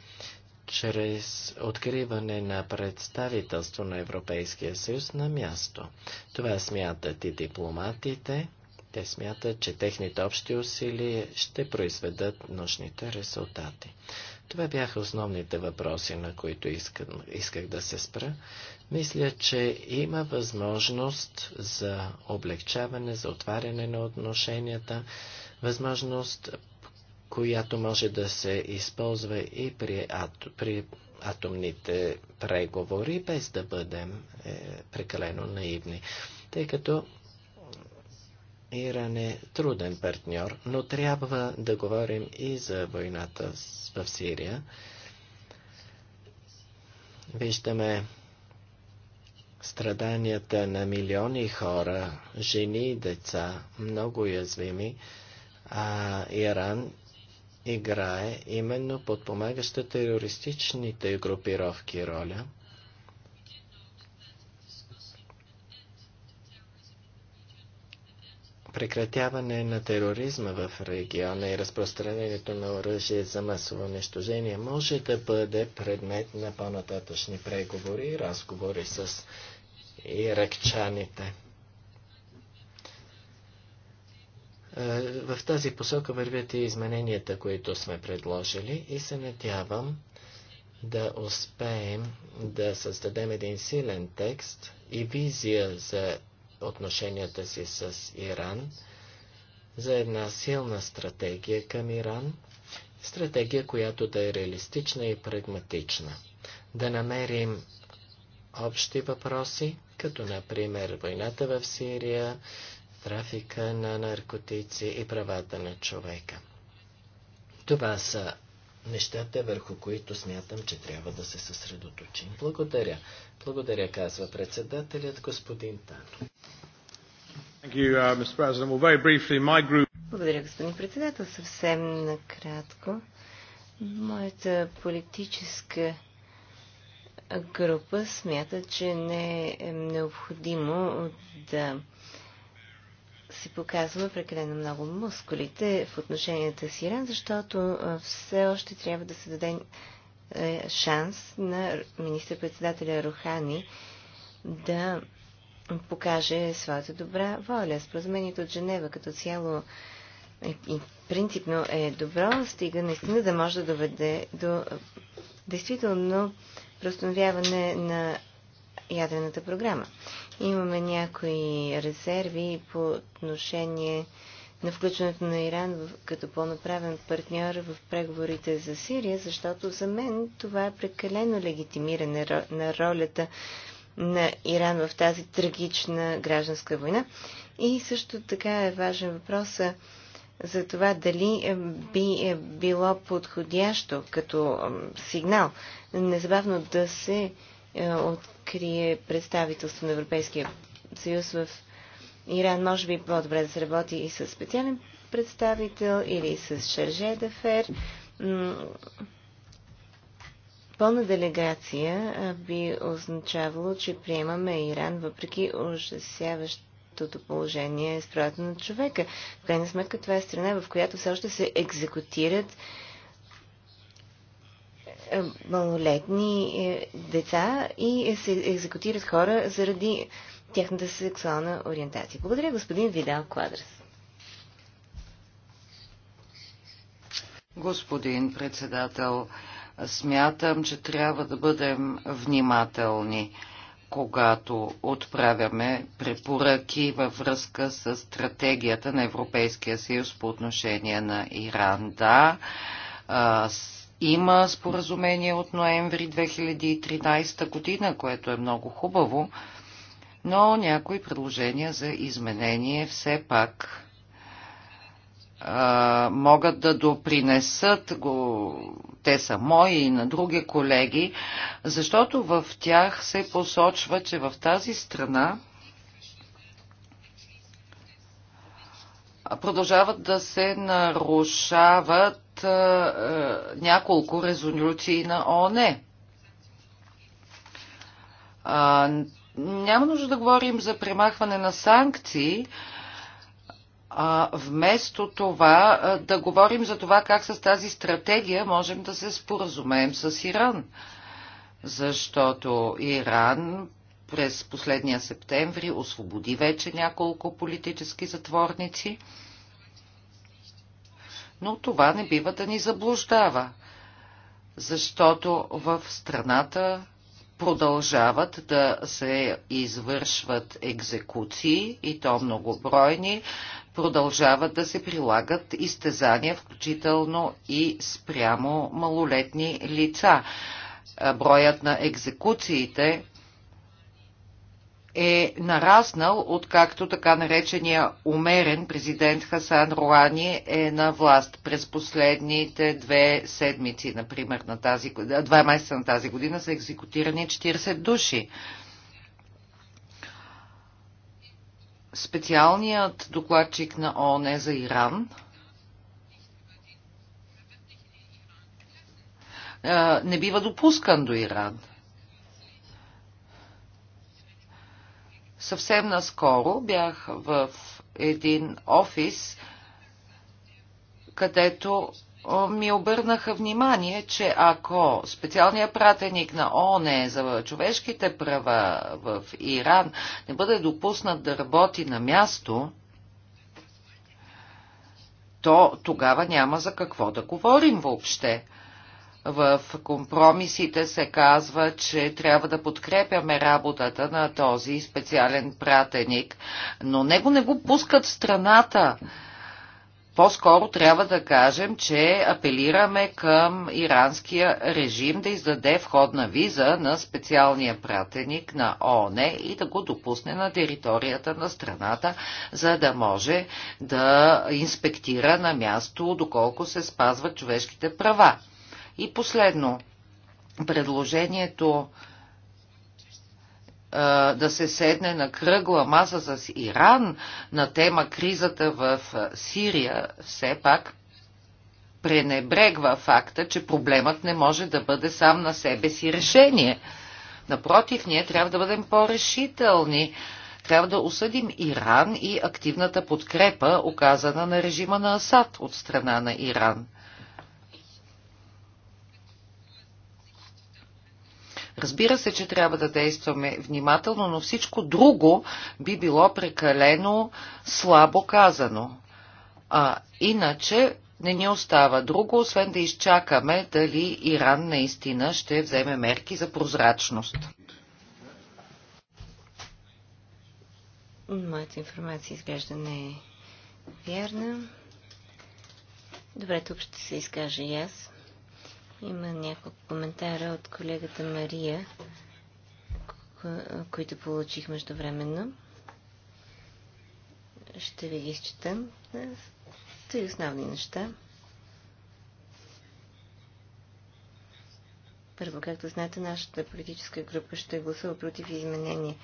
чрез откриване на представителство на Европейския съюз на място. Това смятат и дипломатите. Те смятат, че техните общи усилия ще произведат нужните резултати. Това бяха основните въпроси, на които искам, исках да се спра. Мисля, че има възможност за облегчаване, за отваряне на отношенията, възможност която може да се използва и при, ат, при атомните преговори, без да бъдем е, прекалено наивни. Тъй като Иран е труден партньор, но трябва да говорим и за войната в Сирия. Виждаме страданията на милиони хора, жени и деца, много уязвими, а Иран играе именно подпомагаща терористичните групировки роля. Прекратяване на тероризма в региона и разпространението на оръжие за масово унищожение може да бъде предмет на по-нататъчни преговори и разговори с иракчаните. Е, в тази посока вървят и измененията, които сме предложили и се надявам да успеем да създадем един силен текст и визия за отношенията си с Иран, за една силна стратегия към Иран, стратегия, която да е реалистична и прагматична. Да намерим общи въпроси, като например войната в Сирия, трафика на наркотици и правата на човека. Това са нещата, върху които смятам, че трябва да се съсредоточим. Благодаря. Благодаря, казва председателят господин Тано. Uh, Благодаря, господин председател. Съвсем накратко. Моята политическа група смята, че не е необходимо да се показва прекалено много мускулите в отношенията с Иран, защото все още трябва да се даде е, шанс на министър-председателя Рухани да покаже своята добра воля. Споразумението от Женева като цяло е, и принципно е добро, стига наистина да може да доведе до действително преустановяване на ядрената програма. Имаме някои резерви по отношение на включването на Иран в, като по-направен партньор в преговорите за Сирия, защото за мен това е прекалено легитимиране на ролята на Иран в тази трагична гражданска война. И също така е важен въпрос за това дали е, би е било подходящо като сигнал незабавно да се е, открие представителство на Европейския съюз в Иран. Може би е по-добре да се работи и с специален представител или с Шарже Дефер. Пълна делегация би означавало, че приемаме Иран въпреки ужасяващото положение с правата на човека. В крайна сметка това е страна, в която все още се екзекутират малолетни е, деца и се екзекутират хора заради тяхната сексуална ориентация. Благодаря, господин Видал Квадрас. Господин председател, смятам, че трябва да бъдем внимателни, когато отправяме препоръки във връзка с стратегията на Европейския съюз по отношение на Иран. Да, има споразумение от ноември 2013 година, което е много хубаво, но някои предложения за изменение все пак а, могат да допринесат, го, те са мои и на други колеги, защото в тях се посочва, че в тази страна продължават да се нарушават от няколко резолюции на ОНЕ. няма нужда да говорим за премахване на санкции, а, вместо това а, да говорим за това как с тази стратегия можем да се споразумеем с Иран. Защото Иран през последния септември освободи вече няколко политически затворници но това не бива да ни заблуждава, защото в страната продължават да се извършват екзекуции и то многобройни, продължават да се прилагат изтезания, включително и спрямо малолетни лица. Броят на екзекуциите е нараснал, откакто така наречения умерен президент Хасан Руани е на власт през последните две седмици, например, на тази, два месеца на тази година са екзекутирани 40 души. Специалният докладчик на ООН е за Иран не бива допускан до Иран. Съвсем наскоро бях в един офис, където ми обърнаха внимание, че ако специалният пратеник на ООН е за човешките права в Иран не бъде допуснат да работи на място, то тогава няма за какво да говорим въобще. В компромисите се казва, че трябва да подкрепяме работата на този специален пратеник, но него не го пускат в страната. По-скоро трябва да кажем, че апелираме към иранския режим да издаде входна виза на специалния пратеник на ООН и да го допусне на територията на страната, за да може да инспектира на място, доколко се спазват човешките права. И последно, предложението да се седне на кръгла маса с Иран на тема кризата в Сирия, все пак пренебрегва факта, че проблемът не може да бъде сам на себе си решение. Напротив, ние трябва да бъдем по-решителни. Трябва да осъдим Иран и активната подкрепа, оказана на режима на Асад от страна на Иран. Разбира се, че трябва да действаме внимателно, но всичко друго би било прекалено слабо казано. А иначе не ни остава друго, освен да изчакаме дали Иран наистина ще вземе мерки за прозрачност. Моята информация изглежда не е вярна. Добре, тук ще се изкажа и аз. Има няколко коментара от колегата Мария, които получих междувременно. Ще ви ги изчета. Три основни неща. Първо, както знаете, нашата политическа група ще гласува против изменение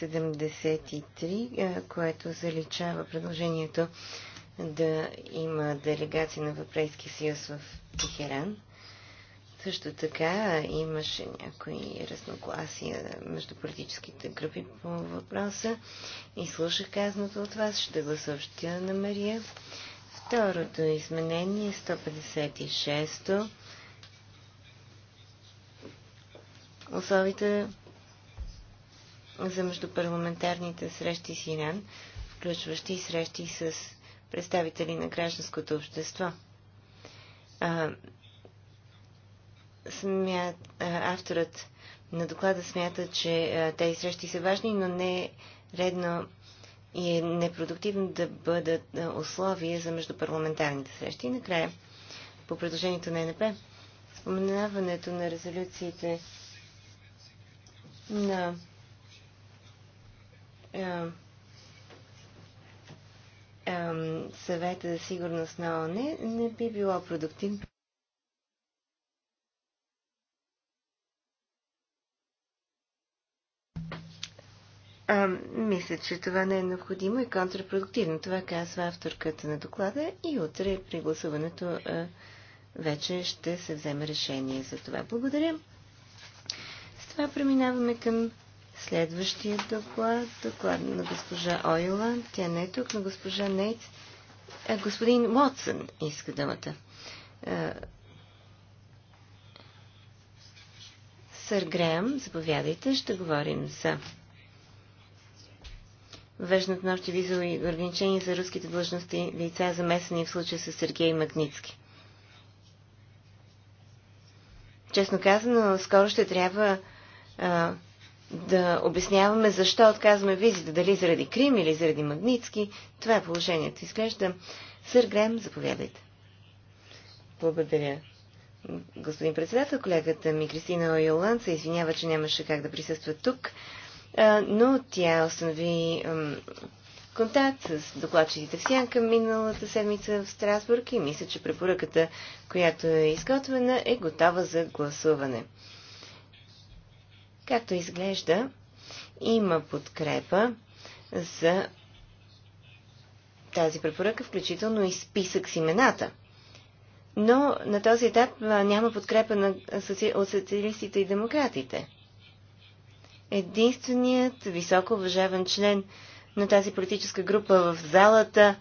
73, което заличава предложението да има делегация на Европейския съюз в Тихеран. Също така имаше някои разногласия между политическите групи по въпроса и слушах казаното от вас. Ще го съобщя на Мария. Второто изменение 156-то. Условията за междупарламентарните срещи с Иран, включващи срещи с представители на гражданското общество смят, авторът на доклада смята, че тези срещи са важни, но не е редно и е непродуктивно да бъдат условия за междупарламентарните срещи. И накрая, по предложението на НП споменаването на резолюциите на съвета за сигурност на ОНЕ не би било продуктивно. А, мисля, че това не е необходимо и контрапродуктивно. Това казва авторката на доклада и утре при гласуването а, вече ще се вземе решение за това. Благодаря. С това преминаваме към следващия доклад. Доклад на госпожа Ойла. Тя не е тук, на госпожа Нейт. А, господин Уотсън иска думата. А, сър Греъм, заповядайте, ще говорим за Веждат нощи визови ограничения за руските длъжности лица, замесени в случая с Сергей Магницки. Честно казано, скоро ще трябва а, да обясняваме защо отказваме визита, дали заради Крим или заради Магницки. Това е положението. Изглежда. Сър Грем, заповядайте. Благодаря. Господин председател, колегата ми Кристина Ойолан се извинява, че нямаше как да присъства тук но тя установи контакт с докладчиците в Сянка миналата седмица в Страсбург и мисля, че препоръката, която е изготвена, е готова за гласуване. Както изглежда, има подкрепа за тази препоръка, включително и списък с имената. Но на този етап няма подкрепа на, от социалистите и демократите единственият високо уважаван член на тази политическа група в залата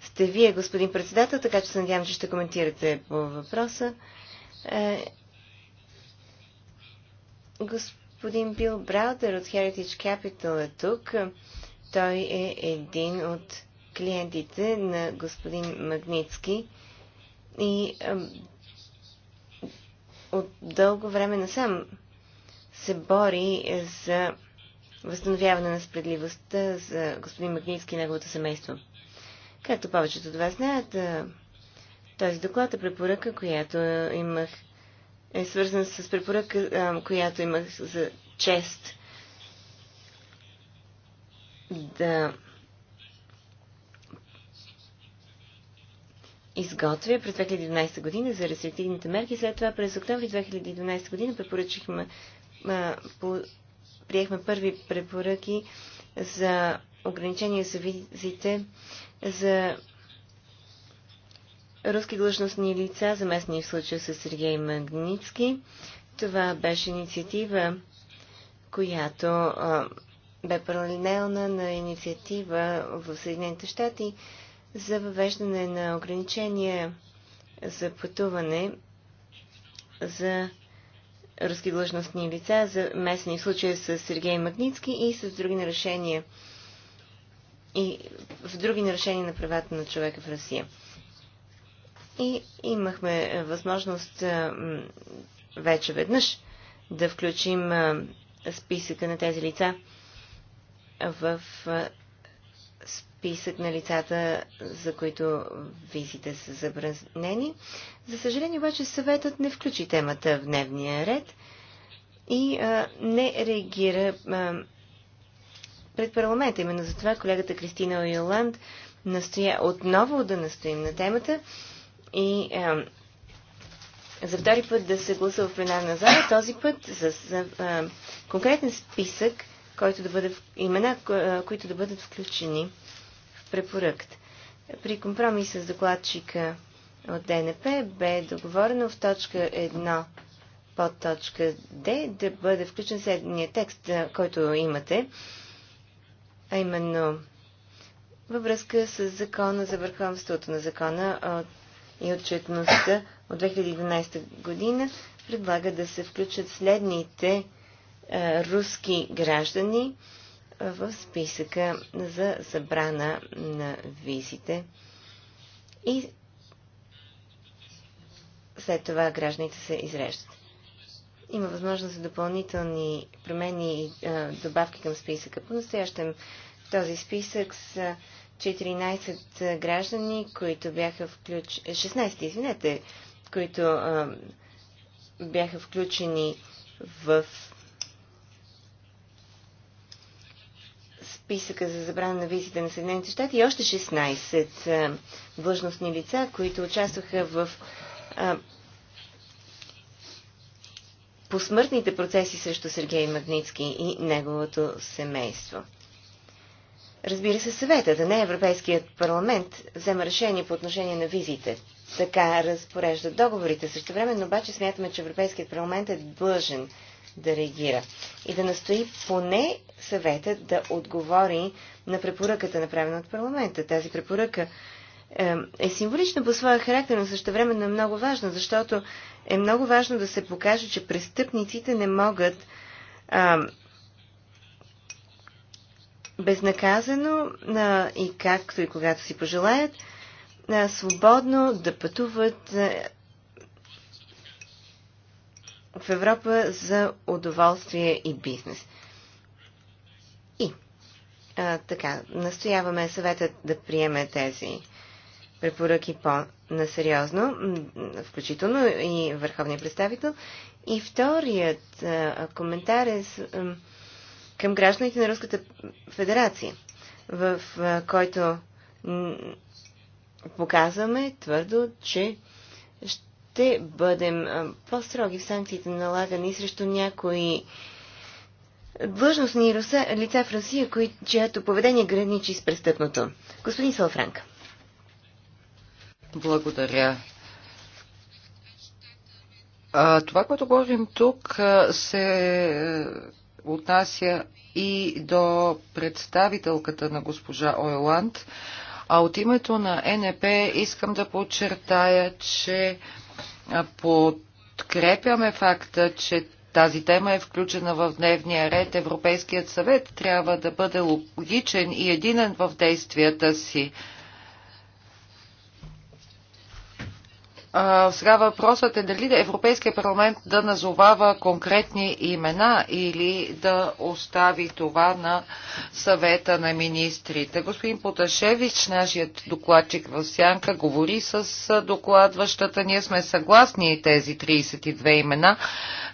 сте вие, господин председател, така че се надявам, че ще коментирате по въпроса. Е, господин Бил Браудер от Heritage Capital е тук. Той е един от клиентите на господин Магницки и е, от дълго време насам се бори за възстановяване на справедливостта за господин Магнитски и неговото семейство. Както повечето от вас знаят, този доклад е препоръка, която имах, е свързан с препоръка, която имах за чест да изготвя през 2012 година за рестриктивните мерки. След това през октомври 2012 година препоръчихме а, по, приехме първи препоръки за ограничения за визите за руски длъжностни лица, заместни в случая с Сергей Магницки. Това беше инициатива, която а, бе паралелна на инициатива в Съединените щати за въвеждане на ограничения за пътуване за руски длъжностни лица, за местни случаи с Сергей Магницки и с други нарушения и в други нарушения на правата на човека в Русия. И имахме е, възможност е, вече веднъж да включим е, списъка на тези лица в списък на лицата, за които визите са забранени. За съжаление обаче съветът не включи темата в дневния ред и а, не реагира а, пред парламента. Именно за това колегата Кристина Ойоланд настоя отново да настоим на темата и а, за втори път да се гласува в пленарна зала, този път с а, конкретен списък който да бъде, имена, които да бъдат включени в препоръкът. При компромис с докладчика от ДНП бе договорено в точка 1 под точка Д да бъде включен следния текст, който имате, а именно във връзка с закона за върховенството на закона от, и отчетността от 2012 година предлага да се включат следните е, руски граждани в списъка за забрана на визите. И след това гражданите се изреждат. Има възможност за допълнителни промени и е, добавки към списъка. По-настоящем в този списък са 14 граждани, които бяха включени. 16, извинете, които а, е, бяха включени в списъка за забрана на визите на Съединените щати и още 16 длъжностни лица, които участваха в посмъртните процеси срещу Сергей Магницки и неговото семейство. Разбира се, съвета да не Европейският парламент, взема решение по отношение на визите. Така разпореждат договорите. Също време, но обаче смятаме, че Европейският парламент е длъжен да реагира и да настои поне съветът да отговори на препоръката, направена от парламента. Тази препоръка е символична по своя характер, но също времено е много важна, защото е много важно да се покаже, че престъпниците не могат а, безнаказано а, и както и когато си пожелаят, а, свободно да пътуват в Европа за удоволствие и бизнес. И а, така, настояваме съветът да приеме тези препоръки по-насериозно, включително и върховния представител. И вторият а, коментар е с, а, към гражданите на Руската федерация, в а, който показваме твърдо, че ще ще бъдем по-строги в санкциите налагани срещу някои длъжностни лица в Русия, кои, чието поведение граничи с престъпното. Господин Салфранк. Благодаря. А, това, което говорим тук, се отнася и до представителката на госпожа Ойланд. А от името на НП искам да подчертая, че подкрепяме факта, че тази тема е включена в дневния ред. Европейският съвет трябва да бъде логичен и единен в действията си. сега въпросът е дали да Европейския парламент да назовава конкретни имена или да остави това на съвета на министрите. Господин Поташевич, нашият докладчик в Сянка, говори с докладващата. Ние сме съгласни тези 32 имена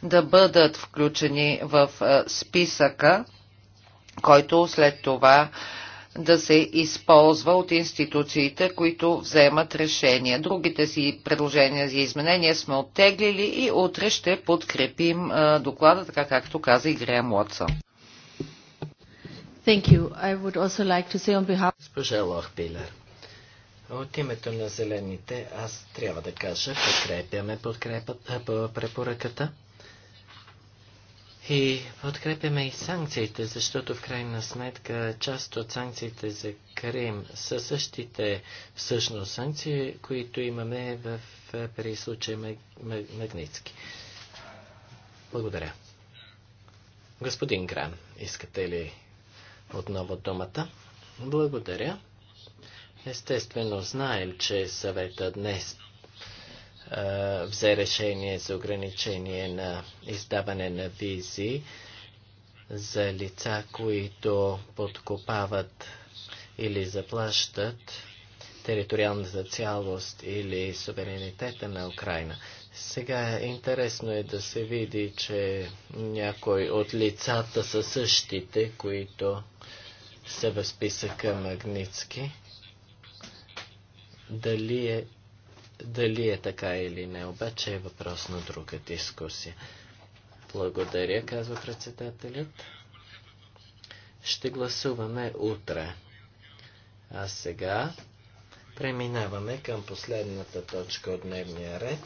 да бъдат включени в списъка, който след това да се използва от институциите, които вземат решения. Другите си предложения за изменения сме оттеглили и утре ще подкрепим доклада, така както каза и Греем Уотсън. Thank you. I would also like to say on behalf... Госпожа Лохпилер, от името на Зелените аз трябва да кажа, подкрепяме подкрепът, препоръката. И подкрепяме и санкциите, защото в крайна сметка част от санкциите за Крим са същите всъщност санкции, които имаме в, при случай Магницки. Благодаря. Господин Гран, искате ли отново думата? Благодаря. Естествено, знаем, че съвета днес взе решение за ограничение на издаване на визи за лица, които подкопават или заплащат териториалната цялост или суверенитета на Украина. Сега интересно е да се види, че някои от лицата са същите, които са в списъка Магницки. Дали е дали е така или не, обаче е въпрос на друга дискусия. Благодаря, казва председателят. Ще гласуваме утре. А сега преминаваме към последната точка от дневния ред.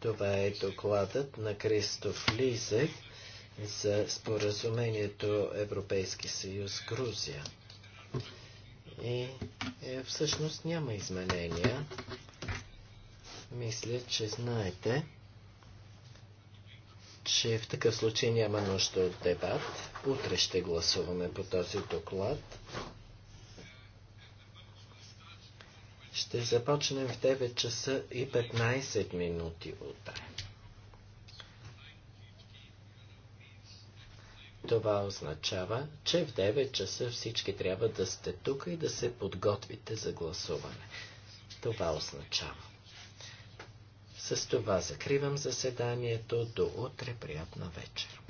Това е докладът на Кристоф Лизек за споразумението Европейски съюз Грузия. И е, всъщност няма изменения. Мисля, че знаете, че в такъв случай няма нужда от дебат. Утре ще гласуваме по този доклад. Ще започнем в 9 часа и 15 минути утре. Това означава, че в 9 часа всички трябва да сте тук и да се подготвите за гласуване. Това означава. С това закривам заседанието. До утре. Приятна вечер.